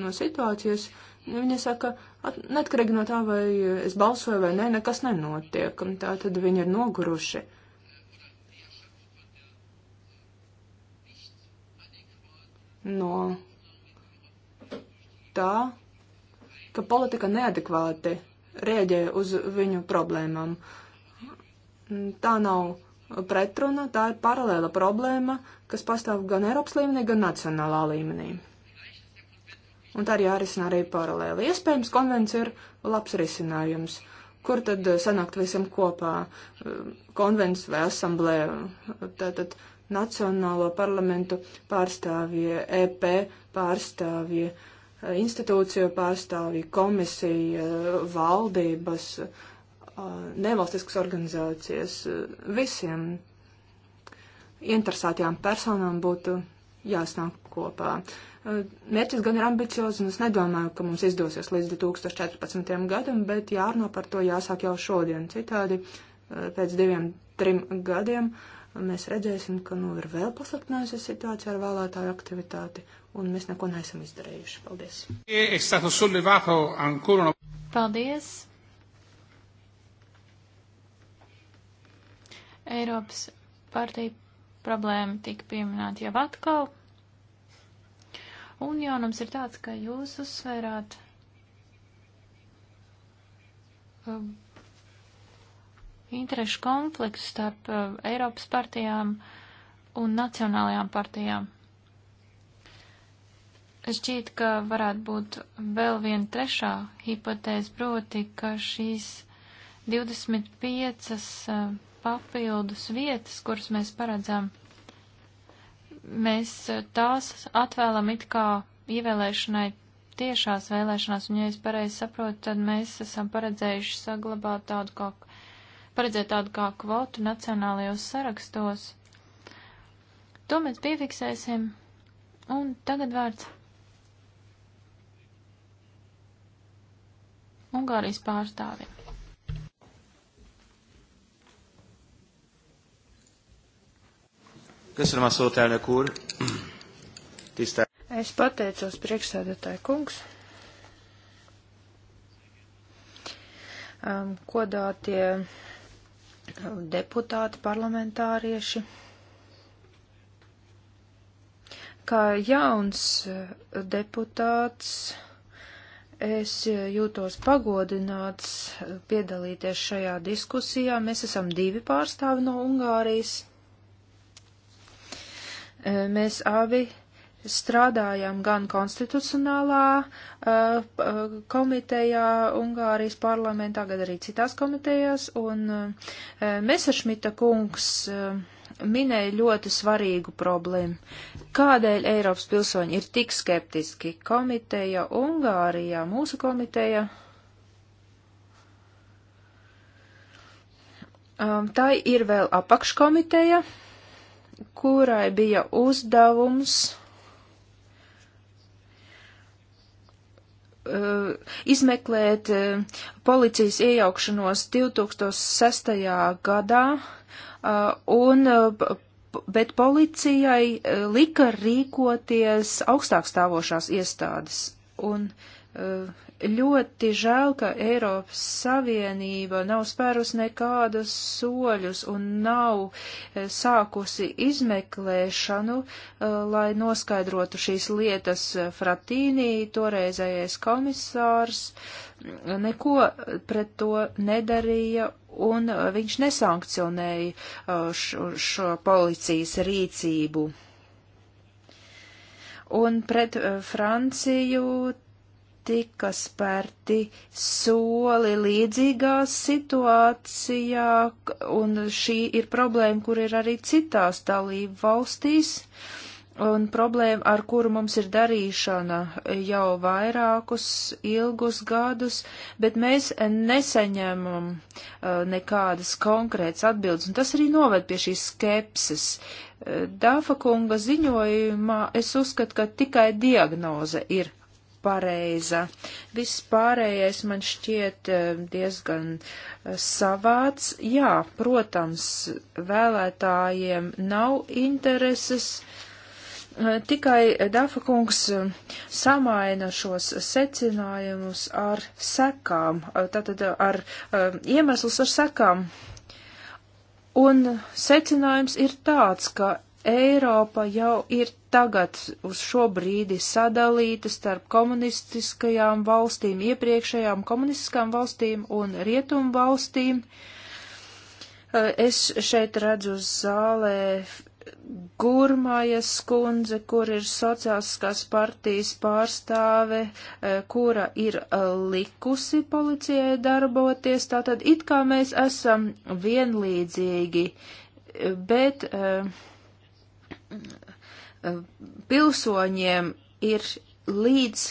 no situācijas, Viņa saka, neatkarīgi no tā, vai es balsoju vai nē, ne, nekas nenotiek. Tā tad viņi ir noguruši. no tā, ka politika neadekvāti rēģē uz viņu problēmām. Tā nav pretruna, tā ir paralēla problēma, kas pastāv gan Eiropas līmenī, gan nacionālā līmenī. Un tā ir jārisina arī paralēli. Iespējams, konvencija ir labs risinājums. Kur tad eh, sanākt visam kopā? Eh, konvencija vai asamblē? Tātad Nacionālo parlamentu pārstāvji, EP pārstāvji, eh, institūciju pārstāvji, komisija, eh, valdības, eh, nevalstiskas organizācijas, visiem interesētajām personām būtu jāsnāk kopā. Mērķis gan ir ambiciozs, un es nedomāju, ka mums izdosies līdz 2014. gadam, bet jārunā par to jāsāk jau šodien. Citādi pēc diviem, trim gadiem uh, mēs redzēsim, ka nu, ir vēl pasliktinājusies situācija ar vēlētāju aktivitāti, un mēs neko neesam izdarījuši. Paldies! E Paldies! Eiropas partija problēma tika pieminēta jau atkal. Un jaunums ir tāds, ka jūs uzsvērāt. Um, interešu konfliktu starp uh, Eiropas partijām un nacionālajām partijām. Šķiet, ka varētu būt vēl viena trešā hipotēze, proti, ka šīs 25 uh, papildus vietas, kuras mēs paredzam, mēs uh, tās atvēlam it kā ievēlēšanai tiešās vēlēšanās, un, ja es pareizi saprotu, tad mēs esam paredzējuši saglabāt tādu kaut paredzēt tādu kā kvotu nacionālajos sarakstos. To mēs piefiksēsim. Un tagad vārds Ungārijas pārstāvim. Köszönöm a szót, elnök úr. Tisztelt. Es pateicos priekšsēdētāju kungs. Um, kodātie deputāti, parlamentārieši, kā jauns eh, deputāts es eh, jūtos pagodināts eh, piedalīties šajā diskusijā. Mēs esam divi pārstāvi no Ungārijas. Mēs abi strādājam gan konstitucionālā uh, komitejā Ungārijas parlamentā, gan arī citās komitejās, un uh, eh, Mesešmita kungs uh, minēja ļoti svarīgu problēmu. Kādēļ Eiropas pilsoņi ir tik skeptiski? Komiteja Ungārijā, mūsu komiteja, um, tai ir vēl apakškomiteja, kurai bija uzdevums Eh, izmeklēt eh, policijas iejaukšanos 2006. gadā, eh, un, bet policijai lika rīkoties augstākstāvošās iestādes. Un ļoti žēl, ka Eiropas Savienība nav spērus nekādas soļus un nav eh, sākusi izmeklēšanu, eh, lai noskaidrotu šīs lietas. Fratīnī, toreizējais komisārs, mm, neko pret to nedarīja un eh, viņš nesankcionēja šo, šo policijas rīcību. Un pret Franciju tika spērti soli līdzīgā situācijā, un šī ir problēma, kur ir arī citās dalību valstīs, un problēma, ar kuru mums ir darīšana jau vairākus ilgus gadus, bet mēs nesaņemam uh, nekādas konkrētas atbildes, un tas arī noved pie šīs skepses. Uh, Dāfa kunga ziņojumā es uzskatu, ka tikai diagnoze ir pareiza. Viss pārējais man šķiet eh, diezgan eh, savāds. Jā, protams, vēlētājiem nav intereses. Eh, tikai Dafa kungs samaina šos secinājumus ar sekām, tātad ar iemeslus ar sekām. Un secinājums ir tāds, ka Eiropa jau ir tagad uz šo brīdi sadalīta starp komunistiskajām valstīm, iepriekšējām komunistiskām valstīm un rietumu valstīm. Eh, es šeit redzu zālē Gurmājas kundze, kur ir sociālskās partijas pārstāve, eh, kura ir eh, likusi policijai darboties, tātad it kā mēs esam vienlīdzīgi, bet uh, pilsoņiem ir līdz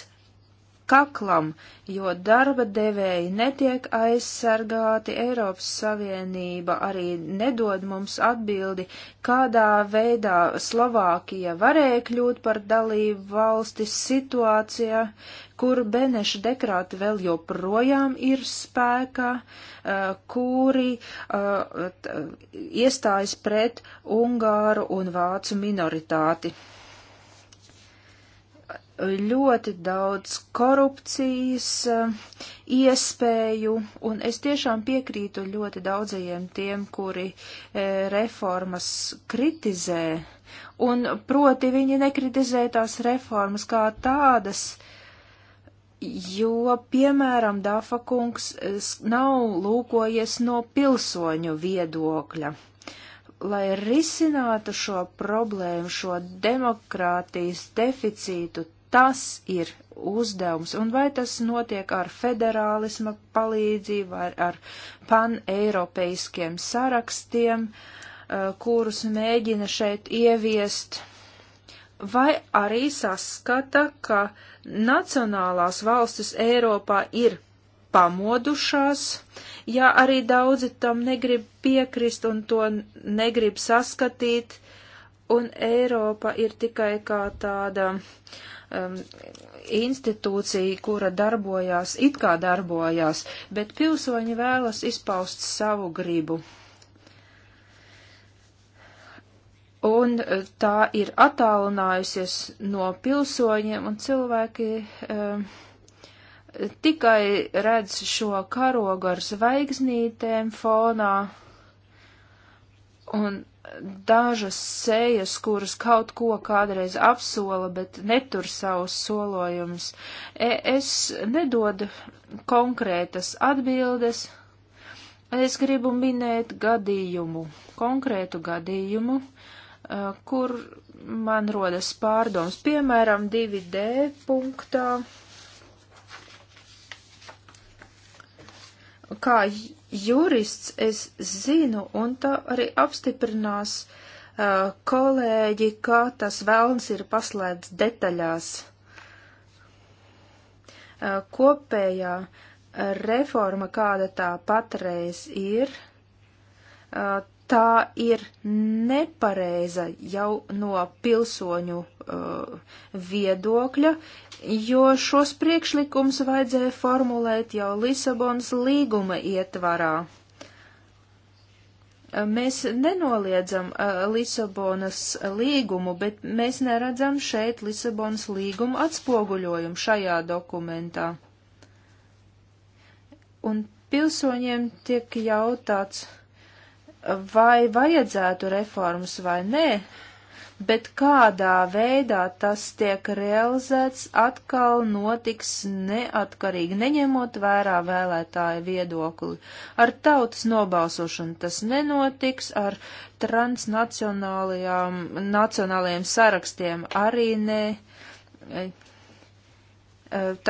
kaklam, jo darba devēji netiek aizsargāti, Eiropas Savienība arī nedod mums atbildi, kādā veidā Slovākija varēja kļūt par dalību valsti situācijā, kur Beneša dekrāti vēl joprojām ir spēkā, eh, kuri eh, iestājas pret Ungāru un Vācu minoritāti ļoti daudz korupcijas eh, iespēju, un es tiešām piekrītu ļoti daudzajiem tiem, kuri eh, reformas kritizē, un proti viņi nekritizē tās reformas kā tādas, jo, piemēram, Dafa kungs eh, nav lūkojies no pilsoņu viedokļa lai risinātu šo problēmu, šo demokrātijas deficītu, Tas ir uzdevums, un vai tas notiek ar federālisma palīdzību, vai ar, ar paneiropeiskiem sarakstiem, eh, kurus mēģina šeit ieviest, vai arī saskata, ka nacionālās valstis Eiropā ir pamodušās, ja arī daudzi tam negrib piekrist un to negrib saskatīt, un Eiropa ir tikai kā tāda um, institūcija, kura darbojās, it kā darbojās, bet pilsoņi vēlas izpaust savu gribu. Un uh, tā ir attālinājusies no pilsoņiem, un cilvēki um, tikai redz šo karogu ar zvaigznītēm fonā. Un dažas sejas, kuras kaut ko kādreiz apsola, bet netur savus solojumus. E, es nedodu konkrētas atbildes, es gribu minēt gadījumu, konkrētu gadījumu, e, kur man rodas pārdoms, piemēram, 2D punktā. Kā jurists, es zinu, un to arī apstiprinās uh, kolēģi, ka tas vēlns ir paslēdz detaļās. Uh, kopējā reforma, kāda tā patreiz ir, uh, tā ir nepareiza jau no pilsoņu uh, viedokļa, jo šos priekšlikums vajadzēja formulēt jau Lisabonas līguma ietvarā. Uh, mēs nenoliedzam uh, Lisabonas līgumu, bet mēs neredzam šeit Lisabonas līguma atspoguļojumu šajā dokumentā. Un pilsoņiem tiek jautāts, vai vajadzētu reformas vai nē, bet kādā veidā tas tiek realizēts atkal notiks neatkarīgi, neņemot vērā vēlētāju viedokli. Ar tautas nobalsošanu tas nenotiks, ar transnacionālajiem sarakstiem arī nē.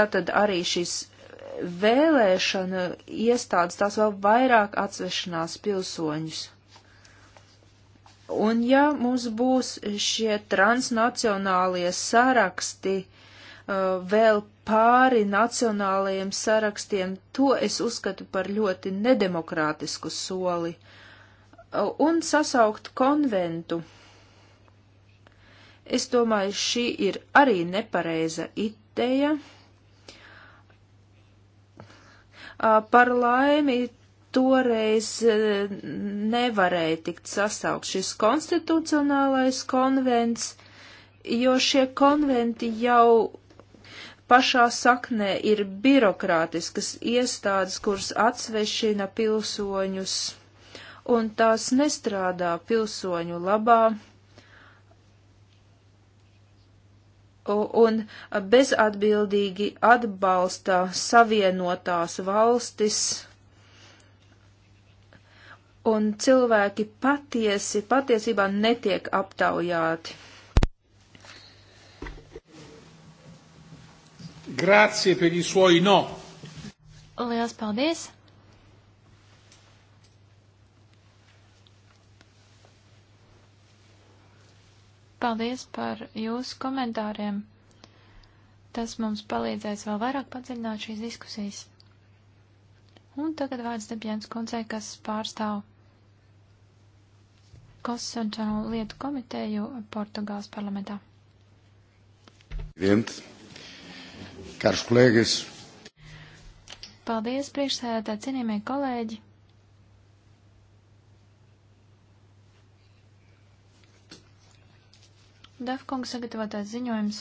Tātad arī šis vēlēšanu iestādes tās vēl vairāk atsvešanās pilsoņus. Un ja mums būs šie transnacionālie saraksti uh, vēl pāri nacionālajiem sarakstiem, to es uzskatu par ļoti nedemokrātisku soli. Uh, un sasaukt konventu. Es domāju, šī ir arī nepareiza ideja. Par laimi toreiz nevarēja tikt sasaukt šis konstitucionālais konvents, jo šie konventi jau pašā saknē ir birokrātiskas iestādes, kuras atsvešina pilsoņus, un tās nestrādā pilsoņu labā. un bezatbildīgi atbalsta savienotās valstis. Un cilvēki patiesi, patiesībā netiek aptaujāti. Grazie per i suoi no. Lielas paldies! Paldies par jūsu komentāriem. Tas mums palīdzēs vēl vairāk padziļināt šīs diskusijas. Un tagad vārds Debjēns kundzei, kas pārstāv Konstitucionālo lietu komiteju Portugāles parlamentā. Viens. Karš kolēģis. Paldies, priekšsēdētāji, cienījamie kolēģi. Dafkungs sagatavotās ziņojums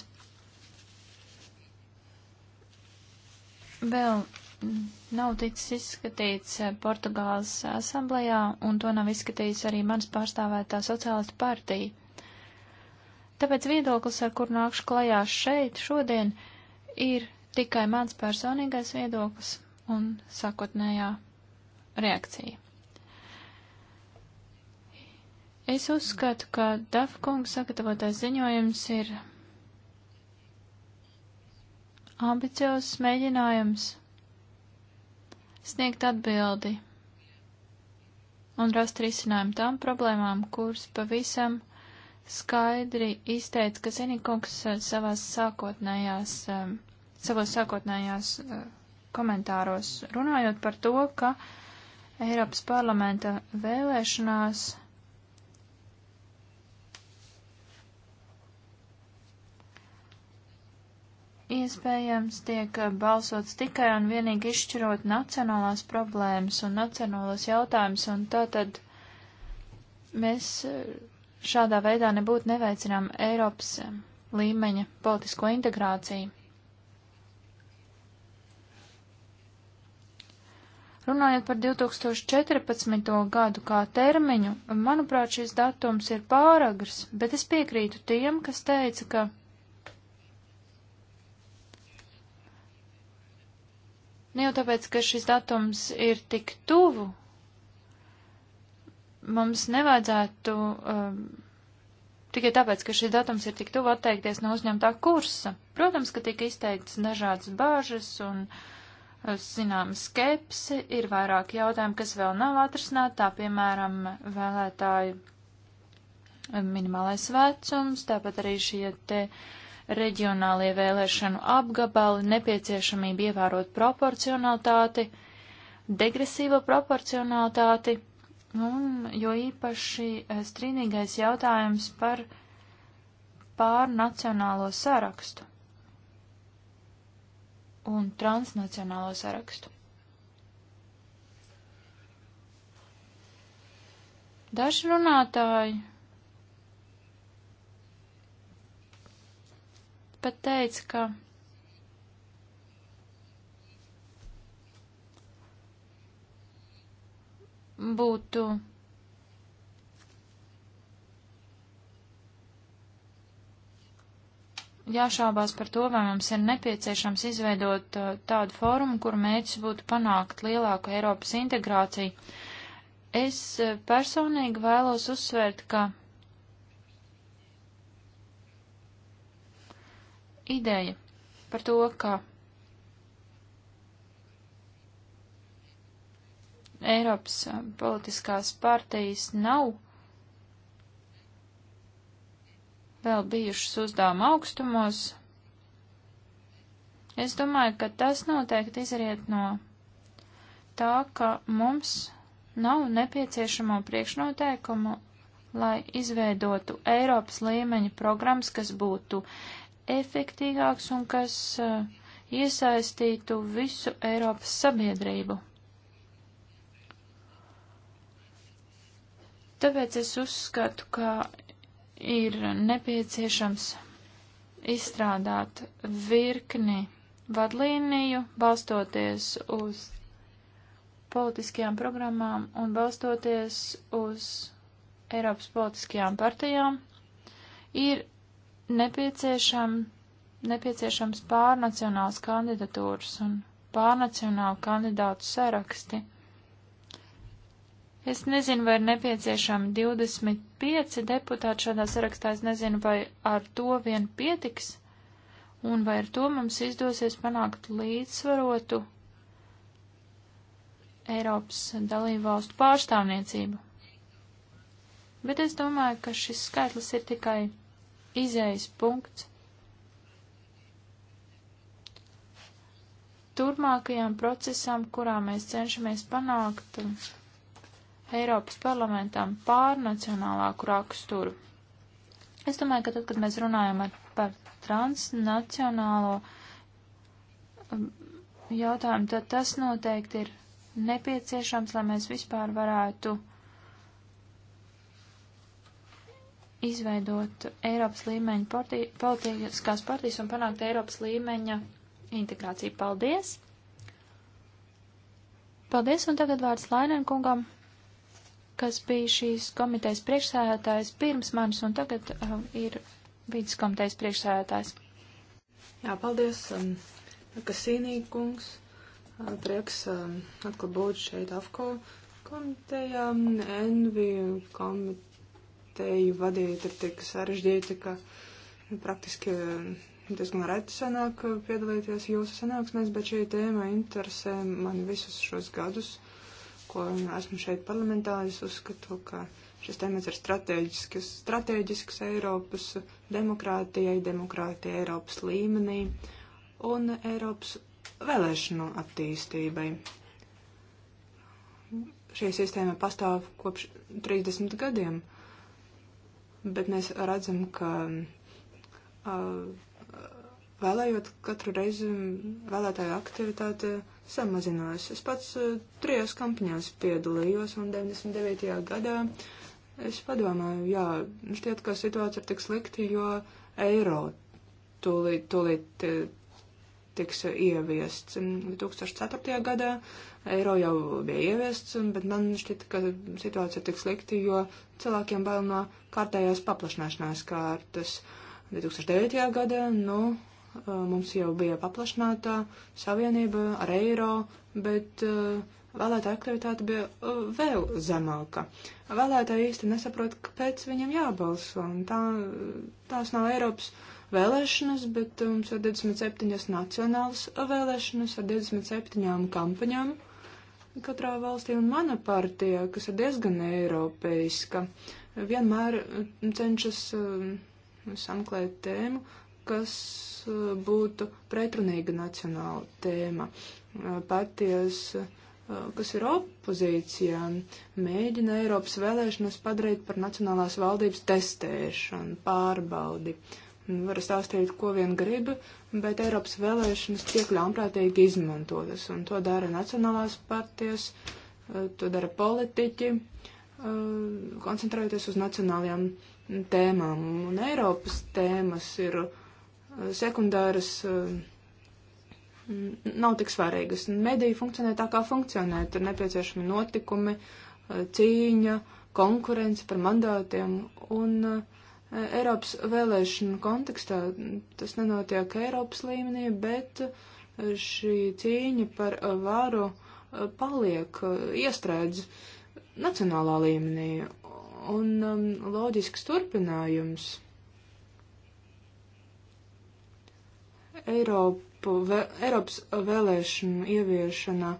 vēl nav ticis izskatīts eh, Portugāles asamblējā, un to nav izskatījis arī mans pārstāvētā sociālistu partija. Tāpēc viedoklis, ar kur nākšu klajā šeit šodien, ir tikai mans personīgais viedoklis un sakotnējā reakcija. Es uzskatu, ka Dafkungs sagatavotais ziņojums ir ambiciozs mēģinājums sniegt atbildi un rast risinājumu tām problēmām, kuras pavisam skaidri izteica, ka Zinikungs eh, savās sākotnējās, eh, savos sākotnējās eh, komentāros runājot par to, ka Eiropas parlamenta vēlēšanās iespējams tiek eh, balsots tikai un vienīgi izšķirot nacionālās problēmas un nacionālos jautājumus, un tātad mēs eh, šādā veidā nebūtu neveicinām Eiropas eh, līmeņa politisko integrāciju. Runājot par 2014. gadu kā termiņu, manuprāt, šis datums ir pāragrs, bet es piekrītu tiem, kas teica, ka Ne jau tāpēc, ka šis datums ir tik tuvu, mums nevajadzētu um, tikai tāpēc, ka šis datums ir tik tuvu atteikties no uzņemtā kursa. Protams, ka tika izteikts dažādas bāžas un, uh, zinām, skepsi, ir vairāk jautājumu, kas vēl nav atrasināti, tā piemēram, vēlētāju uh, minimālais vecums, tāpat arī šie te uh, reģionālie vēlēšanu apgabali, nepieciešamība ievērot proporcionalitāti, degresīvo proporcionalitāti, un jo īpaši eh, strīdīgais jautājums par pārnacionālo sarakstu un transnacionālo sarakstu. Daži runātāji pat teica, ka būtu jāšaubās par to, vai mums ir nepieciešams izveidot uh, tādu fórumu, kur mērķis būtu panākt lielāku Eiropas integrāciju. Es uh, personīgi vēlos uzsvērt, ka ideja par to, ka Eiropas politiskās partijas nav vēl bijušas uzdevuma augstumos, es domāju, ka tas noteikti izriet no tā, ka mums nav nepieciešamo priekšnoteikumu, lai izveidotu Eiropas līmeņa programmas, kas būtu efektīgāks un kas eh, iesaistītu visu Eiropas sabiedrību. Tāpēc es uzskatu, ka ir nepieciešams izstrādāt virkni vadlīniju, balstoties uz politiskajām programmām un balstoties uz Eiropas politiskajām partijām, ir nepieciešam, nepieciešams pārnacionāls kandidatūras un pārnacionālu kandidātu saraksti. Es nezinu, vai ir nepieciešami 25 deputāti šādā sarakstā, es nezinu, vai ar to vien pietiks, un vai ar to mums izdosies panākt līdzsvarotu Eiropas dalībvalstu pārstāvniecību. Bet es domāju, ka šis skaitlis ir tikai izējas punkts turpmākajām procesām, kurā mēs cenšamies panākt Eiropas parlamentam pārnacionālāku raksturu. Es domāju, ka tad, kad mēs runājam ar, par transnacionālo um, jautājumu, tad tas noteikti ir nepieciešams, lai mēs vispār varētu uh, izveidot Eiropas līmeņa partij, politiskās partijas un panākt Eiropas līmeņa integrāciju. Paldies! Paldies, un tagad vārds Lainēm kungam, kas bija šīs komitejas priekšsēdētājs pirms manis, un tagad uh, ir vidas komitejas priekšsēdētājs. Jā, paldies, um, Kasīnī kungs. Uh, prieks um, atkal būt šeit AFCO komitejā, Envi komiteja komiteju vadīt ir tik sarežģīti, ka nu, praktiski eh, diezgan reti sanāk eh, piedalīties jūsu sanāksmēs, bet šī tēma interesē man visus šos gadus, ko esmu šeit parlamentā. Es uzskatu, ka šis temats ir strateģisks, strateģisks Eiropas demokrātijai, demokrātija Eiropas līmenī un Eiropas vēlēšanu attīstībai. Šī sistēma pastāv kopš 30 gadiem bet mēs redzam, ka uh, vēlējot katru reizi vēlētāju aktivitāte samazinās. Es pats uh, trijās kampaņās piedalījos un 99. gadā es padomāju, jā, šķiet, ka situācija ir tik slikti, jo eiro tūlīt, tūlīt e, tiks ieviests. 2004. gadā eiro jau bija ieviests, bet man šķiet, ka situācija tik slikti, jo cilvēkiem bail no kārtējās paplašināšanās kārtas. 2009. gadā, nu, mums jau bija paplašinātā savienība ar eiro, bet vēlētāja aktivitāte bija vēl zemāka. Vēlētāji īsti nesaprot, kāpēc viņam jābalso, un tā, tās nav Eiropas. Uh, vēlēšanas, bet mums ir 27 nacionālas vēlēšanas ar 27 kampaņām katrā valstī, un mana partija, kas ir diezgan eiropeiska, vienmēr um, cenšas um, samklēt tēmu, kas uh, būtu pretrunīga nacionāla tēma. Uh, Paties, uh, kas ir opozīcijā, mēģina Eiropas vēlēšanas padarīt par nacionālās valdības testēšanu, pārbaudi. Uh, Var stāstīt, ko vien grib, bet Eiropas vēlēšanas tiek ļaunprātīgi izmantotas, un to dara nacionālās partijas, eh, to dara politiķi, eh, koncentrējoties uz nacionālajām tēmām. Un Eiropas tēmas ir eh, sekundāras, nav tik svarīgas. Medija funkcionē tā, kā funkcionē, tur nepieciešami notikumi, cīņa, konkurence par mandātiem un uh, Eiropas vēlēšanu kontekstā tas nenotiek Eiropas līmenī, bet eh, šī cīņa par eh, varu eh, paliek iestrēdz nacionālā līmenī. Un um, loģisks turpinājums Eiropu, vē, Eiropas vēlēšanu ieviešana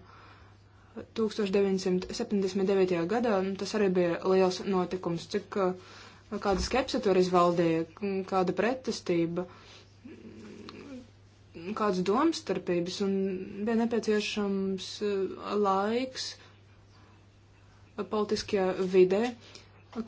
1979. gadā, nu, tas arī bija liels notikums, cik uh, kāda skepse tur izvaldīja, kāda pretestība, kādas domstarpības, un bija nepieciešams e, laiks politiskajā vidē,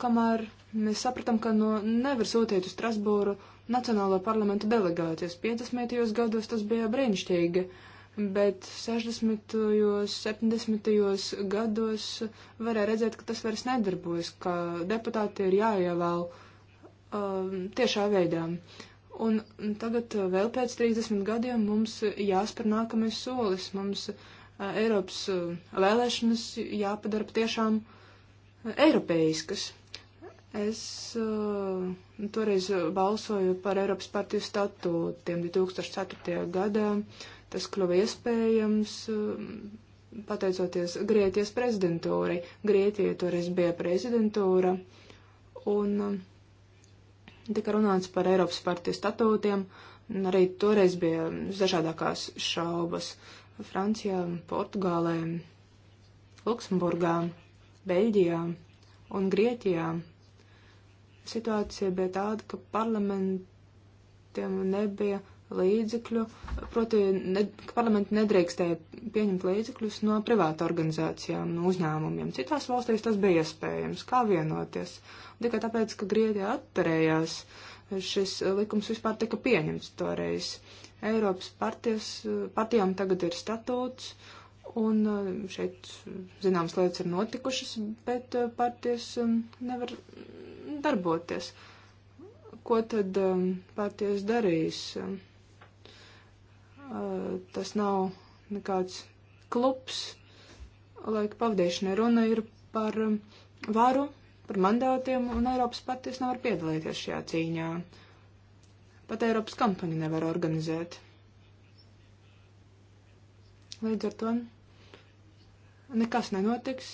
kamēr mēs sapratām, ka no nevar sūtīt uz Strasbūru Nacionālo parlamentu delegācijas. 50. gados tas bija brīnišķīgi. Uh, bet 60. un 70. gados varēja redzēt, ka tas vairs nedarbojas, ka deputāti ir jāievēl um, tiešā veidā. Un tagad uh, vēl pēc 30 gadiem mums jāspēr nākamais solis, mums uh, Eiropas uh, vēlēšanas jāpadara tiešām uh, eiropeiskas. Es uh, toreiz balsoju par Eiropas partiju statūtiem 2004. gadā Tas kļuva iespējams um, pateicoties Grieķijas prezidentūrai. Grieķija toreiz bija prezidentūra un um, tika runāts par Eiropas partiju statūtiem. Arī toreiz bija dažādākās šaubas Francijā, Portugālē, Luksemburgā, Beļģijā un Grieķijā. Situācija bija tāda, ka parlamentiem nebija līdzekļu, proti ne, parlamenti nedrīkstēja pieņemt līdzekļus no privāta organizācijām, no uzņēmumiem. Citās valstīs tas bija iespējams, kā vienoties. Un tikai tāpēc, ka Grieķija atturējās, šis likums vispār tika pieņemts toreiz. Eiropas partijas, partijām tagad ir statūts, un šeit zināmas lietas ir notikušas, bet partijas um, nevar darboties. Ko tad um, partijas darīs? Eh, tas nav nekāds klubs. Laika pavadīšana runa ir par eh, varu, par mandātiem, un Eiropas patīs nevar piedalīties šajā cīņā. Pat Eiropas kampaņu nevar organizēt. Līdz ar to nekas nenotiks,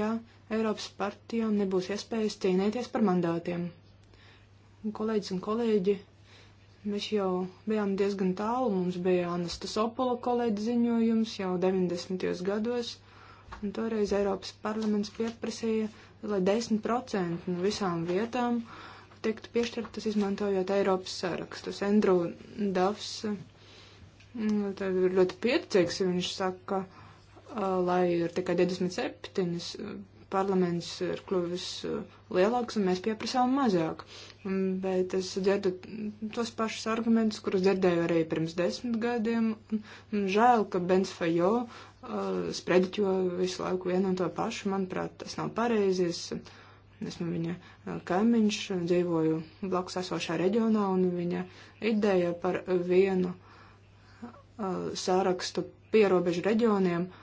ja Eiropas partijām nebūs iespējas cīnīties par mandātiem. Un kolēģis un kolēģi Mēs jau bijām diezgan tālu, mums bija Anastas Opola kolēģi ziņojums jau 90. gados, un toreiz Eiropas parlaments pieprasīja, lai 10% no visām vietām tiktu piešķirtas izmantojot Eiropas sarakstus. Andrew Dafs mm, Tad ir ļoti pieticīgs, ja viņš saka, lai ir tikai 27 parlaments ir kļuvis uh, lielāks un mēs pieprasām mazāk. Bet es dzirdu tos pašus argumentus, kurus dzirdēju arī pirms desmit gadiem. Un žēl, ka Bens Fajo uh, sprediķo visu laiku vienu un to pašu. Manuprāt, tas nav pareizi. Es, esmu viņa uh, kaimiņš, dzīvoju blakus esošā reģionā, un viņa ideja par vienu uh, sārakstu pierobežu reģioniem uh,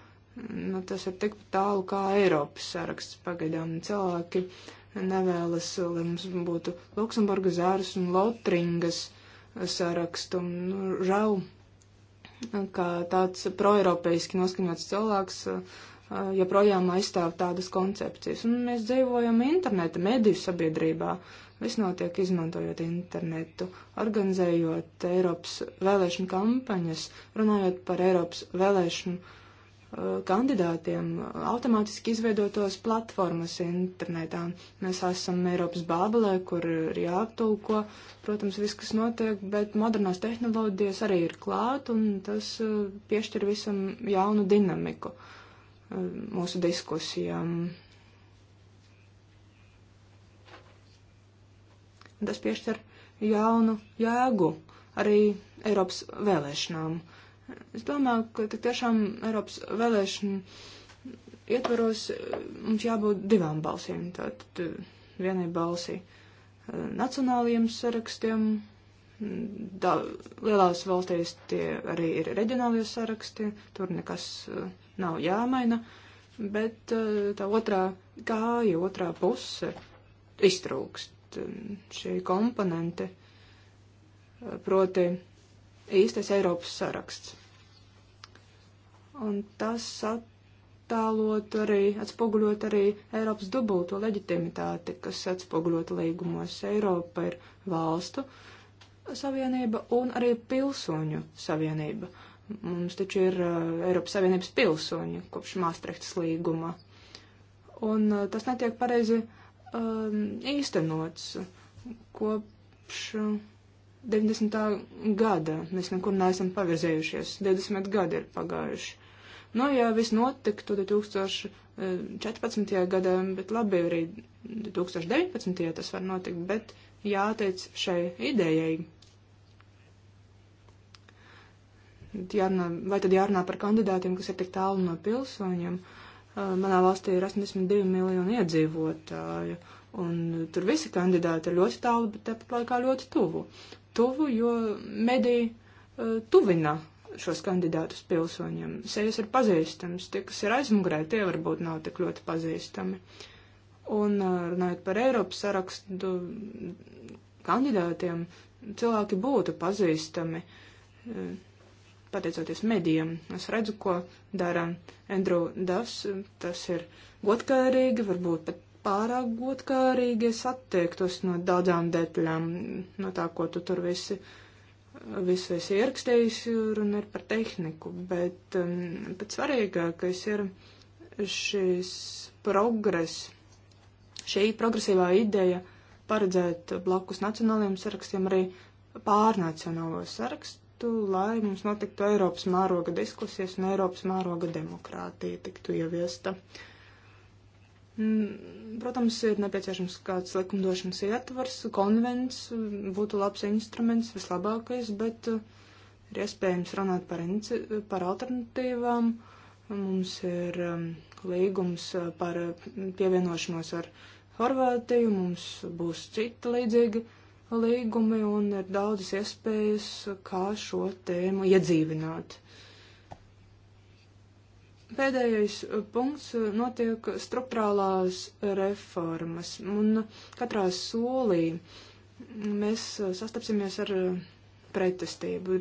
nu, tas ir tik tālu kā Eiropas saraksts pagaidām. Cilvēki nevēlas, lai mums būtu Luksemburga zāras un Lotringas sarakstu. Nu, žēl, ka tāds proeiropeiski noskaņots cilvēks joprojām aizstāv tādas koncepcijas. Un mēs dzīvojam interneta mediju sabiedrībā. Viss notiek izmantojot internetu, organizējot Eiropas vēlēšanu kampaņas, runājot par Eiropas vēlēšanu kandidātiem automātiski izveidotos platformas internetā. Mēs esam Eiropas bābelē, kur ir jāaptulko, protams, viss, kas notiek, bet modernās tehnoloģijas arī ir klāt, un tas uh, piešķir visam jaunu dinamiku uh, mūsu diskusijām. Tas piešķir jaunu jēgu arī Eiropas vēlēšanām. Uh, Es domāju, ka tik tiešām Eiropas vēlēšana ietvaros eh, mums jābūt divām balsīm. Tātad eh, vienai balsī eh, nacionālajiem sarakstiem, da, lielās valstīs tie arī ir reģionālie saraksti, tur nekas nav jāmaina, bet tā otrā kāja, otrā puse iztrūkst šī komponente, proti īstais Eiropas saraksts. Un tas attēlot arī, atspoguļot arī Eiropas dubulto leģitimitāti, kas atspoguļot līgumos. Eiropa ir valstu savienība un arī pilsoņu savienība. Mums taču ir uh, Eiropas Savienības pilsoņi kopš Māstrehtas līguma. Un uh, tas netiek pareizi uh, īstenots kopš. Uh, 90. gada mēs nekur neesam pavirzējušies. 20 gadi ir pagājuši. Nu, no, ja viss notiktu 2014. gadā, bet labi arī 2019. Ja tas var notikt, bet jāteic šai idejai. Jārunā, vai tad jārunā par kandidātiem, kas ir tik tālu no pilsoņiem? Manā valstī ir 82 miljoni iedzīvotāju, un tur visi kandidāti ir ļoti tālu, bet tāpat laikā ļoti tuvu. Tuvu, jo mediji tuvina šos kandidātus pilsoņiem. Sejas ir pazīstams, tie, kas ir aizmugurē, tie varbūt nav tik ļoti pazīstami. Un uh, runājot par Eiropas sarakstu kandidātiem, cilvēki būtu pazīstami. Uh, pateicoties medijam, es redzu, ko dara Andrew Duffs. Tas ir godkārīgi, varbūt pat pārāk godkārīgi. Es attiektos no daudzām detaļām, no tā, ko tu tur visi uh, visu esi ierakstējis, runa ir par tehniku, bet um, pēc svarīgākais ir šis progress, šī progresīvā ideja paredzēt blakus nacionālajiem sarakstiem arī pārnacionālo sarakstu, lai mums notiktu Eiropas mēroga diskusijas un Eiropas mēroga demokrātija tiktu ieviesta. Uh, Mm, protams, ir nepieciešams kāds likumdošanas ietvars, konvents būtu labs instruments, vislabākais, bet uh, ir iespējams runāt par, par alternatīvām. Mums ir um, līgums uh, par mm, pievienošanos ar Horvātiju, mums būs citi līdzīgi līgumi un ir daudzas iespējas, kā šo tēmu iedzīvināt. Uh, pēdējais uh, punkts uh, notiek struktūrālās reformas, un uh, katrā solī mēs sastapsimies ar pretestību.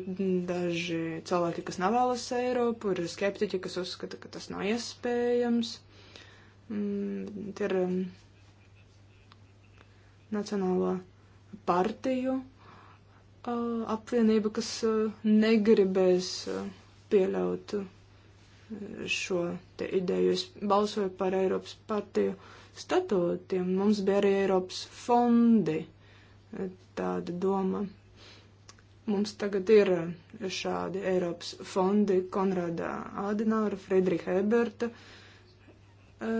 Daži cilvēki, kas nevēlas Eiropu, ir skeptiķi, kas uzskata, ka tas nav iespējams. Mm, tie ir um, Nacionālo partiju apvienība, kas negribēs pieļaut šo ideju. Es balsoju par Eiropas partiju statūtiem. Mums bija arī Eiropas fondi tāda doma. Mums tagad ir šādi Eiropas fondi Konrada Adenauera, Friedriha Eberta e,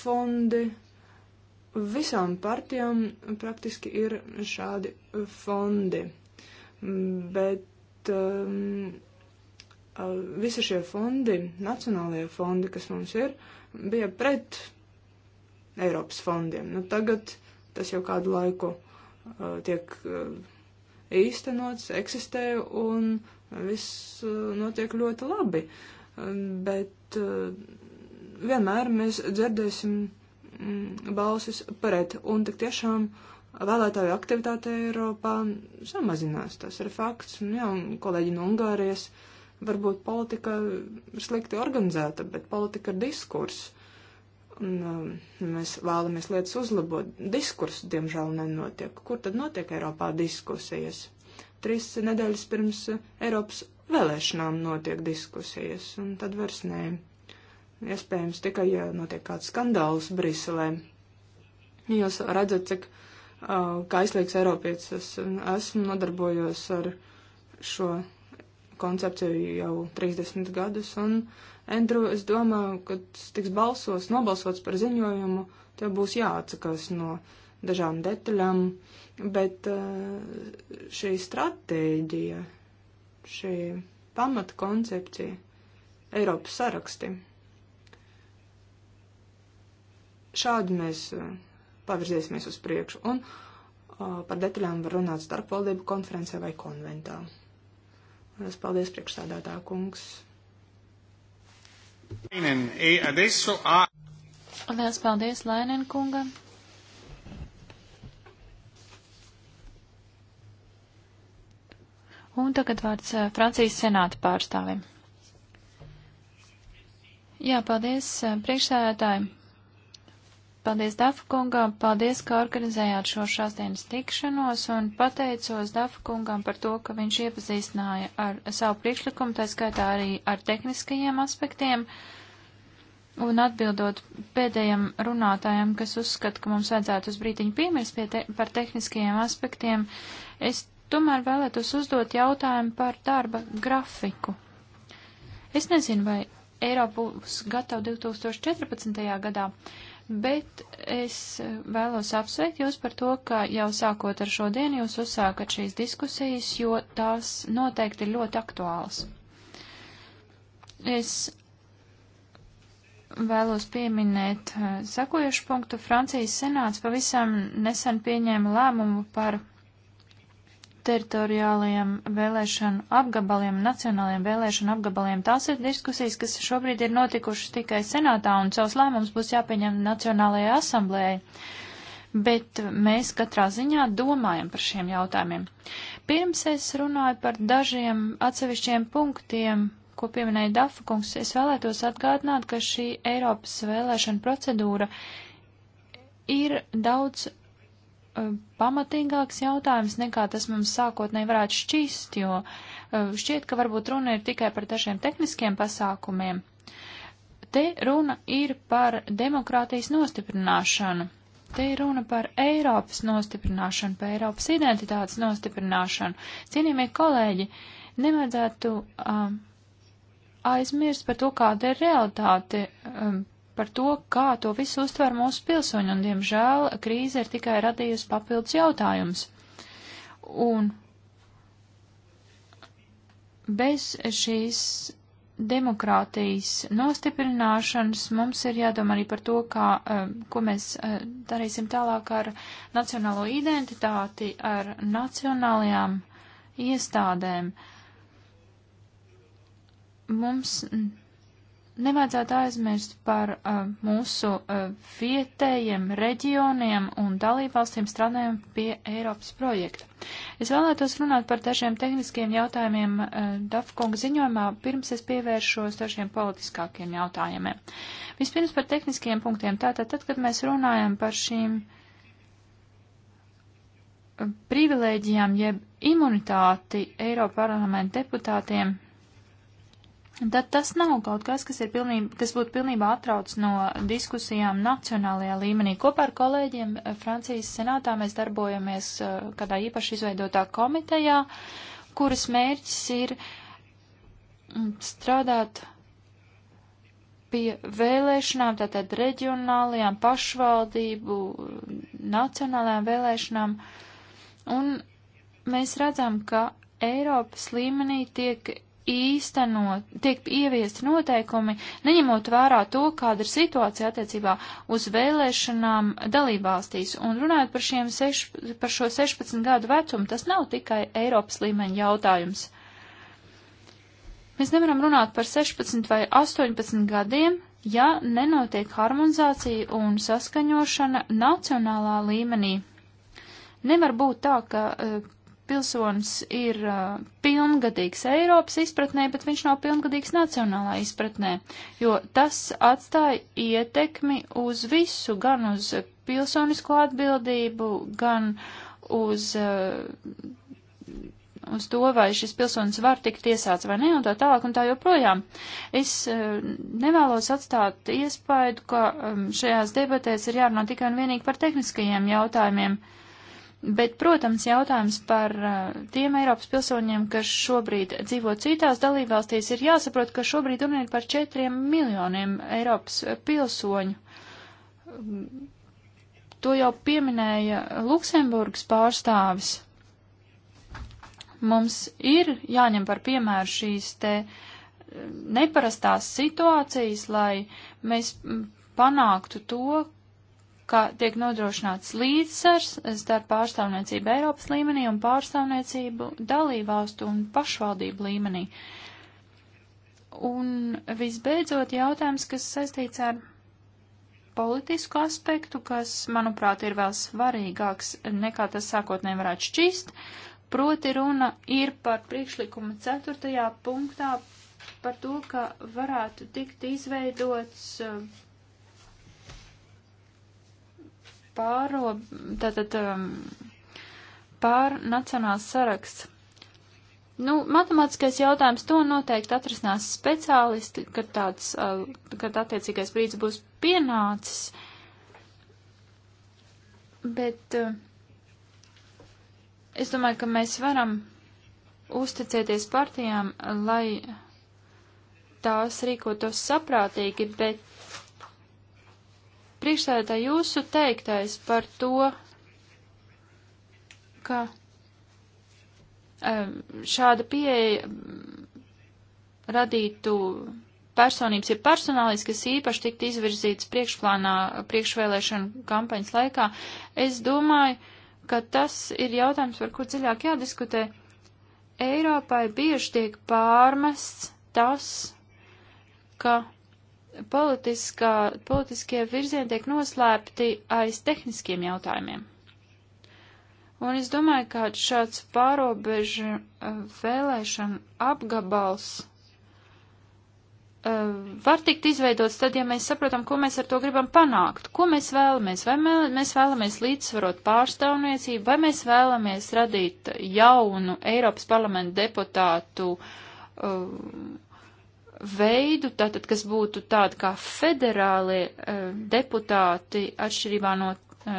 fondi. Visām partijām praktiski ir šādi fondi. Mm, bet um, visi šie fondi, nacionālajie fondi, kas mums ir, bija pret Eiropas fondiem. Nu, tagad tas jau kādu laiku uh, tiek uh, īstenots, eksistē un viss uh, notiek ļoti labi. Uh, bet uh, vienmēr mēs dzirdēsim mm, balsis pret un tik tiešām uh, vēlētāju aktivitāte Eiropā samazinās. Tas ir fakts. Un, jā, un kolēģi no Ungārijas. Uh, Varbūt politika ir slikti organizēta, bet politika ir diskurss. Un, um, mēs vēlamies lietas uzlabot. Diskurss, diemžēl, nenotiek. Kur tad notiek Eiropā diskusijas? Trīs nedēļas pirms Eiropas vēlēšanām notiek diskusijas, un tad vairs nē. Iespējams, tikai, ja notiek kāds skandāls Briselē. Jūs redzat, cik uh, kaislīgs Eiropietis esmu, nodarbojos ar šo koncepciju jau 30 gadus, un, Andrew, es domāju, kad tiks balsos, nobalsots par ziņojumu, tev būs jāatsakās no dažām detaļām, bet eh, šī stratēģija, šī pamata koncepcija, Eiropas saraksti, šādi mēs eh, pavirzīsimies uz priekšu, un eh, par detaļām var runāt starpvaldību konferencē vai konventā. Es paldies priekšsādātā kungs. E Liels paldies Lainen kungam. Un tagad vārds eh, Francijas senāta pārstāvim. Jā, paldies eh, priekšsēdētājiem. Paldies Dafa kungām, paldies, ka organizējāt šo šāsdienas tikšanos un pateicos Dafa kungām par to, ka viņš iepazīstināja ar savu priekšlikumu, tā skaitā arī ar tehniskajiem aspektiem. Un atbildot pēdējiem runātājiem, kas uzskata, ka mums vajadzētu uz brītiņu piemirst pie te par tehniskajiem aspektiem, es tomēr vēlētos uzdot jautājumu par darba grafiku. Es nezinu, vai Eiropa būs gatava 2014. gadā bet es eh, vēlos apsveikt jūs par to, ka jau sākot ar šodien jūs uzsākat šīs diskusijas, jo tās noteikti ir ļoti aktuāls. Es vēlos pieminēt eh, sekojušu punktu. Francijas senāts pavisam nesen pieņēma lēmumu par teritoriālajiem vēlēšanu apgabaliem, nacionālajiem vēlēšanu apgabaliem. Tās ir diskusijas, kas šobrīd ir notikušas tikai senātā, un savus lēmumus būs jāpieņem Nacionālajai asamblējai. Bet mēs katrā ziņā domājam par šiem jautājumiem. Pirms es runāju par dažiem atsevišķiem punktiem, ko pieminēja Dafa kungs, es vēlētos atgādināt, ka šī Eiropas vēlēšana procedūra ir daudz Eh, pamatīgāks jautājums, nekā tas mums sākotnēji varētu šķist, jo eh, šķiet, ka varbūt runa ir tikai par dažiem tehniskiem pasākumiem. Te runa ir par demokrātijas nostiprināšanu. Te ir runa par Eiropas nostiprināšanu, par Eiropas identitātes nostiprināšanu. Cienījamie kolēģi, nevajadzētu um, aizmirst par to, kāda ir realitāte um, par to, kā to visu uztver mūsu pilsoņi, un, diemžēl, krīze ir tikai radījusi papildus jautājums. Un bez šīs demokrātijas nostiprināšanas mums ir jādomā arī par to, kā, eh, ko mēs eh, darīsim tālāk ar nacionālo identitāti, ar nacionālajām iestādēm. Mums nevajadzētu aizmirst par uh, mūsu uh, vietējiem reģioniem un dalībvalstīm strādājam pie Eiropas projekta. Es vēlētos runāt par dažiem tehniskiem jautājumiem uh, Dafkunga ziņojumā, pirms es pievēršos dažiem politiskākiem jautājumiem. Vispirms par tehniskiem punktiem. Tātad, tad, kad mēs runājam par šīm uh, privilēģijām jeb imunitāti Eiroparlamenta deputātiem, tad tas nav kaut kas, kas, ir pilnība, kas būtu pilnībā atrauc no diskusijām nacionālajā līmenī. Kopā ar kolēģiem eh, Francijas senātā mēs darbojamies eh, kādā īpaši izveidotā komitejā, kuras mērķis ir mm, strādāt pie vēlēšanām, tātad reģionālajām pašvaldību, nacionālajām vēlēšanām. Un mēs redzam, ka Eiropas līmenī tiek īstenot, tiek ieviesti noteikumi, neņemot vērā to, kāda ir situācija attiecībā uz vēlēšanām dalībvalstīs. Un runājot par, šiem seš, par šo 16 gadu vecumu, tas nav tikai Eiropas līmeņa jautājums. Mēs nevaram runāt par 16 vai 18 gadiem, ja nenotiek harmonizācija un saskaņošana nacionālā līmenī. Nevar būt tā, ka eh, pilsonis ir uh, pilngadīgs Eiropas izpratnē, bet viņš nav pilngadīgs nacionālā izpratnē, jo tas atstāja ietekmi uz visu, gan uz pilsonisko atbildību, gan uz, uh, uz to, vai šis pilsonis var tikt tiesāts vai ne, un tā tālāk un tā joprojām. Es uh, nevēlos atstāt iespaidu, ka um, šajās debatēs ir jārunā tikai un vienīgi par tehniskajiem jautājumiem. Uh, Bet, protams, jautājums par uh, tiem Eiropas pilsoņiem, kas šobrīd dzīvo citās dalībvalstīs, ir jāsaprot, ka šobrīd runa ir par četriem miljoniem Eiropas pilsoņu. To jau pieminēja Luksemburgas pārstāvis. Mums ir jāņem par piemēru šīs te uh, neparastās situācijas, lai mēs panāktu to, ka tiek nodrošināts līdzsvars starp pārstāvniecību Eiropas līmenī un pārstāvniecību dalībvalstu un pašvaldību līmenī. Un visbeidzot jautājums, kas saistīts ar politisku aspektu, kas, manuprāt, ir vēl svarīgāks nekā tas sākotnēji varētu šķist, proti runa ir par priekšlikumu ceturtajā punktā par to, ka varētu tikt izveidots pārob, tātad um, pārnacionāls saraksts. Nu, matemātiskais jautājums to noteikti atrisinās speciālisti, kad tāds, uh, kad attiecīgais brīdis būs pienācis. Bet uh, es domāju, ka mēs varam uzticēties partijām, lai tās rīkotos saprātīgi, bet Priekšsēdā jūsu teiktais par to, ka šāda pieeja radītu personības, ja personālis, kas īpaši tiktu izvirzīts priekšplānā priekšvēlēšanu kampaņas laikā, es domāju, ka tas ir jautājums, par ko dziļāk jādiskutē. Eiropai bieži tiek pārmests tas, ka politiskā, politiskie virzieni tiek noslēpti aiz tehniskiem jautājumiem. Un es domāju, ka šāds pārobežu eh, vēlēšana apgabals eh, var tikt izveidots tad, ja mēs saprotam, ko mēs ar to gribam panākt, ko mēs vēlamies, vai mēs vēlamies līdzsvarot pārstāvniecību, vai mēs vēlamies radīt jaunu Eiropas parlamentu deputātu uh, veidu, tātad, kas būtu tādi kā federālie uh, deputāti atšķirībā no uh,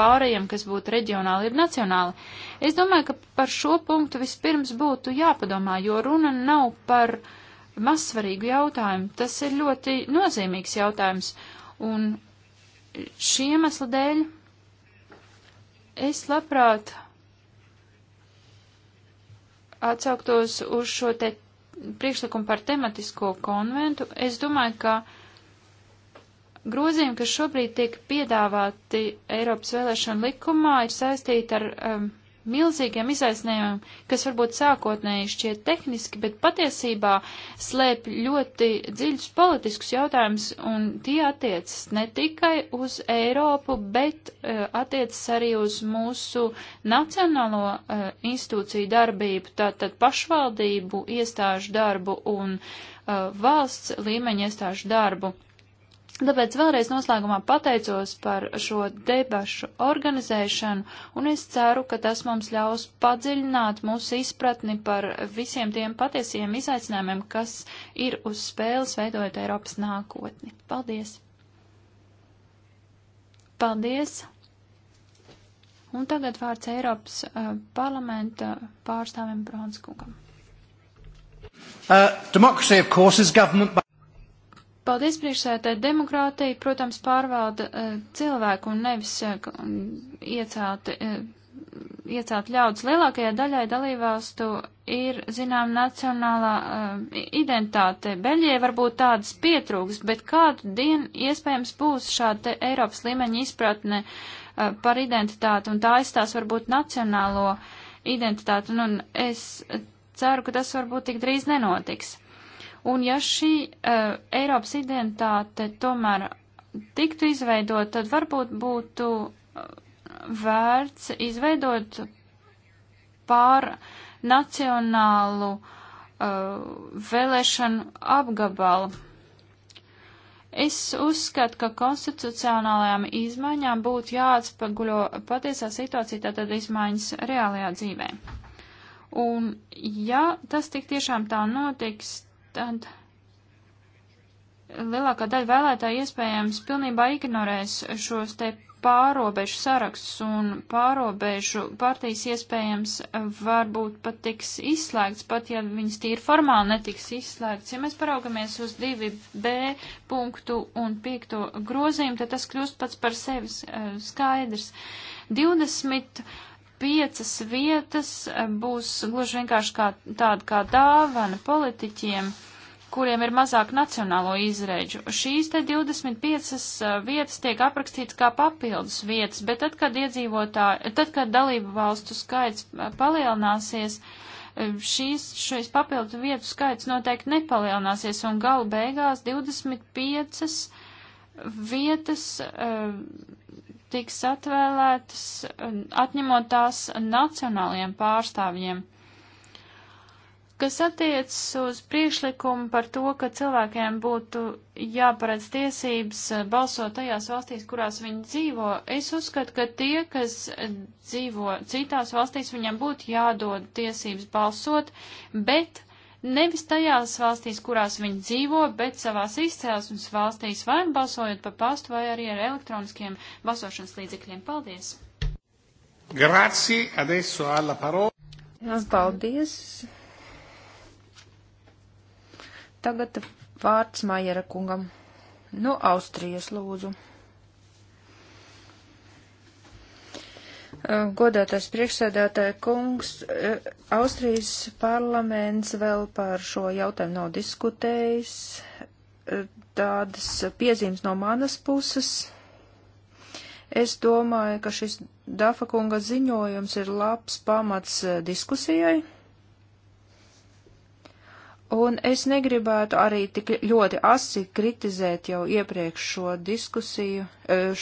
pārējiem, kas būtu reģionāli ir nacionāli. Es domāju, ka par šo punktu vispirms būtu jāpadomā, jo runa nav par mazsvarīgu jautājumu. Tas ir ļoti nozīmīgs jautājums. Un šī iemesla dēļ es labprāt atsauktos uz šo te priekšlikumu par tematisko konventu, es domāju, ka grozījumi, kas šobrīd tiek piedāvāti Eiropas vēlēšana likumā, ir saistīti ar um, milzīgiem izaicinājumiem, kas varbūt sākotnēji šķiet tehniski, bet patiesībā slēp ļoti dziļus politiskus jautājumus, un tie attiecas ne tikai uz Eiropu, bet uh, attiecas arī uz mūsu nacionālo uh, institūciju darbību, tātad pašvaldību iestāžu darbu un uh, valsts līmeņa iestāžu darbu. Tāpēc vēlreiz noslēgumā pateicos par šo debašu organizēšanu, un es ceru, ka tas mums ļaus padziļināt mūsu izpratni par visiem tiem patiesiem izaicinājumiem, kas ir uz spēles veidojot Eiropas nākotni. Paldies! Paldies! Un tagad vārds Eiropas uh, parlamenta pārstāvim Bronskungam. Uh, democracy, of course, is government by paldies priekšsētāji. Demokrātija, protams, pārvalda uh, cilvēku un nevis eh, uh, iecelti. Uh, eh, Iecelt ļaudis lielākajai daļai dalībvalstu ir, zinām, nacionālā uh, identitāte. Beļģijai varbūt tādas pietrūks, bet kādu dienu iespējams būs šāda Eiropas līmeņa izpratne uh, par identitāti, un tā aizstās varbūt nacionālo identitāti, un, un es ceru, ka tas varbūt tik drīz nenotiks. Uh, Un ja šī uh, Eiropas identitāte tomēr tiktu izveidot, tad varbūt būtu eh, vērts izveidot pār nacionālu uh, vēlēšanu apgabalu. Es uzskatu, ka konstitucionālajām izmaiņām būtu jāatspaguļo patiesā situācija, tātad izmaiņas reālajā dzīvē. Un ja tas tik tiešām tā notiks, tad lielākā daļa vēlētāji iespējams pilnībā ignorēs šos te pārobežu sarakstus un pārobežu partijas iespējams varbūt pat tiks izslēgts, pat ja viņas tīri formāli netiks izslēgts. Ja mēs paraugamies uz 2b punktu un 5 grozījumu, tad tas kļūst pats par sevi eh, skaidrs. 20 piecas vietas eh, būs gluži vienkārši kā tāda kā dāvana politiķiem, kuriem ir mazāk nacionālo izreidžu. Šīs te 25 eh, vietas tiek aprakstīts kā papildus vietas, bet tad, kad iedzīvotāji, eh, tad, kad dalību valstu skaits palielināsies, šīs, šīs papildu vietu skaits noteikti nepalielināsies un galu beigās 25 vietas uh, tiks atvēlētas, atņemot tās nacionālajiem pārstāvjiem. Kas attiecas uz priekšlikumu par to, ka cilvēkiem būtu jāparedz tiesības eh, balsot tajās valstīs, kurās viņi dzīvo, es uzskatu, ka tie, kas eh, dzīvo citās valstīs, viņiem būtu jādod tiesības balsot, bet nevis tajās valstīs, kurās viņi dzīvo, bet savās izcelsmes valstīs, vai nu balsojot pa pastu, vai arī ar elektroniskiem balsošanas līdzekļiem. Paldies! Grazie, adesso alla parola. Paldies! Tagad vārds Maiera kungam. No Austrijas lūdzu. Eh, godātais priekšsēdētāja kungs, eh, Austrijas parlaments vēl par šo jautājumu nav diskutējis. Eh, tādas piezīmes no manas puses. Es domāju, ka šis Dafa kunga ziņojums ir labs pamats diskusijai. Un es negribētu arī tik ļoti asi kritizēt jau iepriekš šo diskusiju,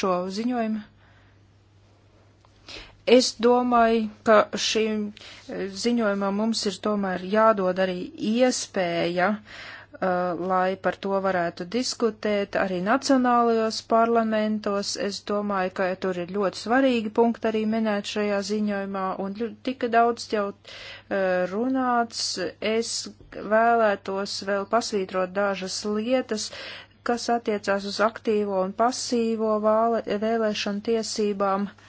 šo ziņojumu Es domāju, ka šīm eh, ziņojumam mums ir tomēr jādod arī iespēja, uh, lai par to varētu diskutēt arī nacionālajos parlamentos. Es domāju, ka tur ir ļoti svarīgi punkti arī minēt šajā ziņojumā, un tika daudz jau uh, runāts. Es vēlētos vēl pasvītrot dažas lietas, kas attiecās uz aktīvo un pasīvo vēlēšanu tiesībām. Uh,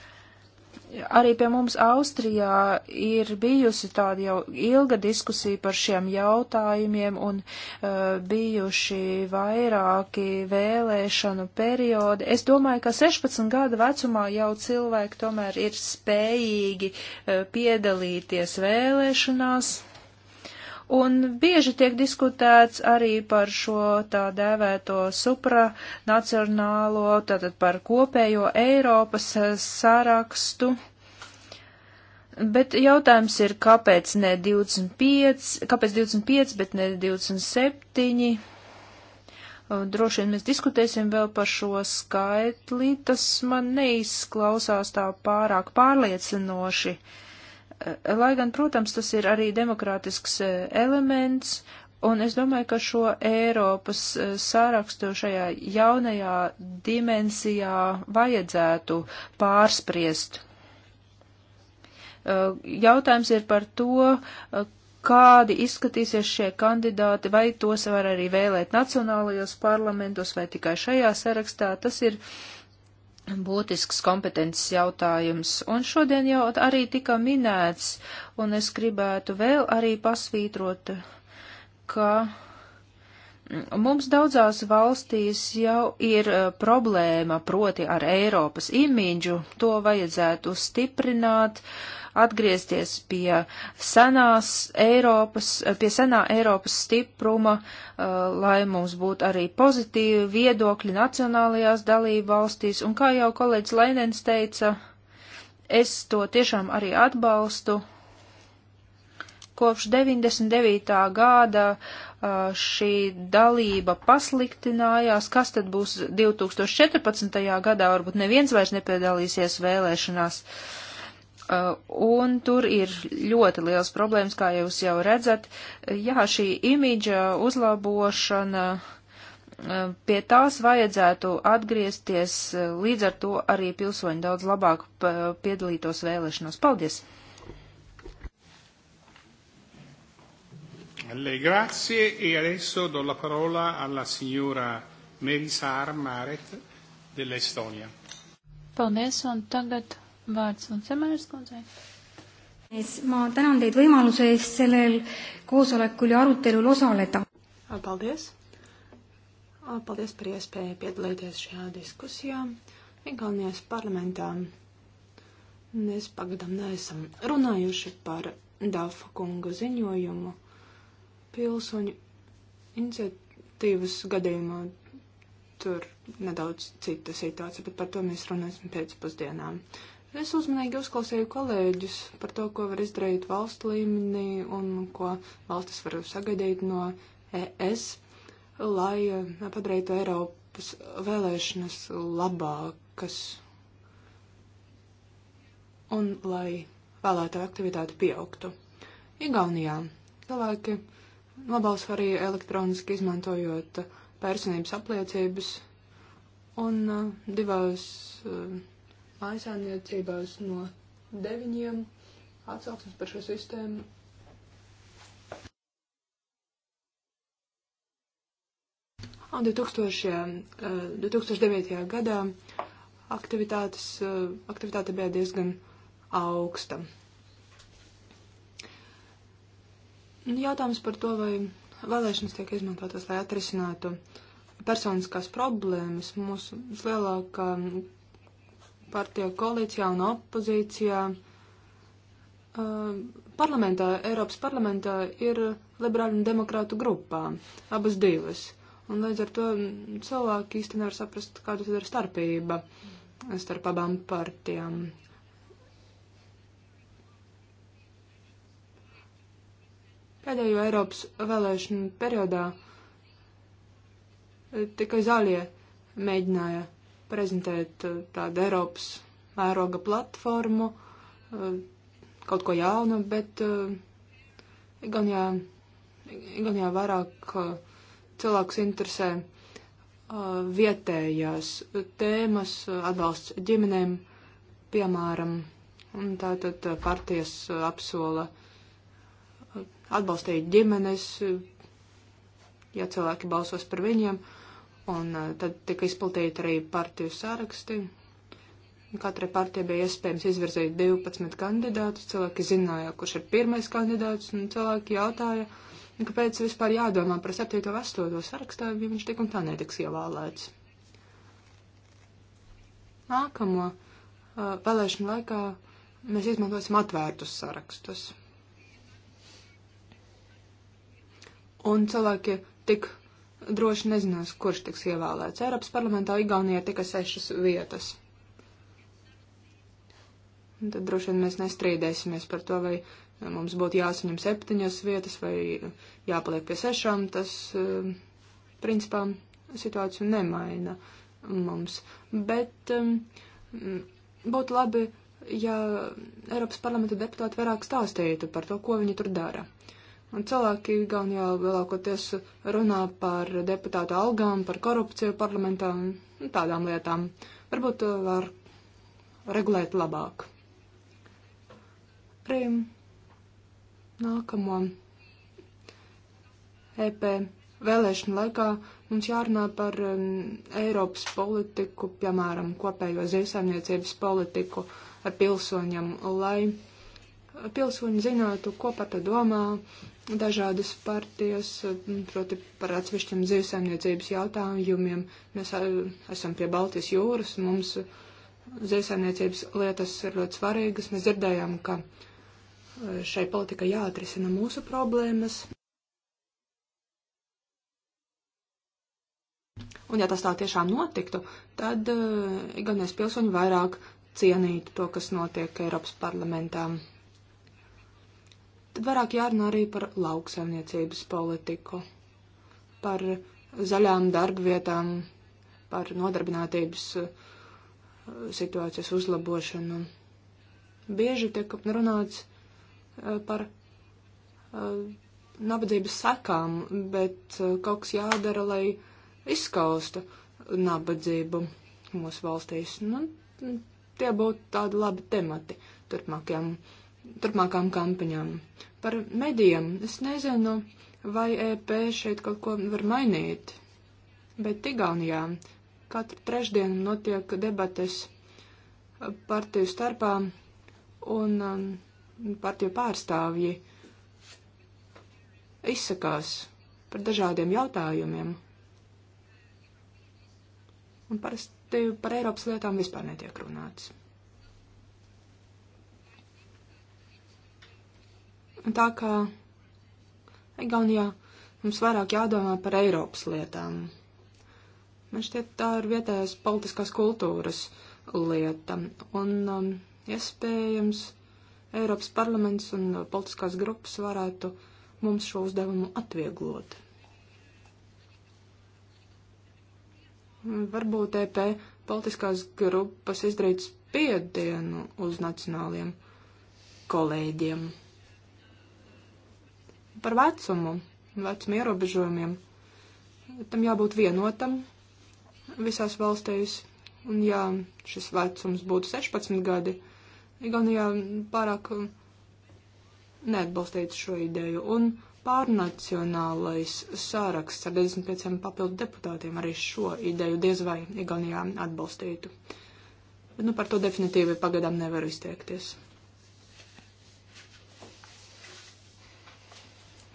Arī pie mums Austrijā ir bijusi tāda jau ilga diskusija par šiem jautājumiem un uh, bijuši vairāki vēlēšanu periodi. Es domāju, ka 16 gada vecumā jau cilvēki tomēr ir spējīgi uh, piedalīties vēlēšanās. Un bieži tiek diskutēts arī par šo tā dēvēto supranacionālo, tātad par kopējo Eiropas sarakstu. Bet jautājums ir, kāpēc ne 25, kāpēc 25, bet ne 27? Droši vien mēs diskutēsim vēl par šo skaitli, tas man neizklausās tā pārāk pārliecinoši. Uh, Eh, lai gan, protams, tas ir arī demokrātisks eh, elements, un es domāju, ka šo Eiropas eh, sārakstu šajā jaunajā dimensijā vajadzētu pārspriest. Jautājums ir par to, kādi izskatīsies šie kandidāti, vai tos var arī vēlēt nacionālajos parlamentos vai tikai šajā sarakstā. Tas ir uh, būtisks kompetences jautājums, un šodien jau arī tika minēts, un es gribētu vēl arī pasvītrot, ka mm, mums daudzās valstīs jau ir eh, problēma proti ar Eiropas imīģu, to vajadzētu stiprināt, uh, atgriezties pie senās Eiropas, pie senā Eiropas stipruma, uh, lai mums būtu arī pozitīvi viedokļi nacionālajās dalība valstīs. Un kā jau kolēģis Lainens teica, es to tiešām arī atbalstu. Kopš 99. gada uh, šī dalība pasliktinājās. Kas tad būs 2014. gadā? Varbūt neviens vairs nepiedalīsies vēlēšanās. Uh, Uh, un tur ir ļoti liels problēmas, kā jūs jau redzat. Uh, jā, šī imidža uzlabošana, uh, pie tās vajadzētu atgriezties, līdz ar to arī pilsoņi daudz labāk piedalītos vēlēšanos. Paldies! Le grazie e adesso do la parola alla signora Melisar Maret dell'Estonia. Paldies un tagad vārds un semērs kundzei. Es, ma tänan teid võimaluse eest sellel koosolekul ja arutelul osaleda. Paldies! Paldies par iespēju piedalīties šajā diskusijā. Igaunies parlamentā mēs pagadam neesam runājuši par Dafa kunga ziņojumu pilsoņu iniciatīvas gadījumā. Tur nedaudz cita situācija, bet par to mēs runāsim pēcpusdienām. Uh, Es uzmanīgi uzklausīju kolēģus par to, ko var izdarīt valstu līmenī un ko valstis var sagaidīt no ES, lai eh, padarītu Eiropas vēlēšanas labākas un lai vēlētāju aktivitāte pieaugtu. Igaunijā cilvēki nobalso arī elektroniski izmantojot personības apliecības un eh, divās. Uh, mājasāniecībās no deviņiem atsauksmes par šo sistēmu. Un 2000, 2009. Eh, gadā aktivitātes, eh, aktivitāte bija diezgan augsta. Jautājums par to, vai vēlēšanas tiek izmantotas, lai atrisinātu personiskās problēmas. Mūsu vislielākā partija koalīcijā un opozīcijā. Uh, parlamentā, Eiropas parlamentā ir liberāļu un demokrātu grupā, abas divas. Un līdz ar to cilvēki īsti nevar saprast, kāda tad ir starpība starp abām partijām. Pēdējo Eiropas vēlēšanu periodā tikai zaļie mēģināja prezentēt eh, tādu Eiropas mēroga platformu, eh, kaut ko jaunu, bet eh, gan jā, gan jā vairāk cilvēks interesē vietējās tēmas, atbalsts ģimenēm, piemēram, un tātad partijas apsola atbalstīt ģimenes, ja cilvēki balsos par viņiem. Uh, Un uh, tad tika izplatīti arī partiju saraksti. Katrai partijai bija iespējams izvirzīt 12 kandidātus. Cilvēki zināja, kurš ir pirmais kandidāts, un cilvēki jautāja, kāpēc vispār jādomā par 7. un 8. sarakstā, ja viņš tik un tā netiks ievēlēts. Nākamo uh, vēlēšanu laikā mēs izmantosim atvērtus sarakstus. Un cilvēki tik droši nezinās, kurš tiks ievēlēts. Eiropas parlamentā Igaunijā tika sešas vietas. Un tad droši vien mēs nestrīdēsimies par to, vai mums būtu jāsaņem septiņas vietas vai jāpaliek pie sešām. Tas, e, principā, situāciju nemaina mums. Bet um, būtu labi, ja Eiropas parlamenta deputāti vairāk stāstītu par to, ko viņi tur dara. Uh, Un cilvēki Igaunijā lielākoties runā par deputātu algām, par korupciju parlamentā un tādām lietām. Varbūt to uh, var regulēt labāk. Arī nākamo EP vēlēšanu laikā mums jārunā par um, Eiropas politiku, piemēram, kopējo zīvesaimniecības politiku ar pilsoņiem, lai pilsoņi zinātu, ko par to domā, uh, dažādas partijas, proti par atsevišķiem dzīvesaimniecības jautājumiem. Mēs esam pie Baltijas jūras, mums dzīvesaimniecības lietas ir ļoti svarīgas. Mēs dzirdējām, ka e, šai politikai jāatrisina mūsu problēmas. Un ja tas tā tiešām notiktu, tad uh, e, gan es pilsoņu vairāk cienītu to, kas notiek Eiropas parlamentām Tad vairāk jārunā arī par lauksaimniecības politiku, par zaļām darbvietām, par nodarbinātības eh, situācijas uzlabošanu. Bieži tiek runāts eh, par eh, nabadzības sekām, bet kaut kas jādara, lai izskaustu nabadzību mūsu valstīs. Nu, tie būtu tādi labi temati turpmākajam turpmākām kampaņām. Par medijiem es nezinu, vai EP šeit kaut ko var mainīt, bet Igaunijā katru trešdienu notiek debates partiju starpā un um, partiju pārstāvji izsakās par dažādiem jautājumiem. Un parasti par Eiropas lietām vispār netiek runāts. Tā kā Igaunijā mums vairāk jādomā par Eiropas lietām. Man šķiet, tā ir vietējās politiskās kultūras lieta. Un um, iespējams, Eiropas parlaments un uh, politiskās grupas varētu mums šo uzdevumu atvieglot. Varbūt EP politiskās grupas izdarīt spiedienu uz nacionāliem kolēģiem par vecumu, vecuma ierobežojumiem. Tam jābūt vienotam visās valstīs. Un ja šis vecums būtu 16 gadi, Igaunijā pārāk uh, neatbalstītu šo ideju. Un pārnacionālais sāraksts ar 25 papildu deputātiem arī šo ideju diez vai Igaunijā atbalstītu. Bet nu, par to definitīvi pagaidām nevaru izteikties.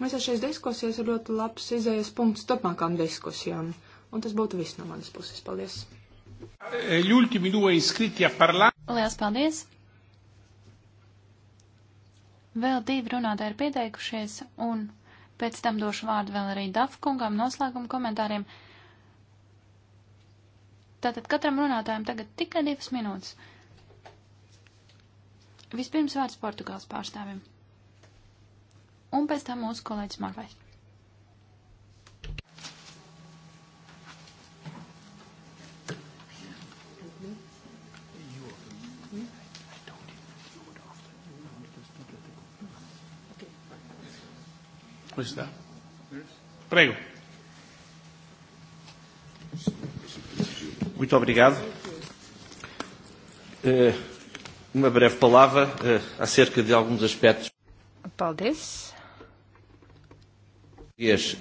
Mēs ar šīs diskusijas ir ļoti labs izējas punkts turpmākām diskusijām. Un tas būtu viss no manas puses. Paldies! Eh, Lielas paldies! Vēl divi runātāji ir pieteikušies, un pēc tam došu vārdu vēl arī Dafkungam noslēguma komentāriem. Tātad katram runātājam tagad tikai divas minūtes. Vispirms vārds Portugāls pārstāvim un pēc tam mūsu kolēģis Marvai. Questa? Prego. Muito obrigado. Uh, uma breve palavra uh, acerca de alguns aspectos. Paldies. Dažas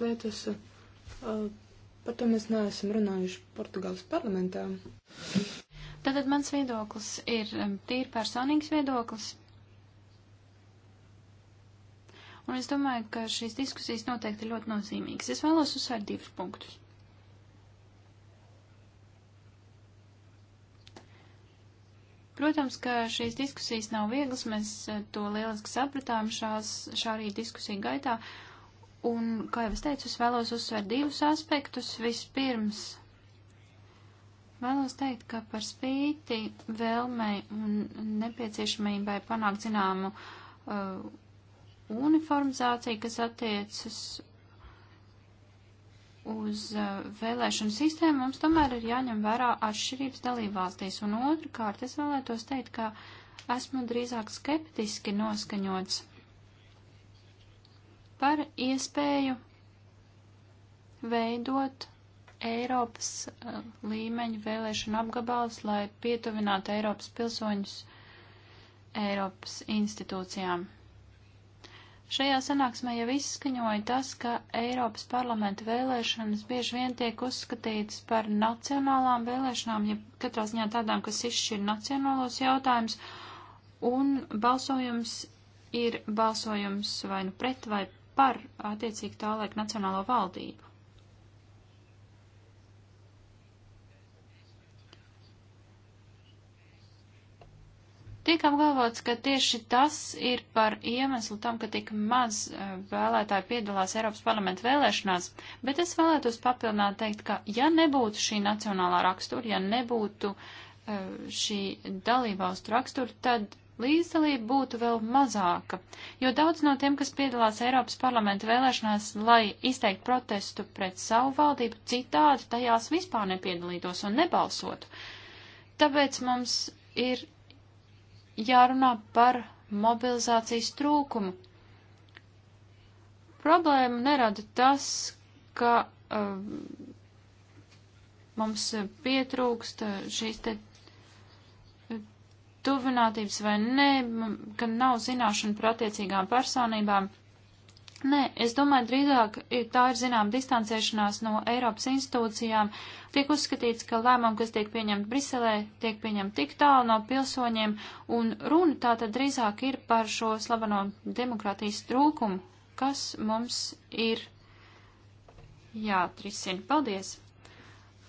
lietas, par to mēs neesam runājuši Portugāles parlamentā. Tātad mans viedoklis ir tīri personīgs viedoklis. Un es domāju, ka šīs diskusijas noteikti ir ļoti nozīmīgas. Es vēlos uzsvērt divus punktus. Protams, ka šīs diskusijas nav vieglas, mēs eh, to lieliski sapratām šās, šā rīta diskusija gaitā. Un, kā jau es teicu, es vēlos uzsvērt divus aspektus. Vispirms vēlos teikt, ka par spīti vēlmei un nepieciešamībai panākt zināmu uh, uniformizāciju, kas attiecas uz eh, vēlēšanu sistēmu, mums tomēr ir jāņem vērā atšķirības dalībvalstīs. Un otrkārt, es vēlētos teikt, ka esmu drīzāk skeptiski noskaņots par iespēju veidot Eiropas eh, līmeņu vēlēšanu apgabalus, lai pietuvinātu Eiropas pilsoņus Eiropas institūcijām. Šajā sanāksmē jau izskaņoja tas, ka Eiropas parlamenta vēlēšanas bieži vien tiek uzskatītas par nacionālām vēlēšanām, ja katrā ziņā tādām, kas izšķir nacionālos jautājumus, un balsojums ir balsojums vai nu pret vai par attiecīgi tālaik nacionālo valdību. Tiek apgalvots, ka tieši tas ir par iemeslu tam, ka tik maz eh, vēlētāji piedalās Eiropas parlamenta vēlēšanās, bet es vēlētos papildināt teikt, ka ja nebūtu šī nacionālā rakstura, ja nebūtu eh, šī dalībvalstu rakstura, tad līdzdalība būtu vēl mazāka, jo daudz no tiem, kas piedalās Eiropas parlamenta vēlēšanās, lai izteikt protestu pret savu valdību, citādi tajās vispār nepiedalītos un nebalsotu. Tāpēc mums ir jārunā par mobilizācijas trūkumu. Problēmu nerada tas, ka uh, mums pietrūkst šīs te tuvinātības vai nē, ka nav zināšana par attiecīgām personībām. Nē, es domāju, drīzāk tā ir zinām distancēšanās no Eiropas institūcijām. Tiek uzskatīts, ka lēmumi, kas tiek pieņemti Briselē, tiek pieņemti tik tālu no pilsoņiem, un runa tā tad drīzāk ir par šo slaveno demokrātijas trūkumu, kas mums ir jāatrisina. Paldies!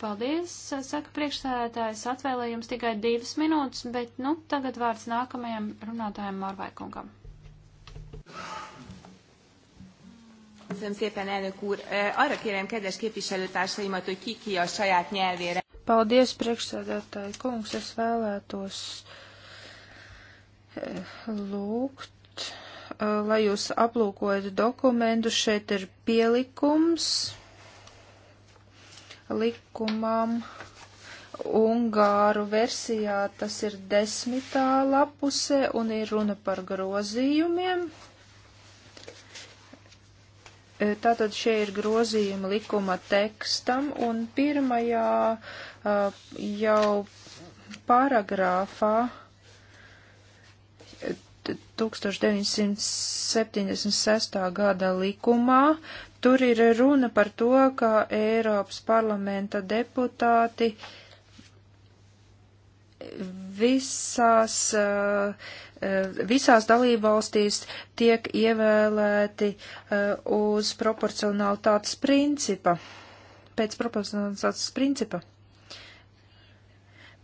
Paldies, saka priekšsēdētājs, atvēlēja jums tikai divas minūtes, bet, nu, tagad vārds nākamajam runātājam Marvaikungam. Köszönöm szépen, elnök úr. Arra kérem kedves képviselőtársaimat, hogy ki ki a saját nyelvére. Paldies, priekšsēdētāji kungs, es vēlētos lūgt, lai jūs aplūkojat dokumentu, šeit ir pielikums likumam. Ungāru versijā tas ir desmitā lapusē un ir runa par grozījumiem. E, tātad šie ir grozījumi likuma tekstam, un pirmajā uh, jau paragrāfā 1976. E, gada likumā tur ir runa par to, ka Eiropas parlamenta deputāti visās uh, Eh, visās dalībvalstīs tiek ievēlēti eh, uz proporcionalitātes principa, pēc proporcionalitātes principa.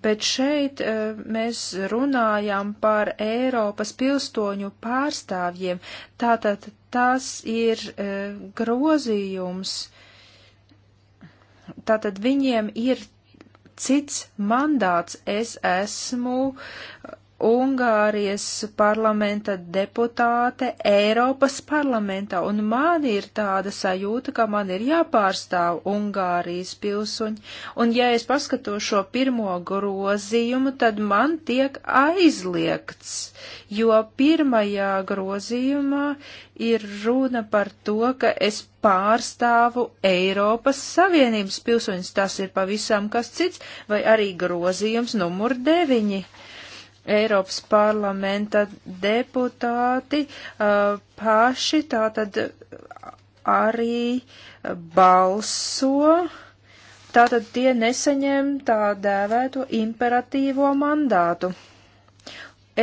Bet šeit eh, mēs runājam par Eiropas pilstoņu pārstāvjiem, tātad tas ir grozījums, tātad viņiem ir cits mandāts. Es esmu uh, Ungārijas parlamenta deputāte Eiropas parlamentā, un man ir tāda sajūta, ka man ir jāpārstāv Ungārijas pilsoņi, un ja es paskatu šo pirmo grozījumu, tad man tiek aizliegts, jo pirmajā grozījumā ir runa par to, ka es pārstāvu Eiropas Savienības pilsoņus, tas ir pavisam kas cits, vai arī grozījums numur deviņi Eiropas parlamenta deputāti uh, paši tātad arī balso, tātad tie nesaņem tā dēvēto imperatīvo mandātu.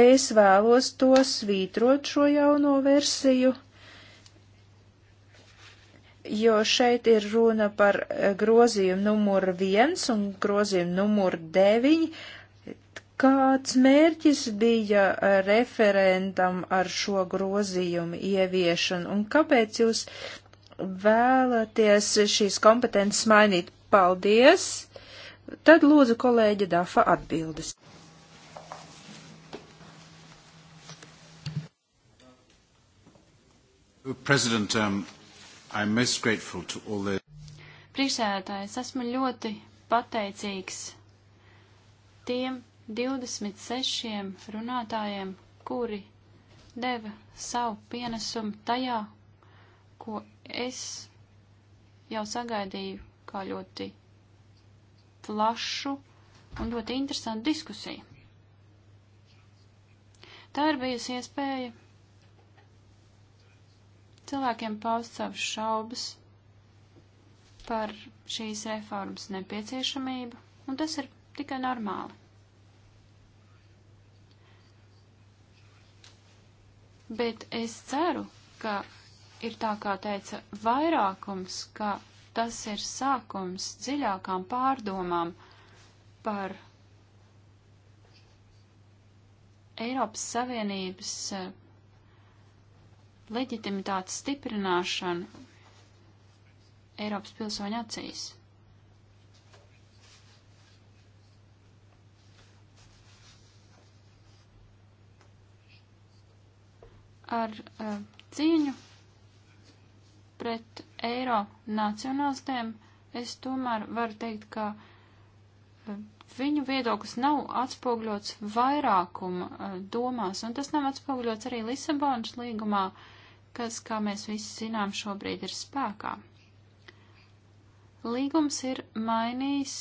Es vēlos to svītrot šo jauno versiju, jo šeit ir runa par grozījumu numur viens un grozījumu numur deviņi, uh, Kāds mērķis bija eh, referentam ar šo grozījumu ieviešanu un kāpēc jūs vēlaties šīs kompetences mainīt? Paldies! Tad lūdzu kolēģi Dafa atbildes. President, um, I'm most grateful to all the... Priekšsēdētājs, esmu ļoti pateicīgs tiem 26 runātājiem, kuri deva savu pienesumu tajā, ko es jau sagaidīju kā ļoti plašu un ļoti interesantu diskusiju. Tā ir bijusi iespēja cilvēkiem paust savas šaubas par šīs reformas nepieciešamību, un tas ir tikai normāli. bet es ceru, ka ir tā kā teica vairākums, ka tas ir sākums dziļākām pārdomām par Eiropas Savienības eh, leģitimitātes stiprināšanu Eiropas pilsoņu acīs. ar uh, cīņu pret eiro nacionālistiem, es tomēr varu teikt, ka uh, viņu viedoklis nav atspogļots vairākuma uh, domās, un tas nav atspogļots arī Lisabonas līgumā, kas, kā mēs visi zinām, šobrīd ir spēkā. Līgums ir mainījis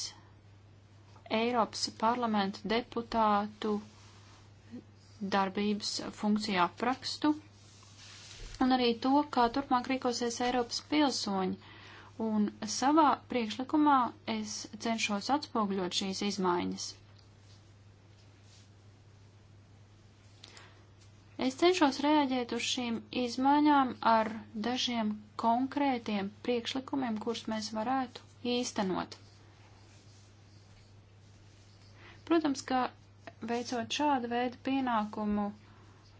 Eiropas parlamentu deputātu uh, darbības funkciju aprakstu un arī to, kā turpmāk rīkosies Eiropas pilsoņi. Un savā priekšlikumā es cenšos atspoguļot šīs izmaiņas. Es cenšos reaģēt uz šīm izmaiņām ar dažiem konkrētiem priekšlikumiem, kurus mēs varētu īstenot. Protams, ka veicot šādu veidu pienākumu,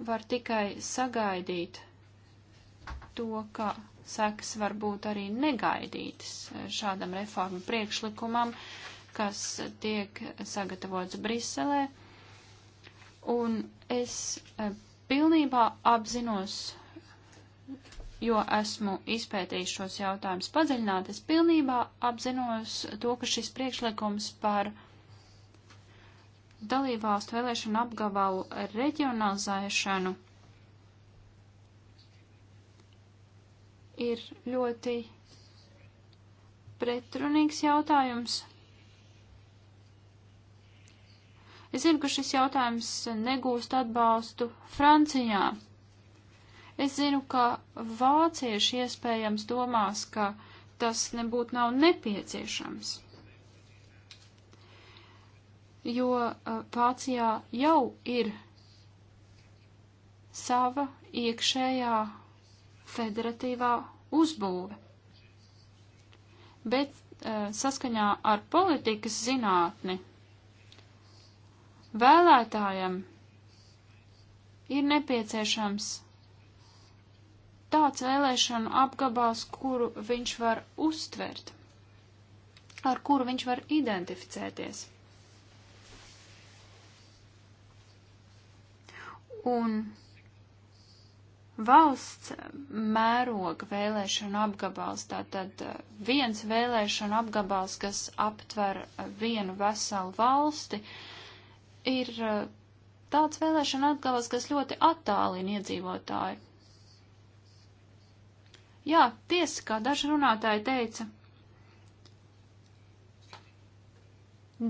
var tikai sagaidīt to, ka sekas var būt arī negaidītas šādam reformu priekšlikumam, kas tiek sagatavots Briselē. Un es e, pilnībā apzinos, jo esmu izpētījis šos jautājumus padziļināt, es pilnībā apzinos to, ka šis priekšlikums par uh, dalībvalstu vēlēšanu apgabalu reģionalizēšanu ir ļoti pretrunīgs jautājums. Es zinu, ka šis jautājums negūst atbalstu Francijā. Es zinu, ka vācieši iespējams domās, ka tas nebūtu nav nepieciešams jo Vācijā jau ir sava iekšējā federatīvā uzbūve. Bet saskaņā ar politikas zinātni vēlētājam ir nepieciešams tāds vēlēšanu apgabals, kuru viņš var uztvert, ar kuru viņš var identificēties. Un valsts mēroga vēlēšana apgabals, tātad uh, viens vēlēšana apgabals, kas aptver uh, vienu veselu valsti, ir uh, tāds vēlēšana apgabals, kas ļoti attālina iedzīvotāju. Jā, tiesa, kā daži runātāji teica,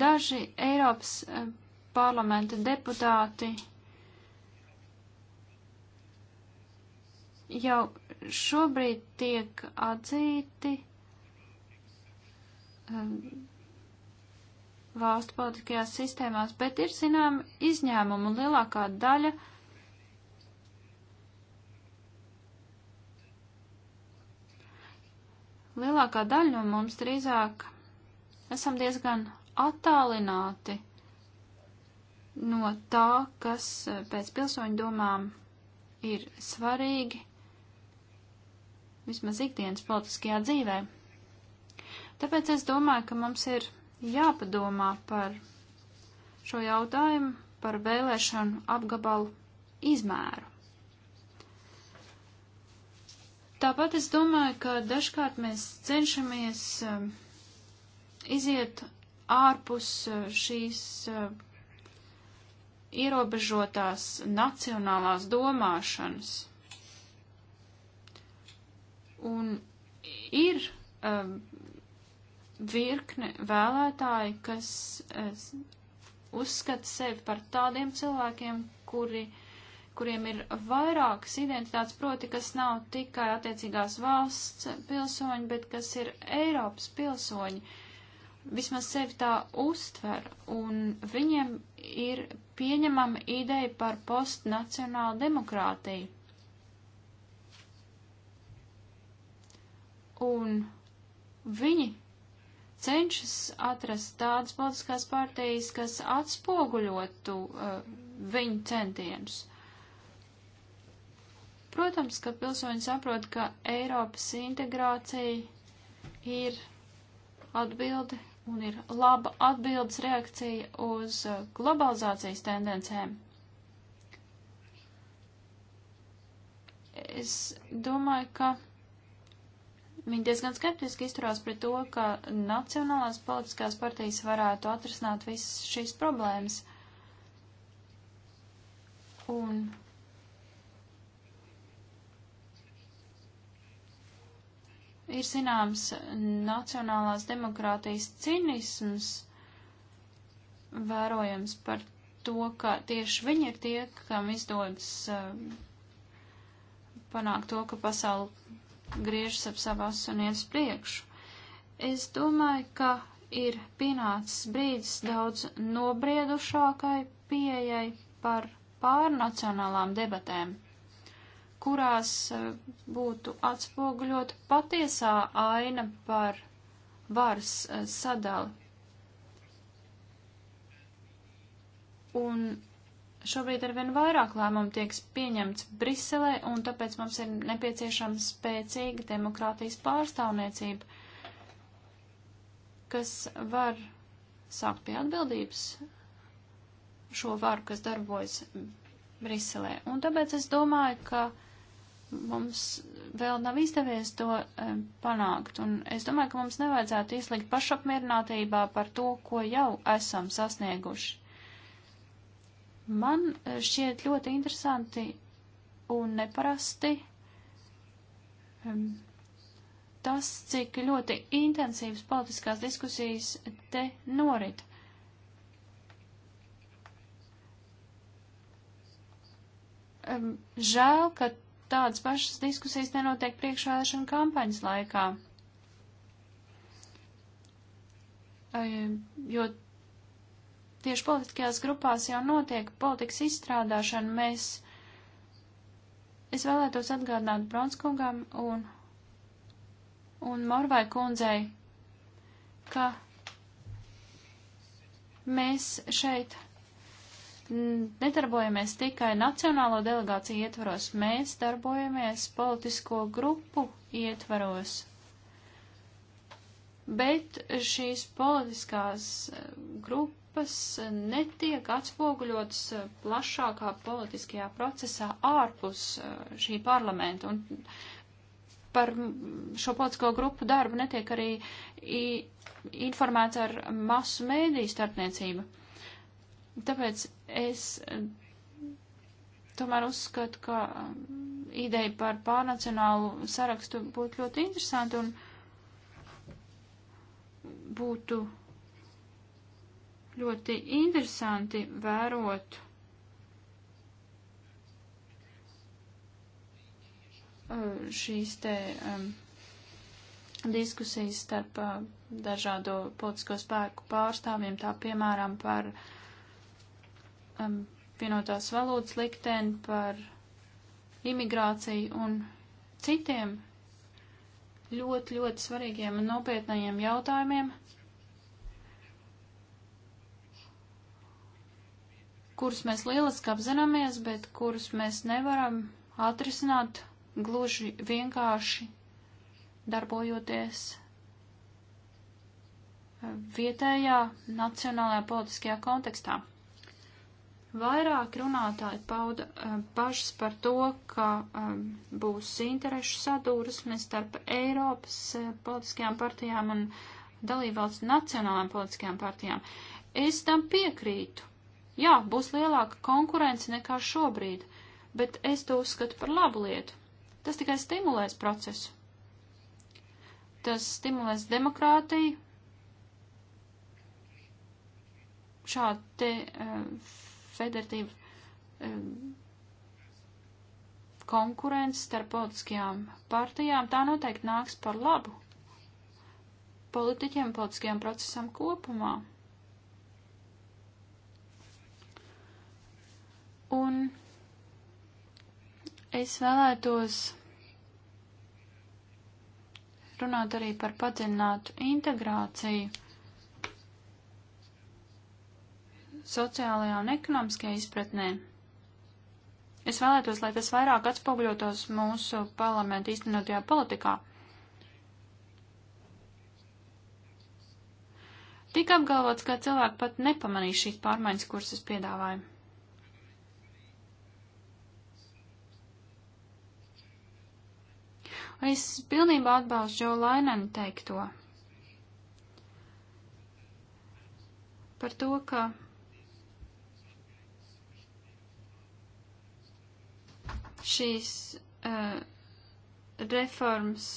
daži Eiropas parlamenta deputāti jau šobrīd tiek atzīti um, valstu politiskajās sistēmās, bet ir zinām izņēmumu un lielākā daļa Lielākā daļa no mums drīzāk esam diezgan attālināti no tā, kas eh, pēc pilsoņu domām ir svarīgi vismaz ikdienas politiskajā dzīvē. Tāpēc es domāju, ka mums ir jāpadomā par šo jautājumu, par vēlēšanu apgabalu izmēru. Tāpat es domāju, ka dažkārt mēs cenšamies um, iziet ārpus uh, šīs uh, ierobežotās nacionālās domāšanas. Un ir um, virkne vēlētāji, kas es, uzskata sevi par tādiem cilvēkiem, kuri, kuriem ir vairākas identitātes, proti, kas nav tikai attiecīgās valsts pilsoņi, bet kas ir Eiropas pilsoņi. Vismaz sevi tā uztver, un viņiem ir pieņemama ideja par postnacionālu demokrātiju. un viņi cenšas atrast tādas politiskās partijas, kas atspoguļotu uh, viņu centienus. Protams, ka pilsoņi saprot, ka Eiropas integrācija ir atbildi un ir laba atbildes reakcija uz uh, globalizācijas tendencēm. Es domāju, ka Viņi diezgan skeptiski izturās pret to, ka nacionālās politiskās partijas varētu atrisināt visas šīs problēmas. Un ir zināms nacionālās demokrātijas cinisms vērojams par to, ka tieši viņi ir tie, kam izdodas uh, panākt to, ka pasauli griežas ap savas un iet uz priekšu. Es domāju, ka ir pienācis brīdis daudz nobriedušākai pieejai par pārnacionālām debatēm, kurās eh, būtu atspoguļot patiesā aina par varas eh, sadali. Un Šobrīd arvien vairāk lēmumu tiek pieņemts Briselē, un tāpēc mums ir nepieciešama spēcīga demokrātijas pārstāvniecība, kas var sākt pie atbildības šo varu, kas darbojas Briselē. Un tāpēc es domāju, ka mums vēl nav izdevies to e, panākt, un es domāju, ka mums nevajadzētu ieslīgt pašapmierinātībā par to, ko jau esam sasnieguši Man eh, šķiet ļoti interesanti un neparasti ehm, tas, cik ļoti intensīvas politiskās diskusijas te norit. Ehm, žēl, ka tādas pašas diskusijas nenotiek priekšvēlēšana kampaņas laikā, ehm, jo tieši politiskajās grupās jau notiek politikas izstrādāšana, mēs, es vēlētos atgādināt Bronskungam un, un Morvai kundzei, ka mēs šeit nedarbojamies tikai nacionālo delegāciju ietvaros, mēs darbojamies politisko grupu ietvaros. Bet šīs politiskās eh, grupas grupas netiek atspoguļotas plašākā politiskajā procesā ārpus eh, šī parlamenta. Un par šo politisko grupu darbu netiek arī informēts ar masu mēdīju starpniecību. Tāpēc es eh, tomēr uzskatu, ka eh, ideja par pārnacionālu sarakstu būtu ļoti interesanti un būtu Ļoti interesanti vērot uh, šīs te um, diskusijas starp uh, dažādo politisko spēku pārstāvjiem, tā piemēram par um, vienotās valodas likteni, par imigrāciju un citiem ļoti, ļoti svarīgiem un nopietnajiem jautājumiem, kurus mēs lieliski apzināmies, bet kurus mēs nevaram atrisināt gluži vienkārši darbojoties vietējā nacionālajā politiskajā kontekstā. Vairāk runātāji pauda eh, bažas par to, ka um, būs interešu sadūrsme starp Eiropas uh, politiskajām partijām un dalībvalsts nacionālām politiskajām partijām. Es tam piekrītu. Jā, būs lielāka konkurence nekā šobrīd, bet es to uzskatu par labu lietu. Tas tikai stimulēs procesu. Tas stimulēs demokrātiju. Šāda te uh, federatīva uh, konkurence starp politiskajām partijām, tā noteikti nāks par labu politiķiem, politiskajam procesam kopumā. Un es vēlētos runāt arī par padziļinātu integrāciju sociālajā un ekonomiskajā izpratnē. Es vēlētos, lai tas vairāk atspoguļotos mūsu parlamentu īstenotajā politikā. Tika apgalvots, ka cilvēki pat nepamanīs šīs pārmaiņas, kuras es piedāvāju. Es pilnībā atbalstu Džo Lainanu teikto par to, ka šīs uh, reformas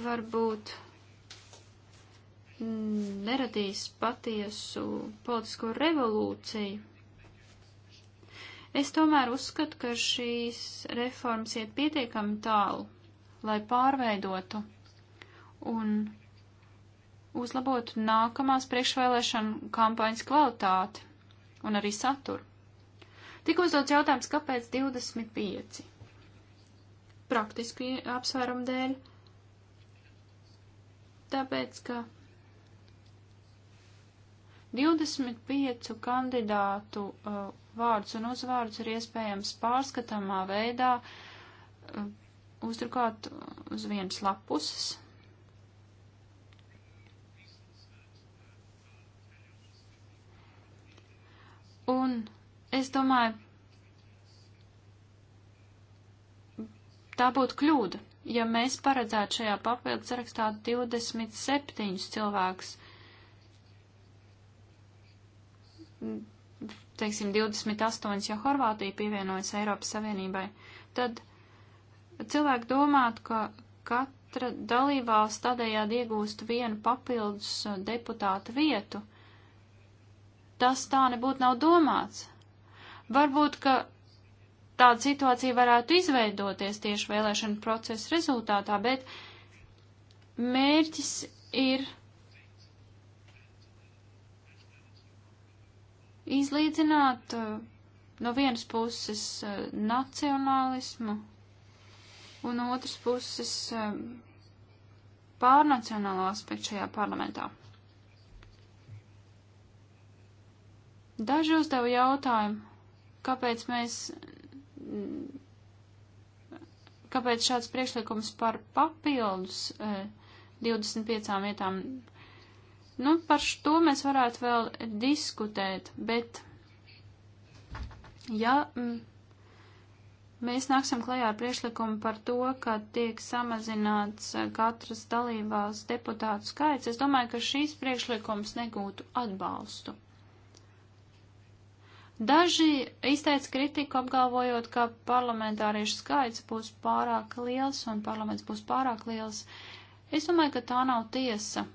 varbūt neradīs patiesu politisko revolūciju, Es tomēr uzskatu, ka šīs reformas iet pietiekami tālu, lai pārveidotu un uzlabotu nākamās priekšvēlēšana kampaņas kvalitāti un arī saturu. Tik uzdots jautājums, kāpēc 25? Praktiski apsvērumu dēļ. Tāpēc, ka 25 kandidātu uh, vārdus un uzvārdus ir iespējams pārskatāmā veidā eh, uzdrukāt uz vienas lapuses. Un es domāju, tā būtu kļūda, ja mēs paredzētu šajā papildu sarakstā 27 cilvēkus teiksim, 28, ja Horvātija pievienojas Eiropas Savienībai, tad cilvēki domātu, ka katra dalībvalsts tādējādi iegūst vienu papildus uh, deputāta vietu. Tas tā nebūtu nav domāts. Varbūt, ka tāda situācija varētu izveidoties tieši vēlēšana procesa rezultātā, bet mērķis ir izlīdzināt eh, no vienas puses eh, nacionālismu un otras puses eh, pārnacionālo aspektu šajā parlamentā. Daži uzdeva jautājumu, kāpēc mēs, kāpēc šāds priekšlikums par papildus 25 vietām Nu, par to mēs varētu vēl diskutēt, bet ja mm, mēs nāksim klajā ar priešlikumu par to, ka tiek samazināts eh, katras dalībās deputātu skaits, es domāju, ka šīs priešlikums negūtu atbalstu. Daži izteica kritiku apgalvojot, ka parlamentāriešu skaits būs pārāk liels un parlaments būs pārāk liels. Es domāju, ka tā nav tiesa.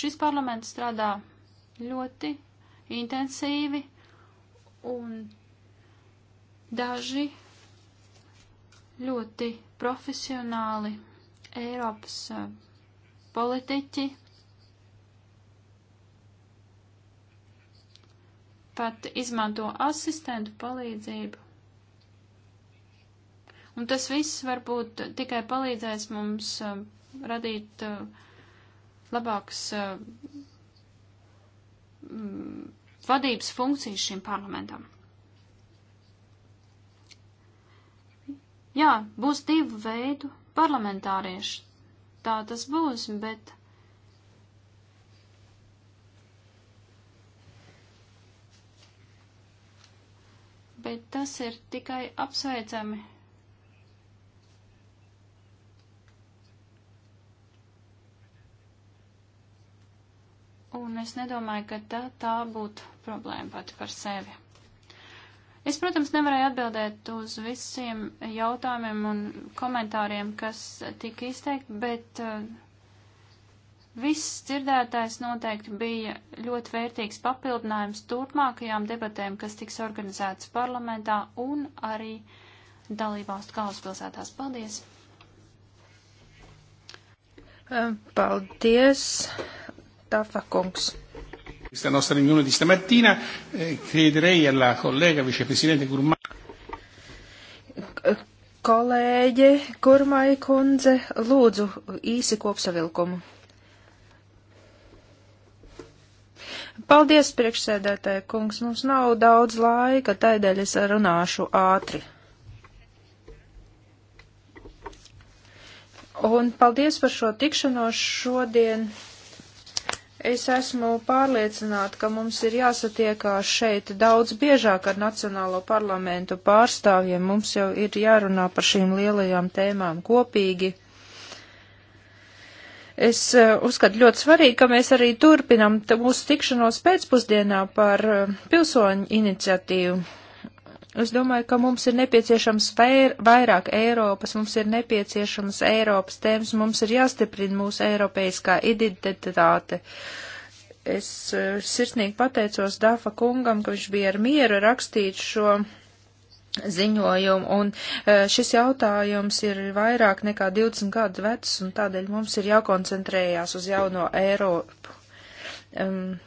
Šis parlaments strādā ļoti intensīvi un daži ļoti profesionāli Eiropas uh, politiķi pat izmanto asistentu palīdzību. Un tas viss varbūt tikai palīdzēs mums uh, radīt uh, labākas uh, vadības funkcijas šim parlamentam. Jā, būs divu veidu parlamentārieši. Tā tas būs, bet. Bet tas ir tikai apsveicami un es nedomāju, ka tā, tā būtu problēma pati par sevi. Es, protams, nevarēju atbildēt uz visiem jautājumiem un komentāriem, kas tika izteikti, bet uh, viss dzirdētais noteikti bija ļoti vērtīgs papildinājums turpmākajām debatēm, kas tiks organizētas parlamentā un arī dalībvalstu galvaspilsētās. Paldies! Paldies! Taffa kungs. Questa nostra riunione di stamattina eh, chiederei alla collega vicepresidente Gurmai. Kolēģe Gurmai kundze, lūdzu īsi kopsavilkumu. Paldies, priekšsēdētāji kungs, mums nav daudz laika, tādēļ es runāšu ātri. Un paldies par šo tikšanos šodien. Es esmu pārliecināta, ka mums ir jāsatiekās šeit daudz biežāk ar Nacionālo parlamentu pārstāvjiem. Mums jau ir jārunā par šīm lielajām tēmām kopīgi. Es eh, uzskatu ļoti svarīgi, ka mēs arī turpinam mūsu tikšanos pēcpusdienā par eh, pilsoņu iniciatīvu Es domāju, ka mums ir nepieciešams vair, vairāk Eiropas, mums ir nepieciešams Eiropas tēmas, mums ir jāstiprina mūsu eiropeiskā identitāte. Es eh, sirsnīgi pateicos Dafa kungam, ka viņš bija ar mieru rakstīt šo ziņojumu, un eh, šis jautājums ir vairāk nekā 20 gadu vecs, un tādēļ mums ir jākoncentrējās uz jauno Eiropu um,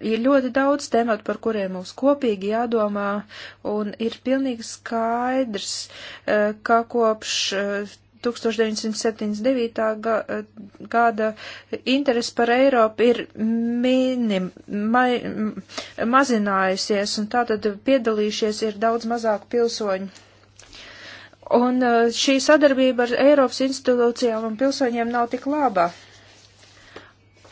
ir ļoti daudz tematu, par kuriem mums kopīgi jādomā, un ir pilnīgi skaidrs, uh, ka kopš. Uh, eh, 1979. Eh, gada interesi par Eiropu ir minim, ma, mazinājusies, un tātad piedalījušies ir daudz mazāk pilsoņu. Un šī sadarbība ar Eiropas institūcijām un pilsoņiem nav tik labā.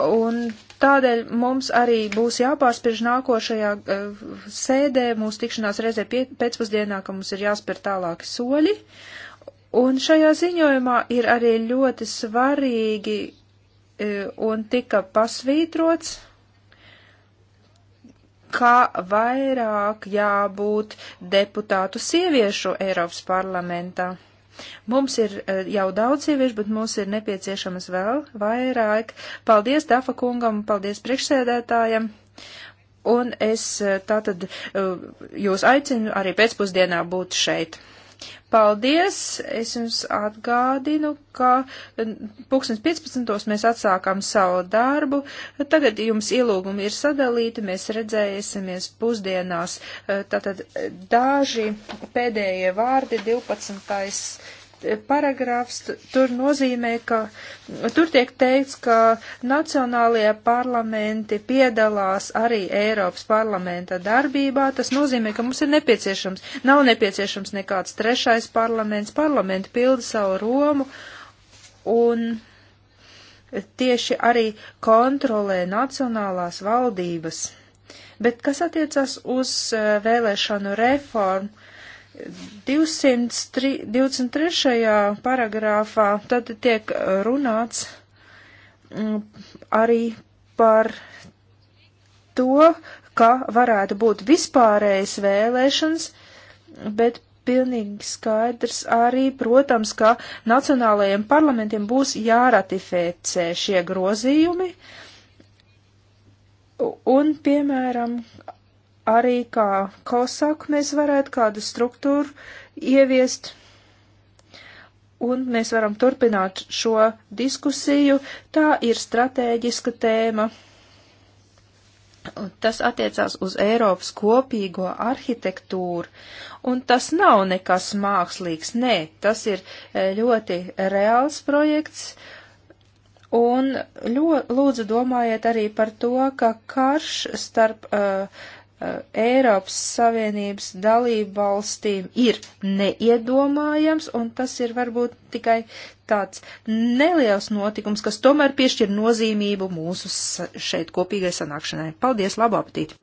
Un Tādēļ mums arī būs jāpārspiež nākošajā uh, sēdē, mūsu tikšanās reizē pie, pēcpusdienā, ka mums ir jāspēr tālāki soļi. Un šajā ziņojumā ir arī ļoti svarīgi uh, un tika pasvītrots, kā vairāk jābūt deputātu sieviešu Eiropas parlamentā. Mums ir eh, jau daudz sieviešu, bet mums ir nepieciešamas vēl vairāk. Paldies Dafa kungam, paldies priekšsēdētājam. Un es eh, tātad eh, jūs aicinu arī pēcpusdienā būt šeit. Paldies! Es jums atgādinu, ka 2015. mēs atsākām savu darbu. Tagad jums ielūgumi ir sadalīti, mēs redzēsimies pusdienās. Tātad e, daži pēdējie vārdi 12 paragrāfs tur nozīmē, ka tur tiek teikts, ka nacionālajie parlamenti piedalās arī Eiropas parlamenta darbībā. Tas nozīmē, ka mums ir nepieciešams, nav nepieciešams nekāds trešais parlaments, parlamenti pilda savu romu un tieši arī kontrolē nacionālās valdības. Bet kas attiecas uz eh, vēlēšanu reformu, 223. paragrāfā tad tiek runāts mm, arī par to, ka varētu būt vispārējas vēlēšanas, bet pilnīgi skaidrs arī, protams, ka nacionālajiem parlamentiem būs jāratificē šie grozījumi. Un, piemēram, arī kā kosaku mēs varētu kādu struktūru ieviest, un mēs varam turpināt šo diskusiju. Tā ir strateģiska tēma. Un tas attiecās uz Eiropas kopīgo arhitektūru, un tas nav nekas mākslīgs, nē, tas ir e, ļoti reāls projekts, un ļo, lūdzu domājiet arī par to, ka karš starp uh, Uh, Eiropas Savienības dalību valstīm ir neiedomājams, un tas ir varbūt tikai tāds neliels notikums, kas tomēr piešķir nozīmību mūsu šeit kopīgai sanākšanai. Paldies, labu apetīti!